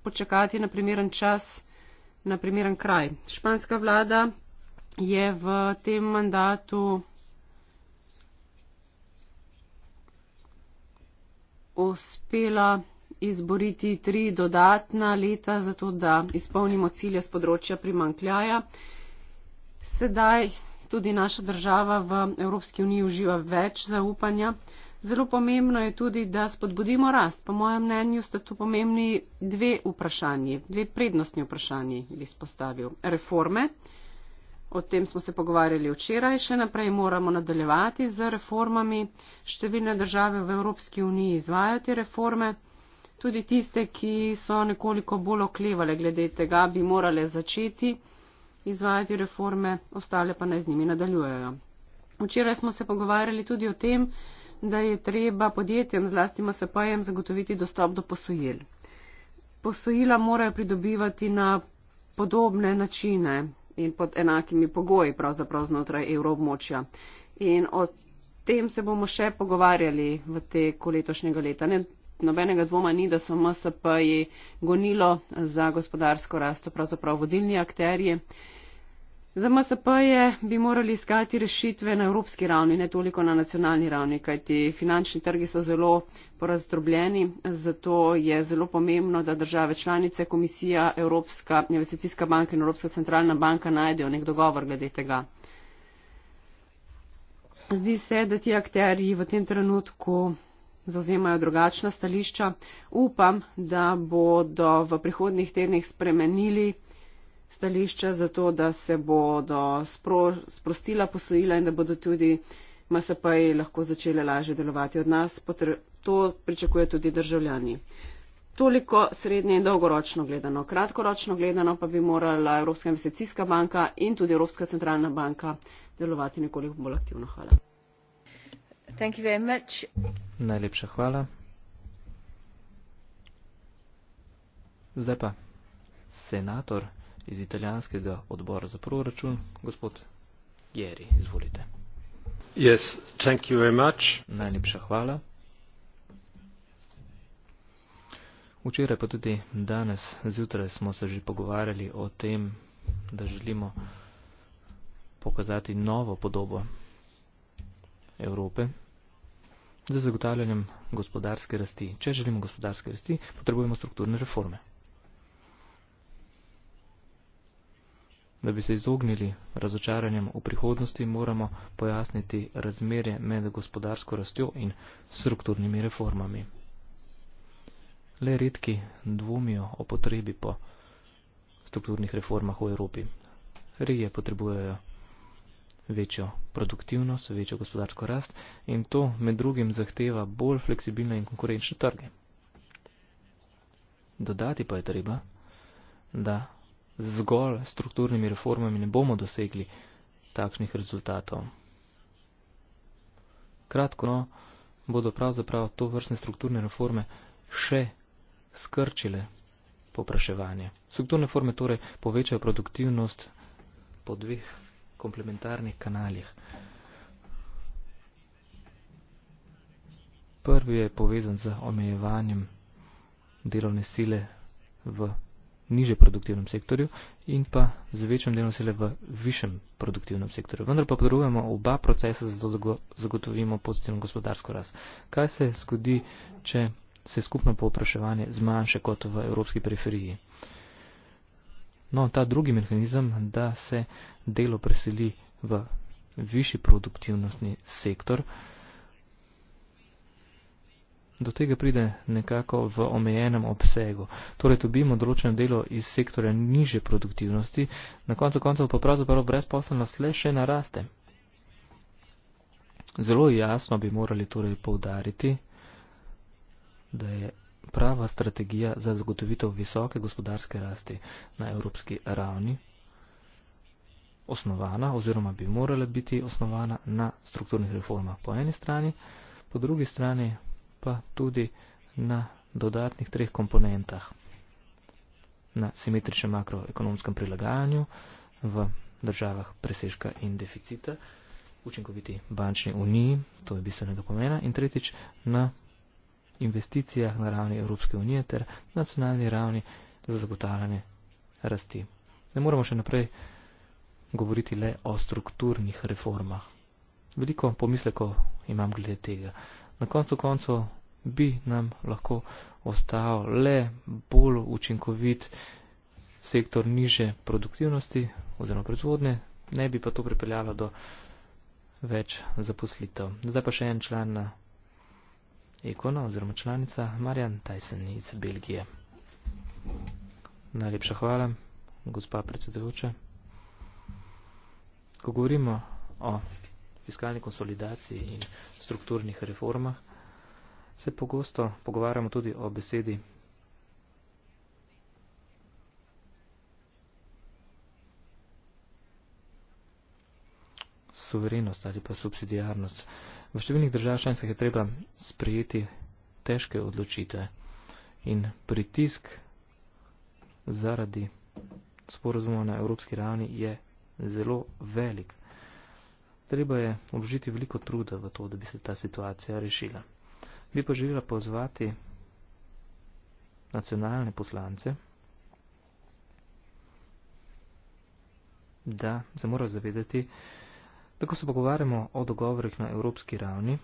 počakati na primeren čas, na primeren kraj. Španska vlada je v tem mandatu uspela izboriti tri dodatna leta, zato da izpolnimo cilje z področja primankljaja. Sedaj tudi naša država v Evropski uniji uživa več zaupanja. Zelo pomembno je tudi, da spodbudimo rast. Po mojem mnenju sta tu pomembni dve vprašanji, dve prednostni vprašanji, bi spostavil. Reforme. O tem smo se pogovarjali včeraj, še naprej moramo nadaljevati z reformami. Številne države v Evropski uniji izvajo te reforme, tudi tiste, ki so nekoliko bolj oklevale glede tega, bi morale začeti izvajati reforme, ostale pa naj z njimi nadaljujejo. Včeraj smo se pogovarjali tudi o tem, da je treba podjetjem, zlasti MSP-jem, zagotoviti dostop do posojil. Posojila morajo pridobivati na podobne načine, in pod enakimi pogoji pravzaprav znotraj evroobmočja. In o tem se bomo še pogovarjali v teku letošnjega leta. Ne, nobenega dvoma ni, da so MSP-ji gonilo za gospodarsko rast, pravzaprav vodilni akterji. Za MSP je bi morali iskati rešitve na evropski ravni, ne toliko na nacionalni ravni, kajti finančni trgi so zelo porazdrobljeni, zato je zelo pomembno, da države članice, komisija, Evropska investicijska banka in Evropska centralna banka najdejo nek dogovor glede tega. Zdi se, da ti akteri v tem trenutku zauzemajo drugačna stališča. Upam, da bodo v prihodnih tednih spremenili stališča za to, da se bodo spro, sprostila posojila in da bodo tudi MSP-ji lahko začele lažje delovati od nas. Potr to pričakuje tudi državljani. Toliko srednje in dolgoročno gledano. Kratkoročno gledano pa bi morala Evropska investicijska banka in tudi Evropska centralna banka delovati nekoliko bolj aktivno. Hvala. Najlepša hvala. Zdaj pa senator iz italijanskega odbora za proračun. Gospod Jeri, izvolite. Yes, thank you very much. Najlepša hvala. Včeraj pa tudi danes zjutraj smo se že pogovarjali o tem, da želimo pokazati novo podobo Evrope z zagotavljanjem gospodarske rasti. Če želimo gospodarske rasti, potrebujemo strukturne reforme. Da bi se izognili razočaranjem v prihodnosti, moramo pojasniti razmerje med gospodarsko rastjo in strukturnimi reformami. Le redki dvomijo o potrebi po strukturnih reformah v Evropi. Regije potrebujejo večjo produktivnost, večjo gospodarsko rast in to med drugim zahteva bolj fleksibilne in konkurenčne trge. Dodati pa je treba, da zgolj strukturnimi reformami ne bomo dosegli takšnih rezultatov. Kratko, no, bodo pravzaprav to vrstne strukturne reforme še skrčile popraševanje. Strukturne reforme torej povečajo produktivnost po dveh komplementarnih kanalih. Prvi je povezan z omejevanjem delovne sile v niže produktivnem sektorju in pa z večjem delom sile v višjem produktivnem sektorju. Vendar pa potrebujemo oba procesa, zato da zagotovimo pozitivno gospodarsko rast. Kaj se zgodi, če se skupno povpraševanje zmanjše kot v evropski periferiji? No, ta drugi mehanizem, da se delo preseli v višji produktivnostni sektor, do tega pride nekako v omejenem obsegu. Torej, dobimo določeno delo iz sektorja niže produktivnosti, na koncu koncev pa pravzaprav brezposobnost le še naraste. Zelo jasno bi morali torej povdariti, da je prava strategija za zagotovitev visoke gospodarske rasti na evropski ravni osnovana oziroma bi morala biti osnovana na strukturnih reformah po eni strani, po drugi strani pa tudi na dodatnih treh komponentah. Na simetričnem makroekonomskem prilagajanju v državah presežka in deficita, učinkoviti bančni uniji, to je bistvenega pomena, in tretjič na investicijah na ravni Evropske unije ter nacionalni ravni za zagotavljanje rasti. Ne moramo še naprej govoriti le o strukturnih reformah. Veliko pomislekov imam glede tega na koncu koncu bi nam lahko ostal le bolj učinkovit sektor niže produktivnosti oziroma proizvodne, ne bi pa to pripeljalo do več zaposlitev. Zdaj pa še en član na Ekona oziroma članica Marjan Tyson iz Belgije. Najlepša hvala, gospa predsedujoča. Ko govorimo o fiskalni konsolidaciji in strukturnih reformah, se pogosto pogovarjamo tudi o besedi suverenost ali pa subsidijarnost. V številnih državah članicah je treba sprejeti težke odločitve in pritisk zaradi sporozuma na evropski ravni je zelo velik. Treba je obžiti veliko truda v to, da bi se ta situacija rešila. Bi pa želela pozvati nacionalne poslance, da se mora zavedati, da ko se pogovarjamo o dogovorih na evropski ravni,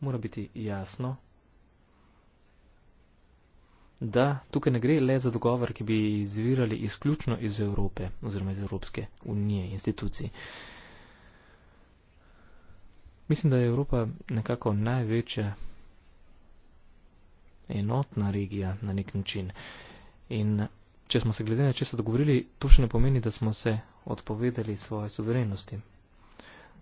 mora biti jasno, da tukaj ne gre le za dogovor, ki bi izvirali izključno iz Evrope oziroma iz Evropske unije institucij. Mislim, da je Evropa nekako največja enotna regija na nek način. In če smo se glede na česa dogovorili, to še ne pomeni, da smo se odpovedali svoje suverenosti.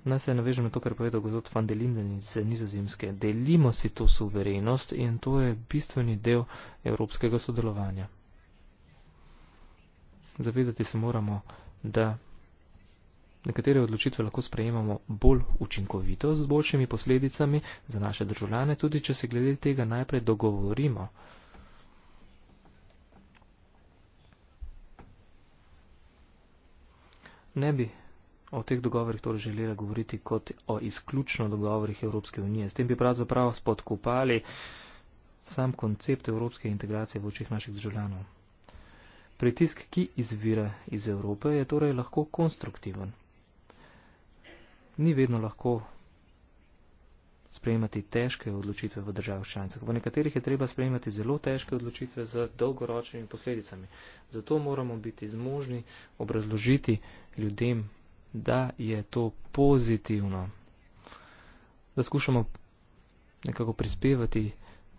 Naj se navežem na to, kar povedal gospod Van de Linden iz nizozemske. Delimo si to suverenost in to je bistveni del evropskega sodelovanja. Zavedati se moramo, da nekatere odločitve lahko sprejemamo bolj učinkovito, z boljšimi posledicami za naše državljane, tudi če se glede tega najprej dogovorimo. Ne bi o teh dogovorih torej želela govoriti kot o izključno dogovorih Evropske unije. S tem bi pravzaprav spodkopali sam koncept evropske integracije v očih naših državljanov. Pritisk, ki izvira iz Evrope, je torej lahko konstruktiven. Ni vedno lahko sprejemati težke odločitve v državah članicah. V nekaterih je treba sprejemati zelo težke odločitve z dolgoročnimi posledicami. Zato moramo biti zmožni obrazložiti ljudem da je to pozitivno. Da skušamo nekako prispevati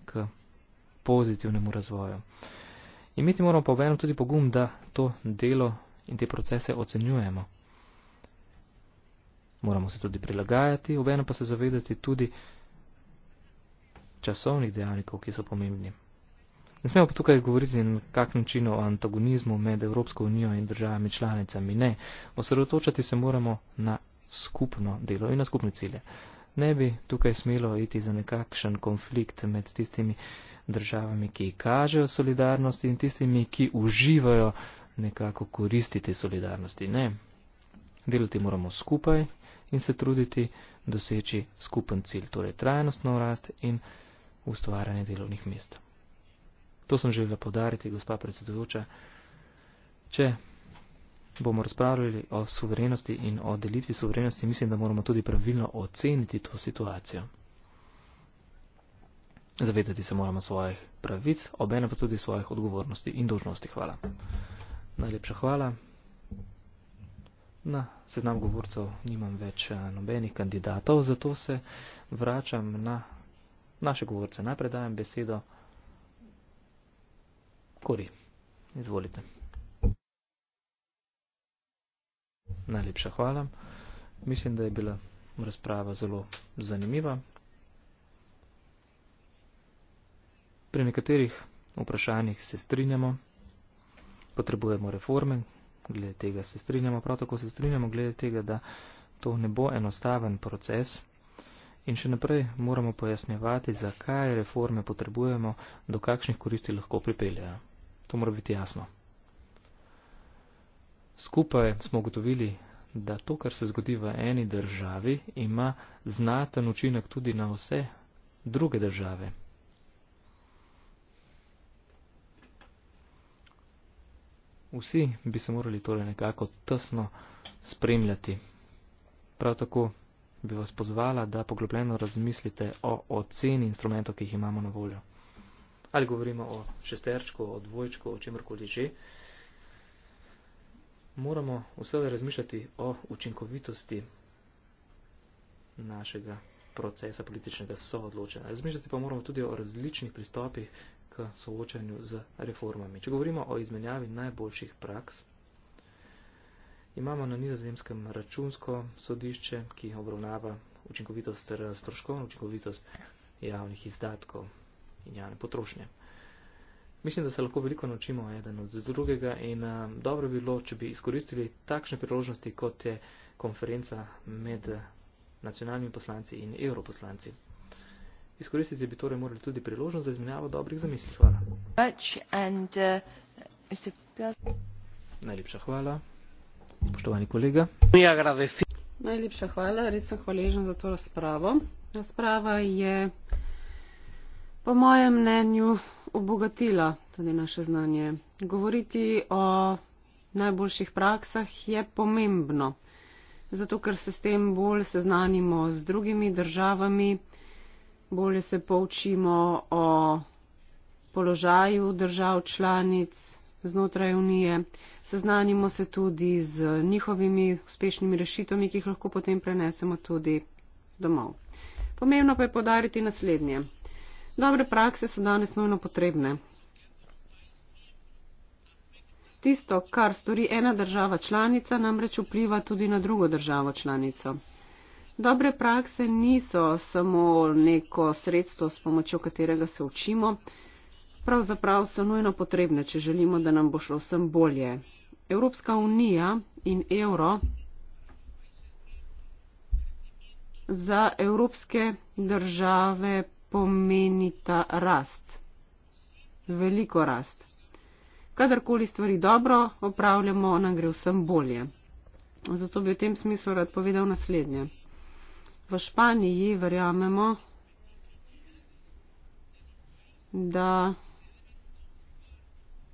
k pozitivnemu razvoju. Imeti moramo pa vedno tudi pogum, da to delo in te procese ocenjujemo. Moramo se tudi prilagajati, obeno pa se zavedati tudi časovnih dejavnikov, ki so pomembni. Ne smemo pa tukaj govoriti na kak način o antagonizmu med Evropsko unijo in državami članicami. Ne, osredotočati se moramo na skupno delo in na skupne cilje. Ne bi tukaj smelo iti za nekakšen konflikt med tistimi državami, ki kažejo solidarnosti in tistimi, ki uživajo nekako koristiti solidarnosti. Ne. Delati moramo skupaj in se truditi doseči skupen cilj, torej trajnostno rast in ustvarjanje delovnih mest. To sem želela podariti, gospa predsedujoča. Če bomo razpravljali o suverenosti in o delitvi suverenosti, mislim, da moramo tudi pravilno oceniti to situacijo. Zavedati se moramo svojih pravic, obene pa tudi svojih odgovornosti in dožnosti. Hvala. Najlepša hvala. Na seznam govorcev nimam več eh, nobenih kandidatov, zato se vračam na naše govorce. Najprej dajem besedo. Kuri, izvolite. Najlepša hvala. Mislim, da je bila razprava zelo zanimiva. Pri nekaterih vprašanjih se strinjamo, potrebujemo reforme, glede tega se strinjamo, prav tako se strinjamo, glede tega, da to ne bo enostaven proces in še naprej moramo pojasnjevati, zakaj reforme potrebujemo, do kakšnih koristi lahko pripeljajo. To mora biti jasno. Skupaj smo gotovili, da to, kar se zgodi v eni državi, ima znaten učinek tudi na vse druge države. Vsi bi se morali torej nekako tesno spremljati. Prav tako bi vas pozvala, da poglobljeno razmislite o oceni instrumentov, ki jih imamo na voljo ali govorimo o šesterčku, o dvojčku, o čemkoli že, moramo vse razmišljati o učinkovitosti našega procesa političnega soodločanja. Razmišljati pa moramo tudi o različnih pristopih k soočanju z reformami. Če govorimo o izmenjavi najboljših praks, imamo na nizozemskem računsko sodišče, ki obravnava učinkovitost ter stroškovno učinkovitost javnih izdatkov in javne potrošnje. Mislim, da se lahko veliko naučimo eden od drugega in dobro bi bilo, če bi izkoristili takšne priložnosti, kot je konferenca med nacionalnimi poslanci in europoslanci. Izkoristiti bi torej morali tudi priložnost za izmenjavo dobrih zamisli. Hvala. And, uh, Najlepša hvala, spoštovani kolega. Najlepša hvala, res sem hvaležen za to razpravo. Razprava je po mojem mnenju obogatila tudi naše znanje. Govoriti o najboljših praksah je pomembno, zato ker se s tem bolj seznanimo z drugimi državami, bolje se poučimo o položaju držav članic znotraj Unije, seznanimo se tudi z njihovimi uspešnimi rešitvami, ki jih lahko potem prenesemo tudi domov. Pomembno pa je podariti naslednje. Dobre prakse so danes nujno potrebne. Tisto, kar stori ena država članica, namreč vpliva tudi na drugo državo članico. Dobre prakse niso samo neko sredstvo, s pomočjo katerega se učimo, pravzaprav so nujno potrebne, če želimo, da nam bo šlo vsem bolje. Evropska unija in evro za evropske države pomenita rast, veliko rast. Kadarkoli stvari dobro opravljamo, nam gre vsem bolje. Zato bi v tem smislu rad povedal naslednje. V Španiji verjamemo, da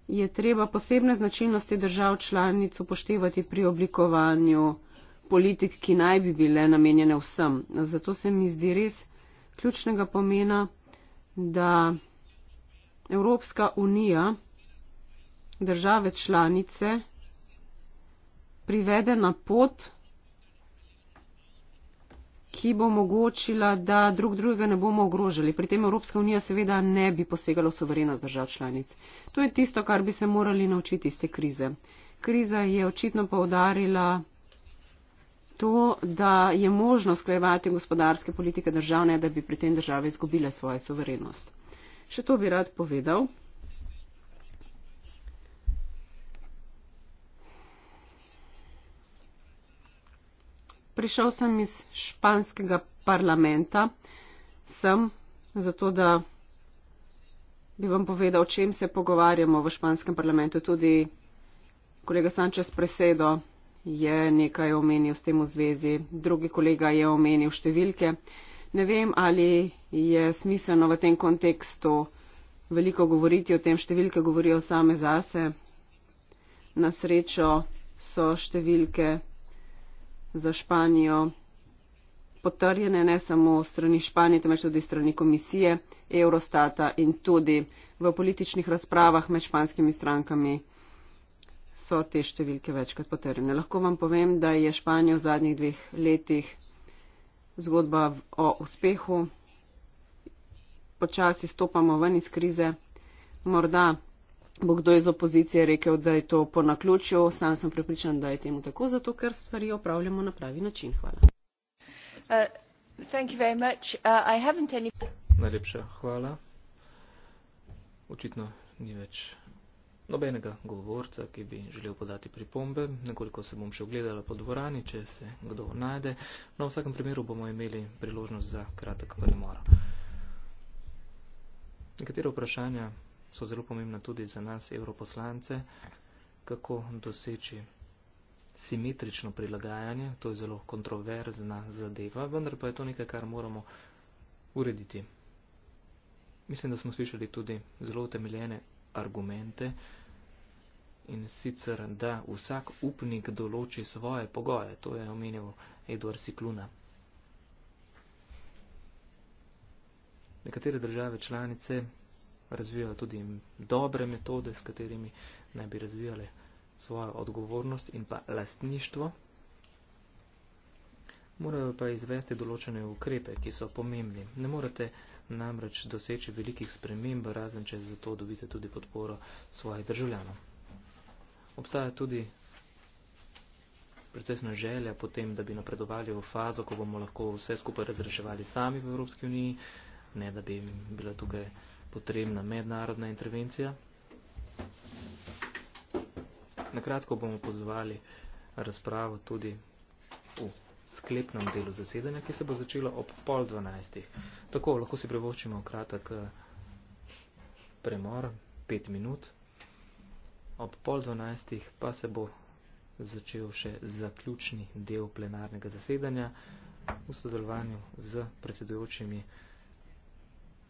je treba posebne značilnosti držav članic upoštevati pri oblikovanju politik, ki naj bi bile namenjene vsem. Zato se mi zdi res, ključnega pomena, da Evropska unija države članice privede na pot, ki bo omogočila, da drug drugega ne bomo ogrožali. Pri tem Evropska unija seveda ne bi posegala v soverenost držav članic. To je tisto, kar bi se morali naučiti iz te krize. Kriza je očitno poudarila to, da je možno sklejevati gospodarske politike državne, da bi pri tem države izgubile svojo suverenost. Še to bi rad povedal. Prišel sem iz španskega parlamenta, sem zato, da bi vam povedal, o čem se pogovarjamo v španskem parlamentu. Tudi kolega Sančes presedo je nekaj omenil s tem v zvezi, drugi kolega je omenil številke. Ne vem, ali je smiselno v tem kontekstu veliko govoriti o tem, številke govorijo same zase. Na srečo so številke za Španijo potrjene ne samo strani Španije, temveč tudi strani komisije, Eurostata in tudi v političnih razpravah med španskimi strankami so te številke večkrat potrjene. Lahko vam povem, da je Španija v zadnjih dveh letih zgodba o uspehu. Počasi stopamo ven iz krize. Morda bo kdo iz opozicije rekel, da je to po naključju. Sam sem pripričan, da je temu tako, zato ker stvari opravljamo na pravi način. Hvala. Uh, uh, any... Najlepša hvala. Očitno ni več nobenega govorca, ki bi želel podati pripombe. Nekoliko se bom še ogledala po dvorani, če se kdo najde. No, v vsakem primeru bomo imeli priložnost za kratek premor. Nekatera vprašanja so zelo pomembna tudi za nas, europoslance, kako doseči simetrično prilagajanje. To je zelo kontroverzna zadeva, vendar pa je to nekaj, kar moramo urediti. Mislim, da smo slišali tudi zelo utemeljene argumente in sicer, da vsak upnik določi svoje pogoje. To je omenil Eduard Sikluna. Nekatere države članice razvijajo tudi dobre metode, s katerimi naj bi razvijale svojo odgovornost in pa lastništvo. Morajo pa izvesti določene ukrepe, ki so pomembni. Ne morete namreč doseči velikih sprememb, razen če za to dobite tudi podporo svojih državljanov. Obstaja tudi procesna želja potem, da bi napredovali v fazo, ko bomo lahko vse skupaj razreševali sami v Evropski uniji, ne da bi bila tukaj potrebna mednarodna intervencija. Nakratko bomo pozvali razpravo tudi sklepnem delu zasedanja, ki se bo začelo ob pol dvanajstih. Tako lahko si prevočimo kratek eh, premor, pet minut. Ob pol dvanajstih pa se bo začel še zaključni del plenarnega zasedanja v sodelovanju z predsedujočimi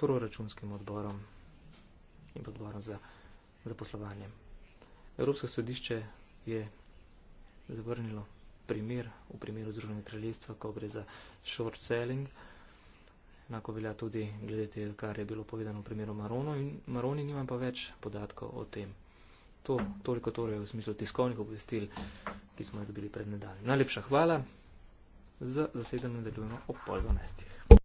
proračunskim odborom in odborom za zaposlovanje. Evropsko sodišče je zavrnilo primer v primeru Združenega kraljestva, ko gre za short selling. Enako velja tudi glede tega, kar je bilo povedano v primeru Marono in Maroni nima pa več podatkov o tem. To toliko torej v smislu tiskovnih obvestil, ki smo jih dobili pred nedaljem. Najlepša hvala. Z zasedanjem nadaljujemo ob pol dvanajstih.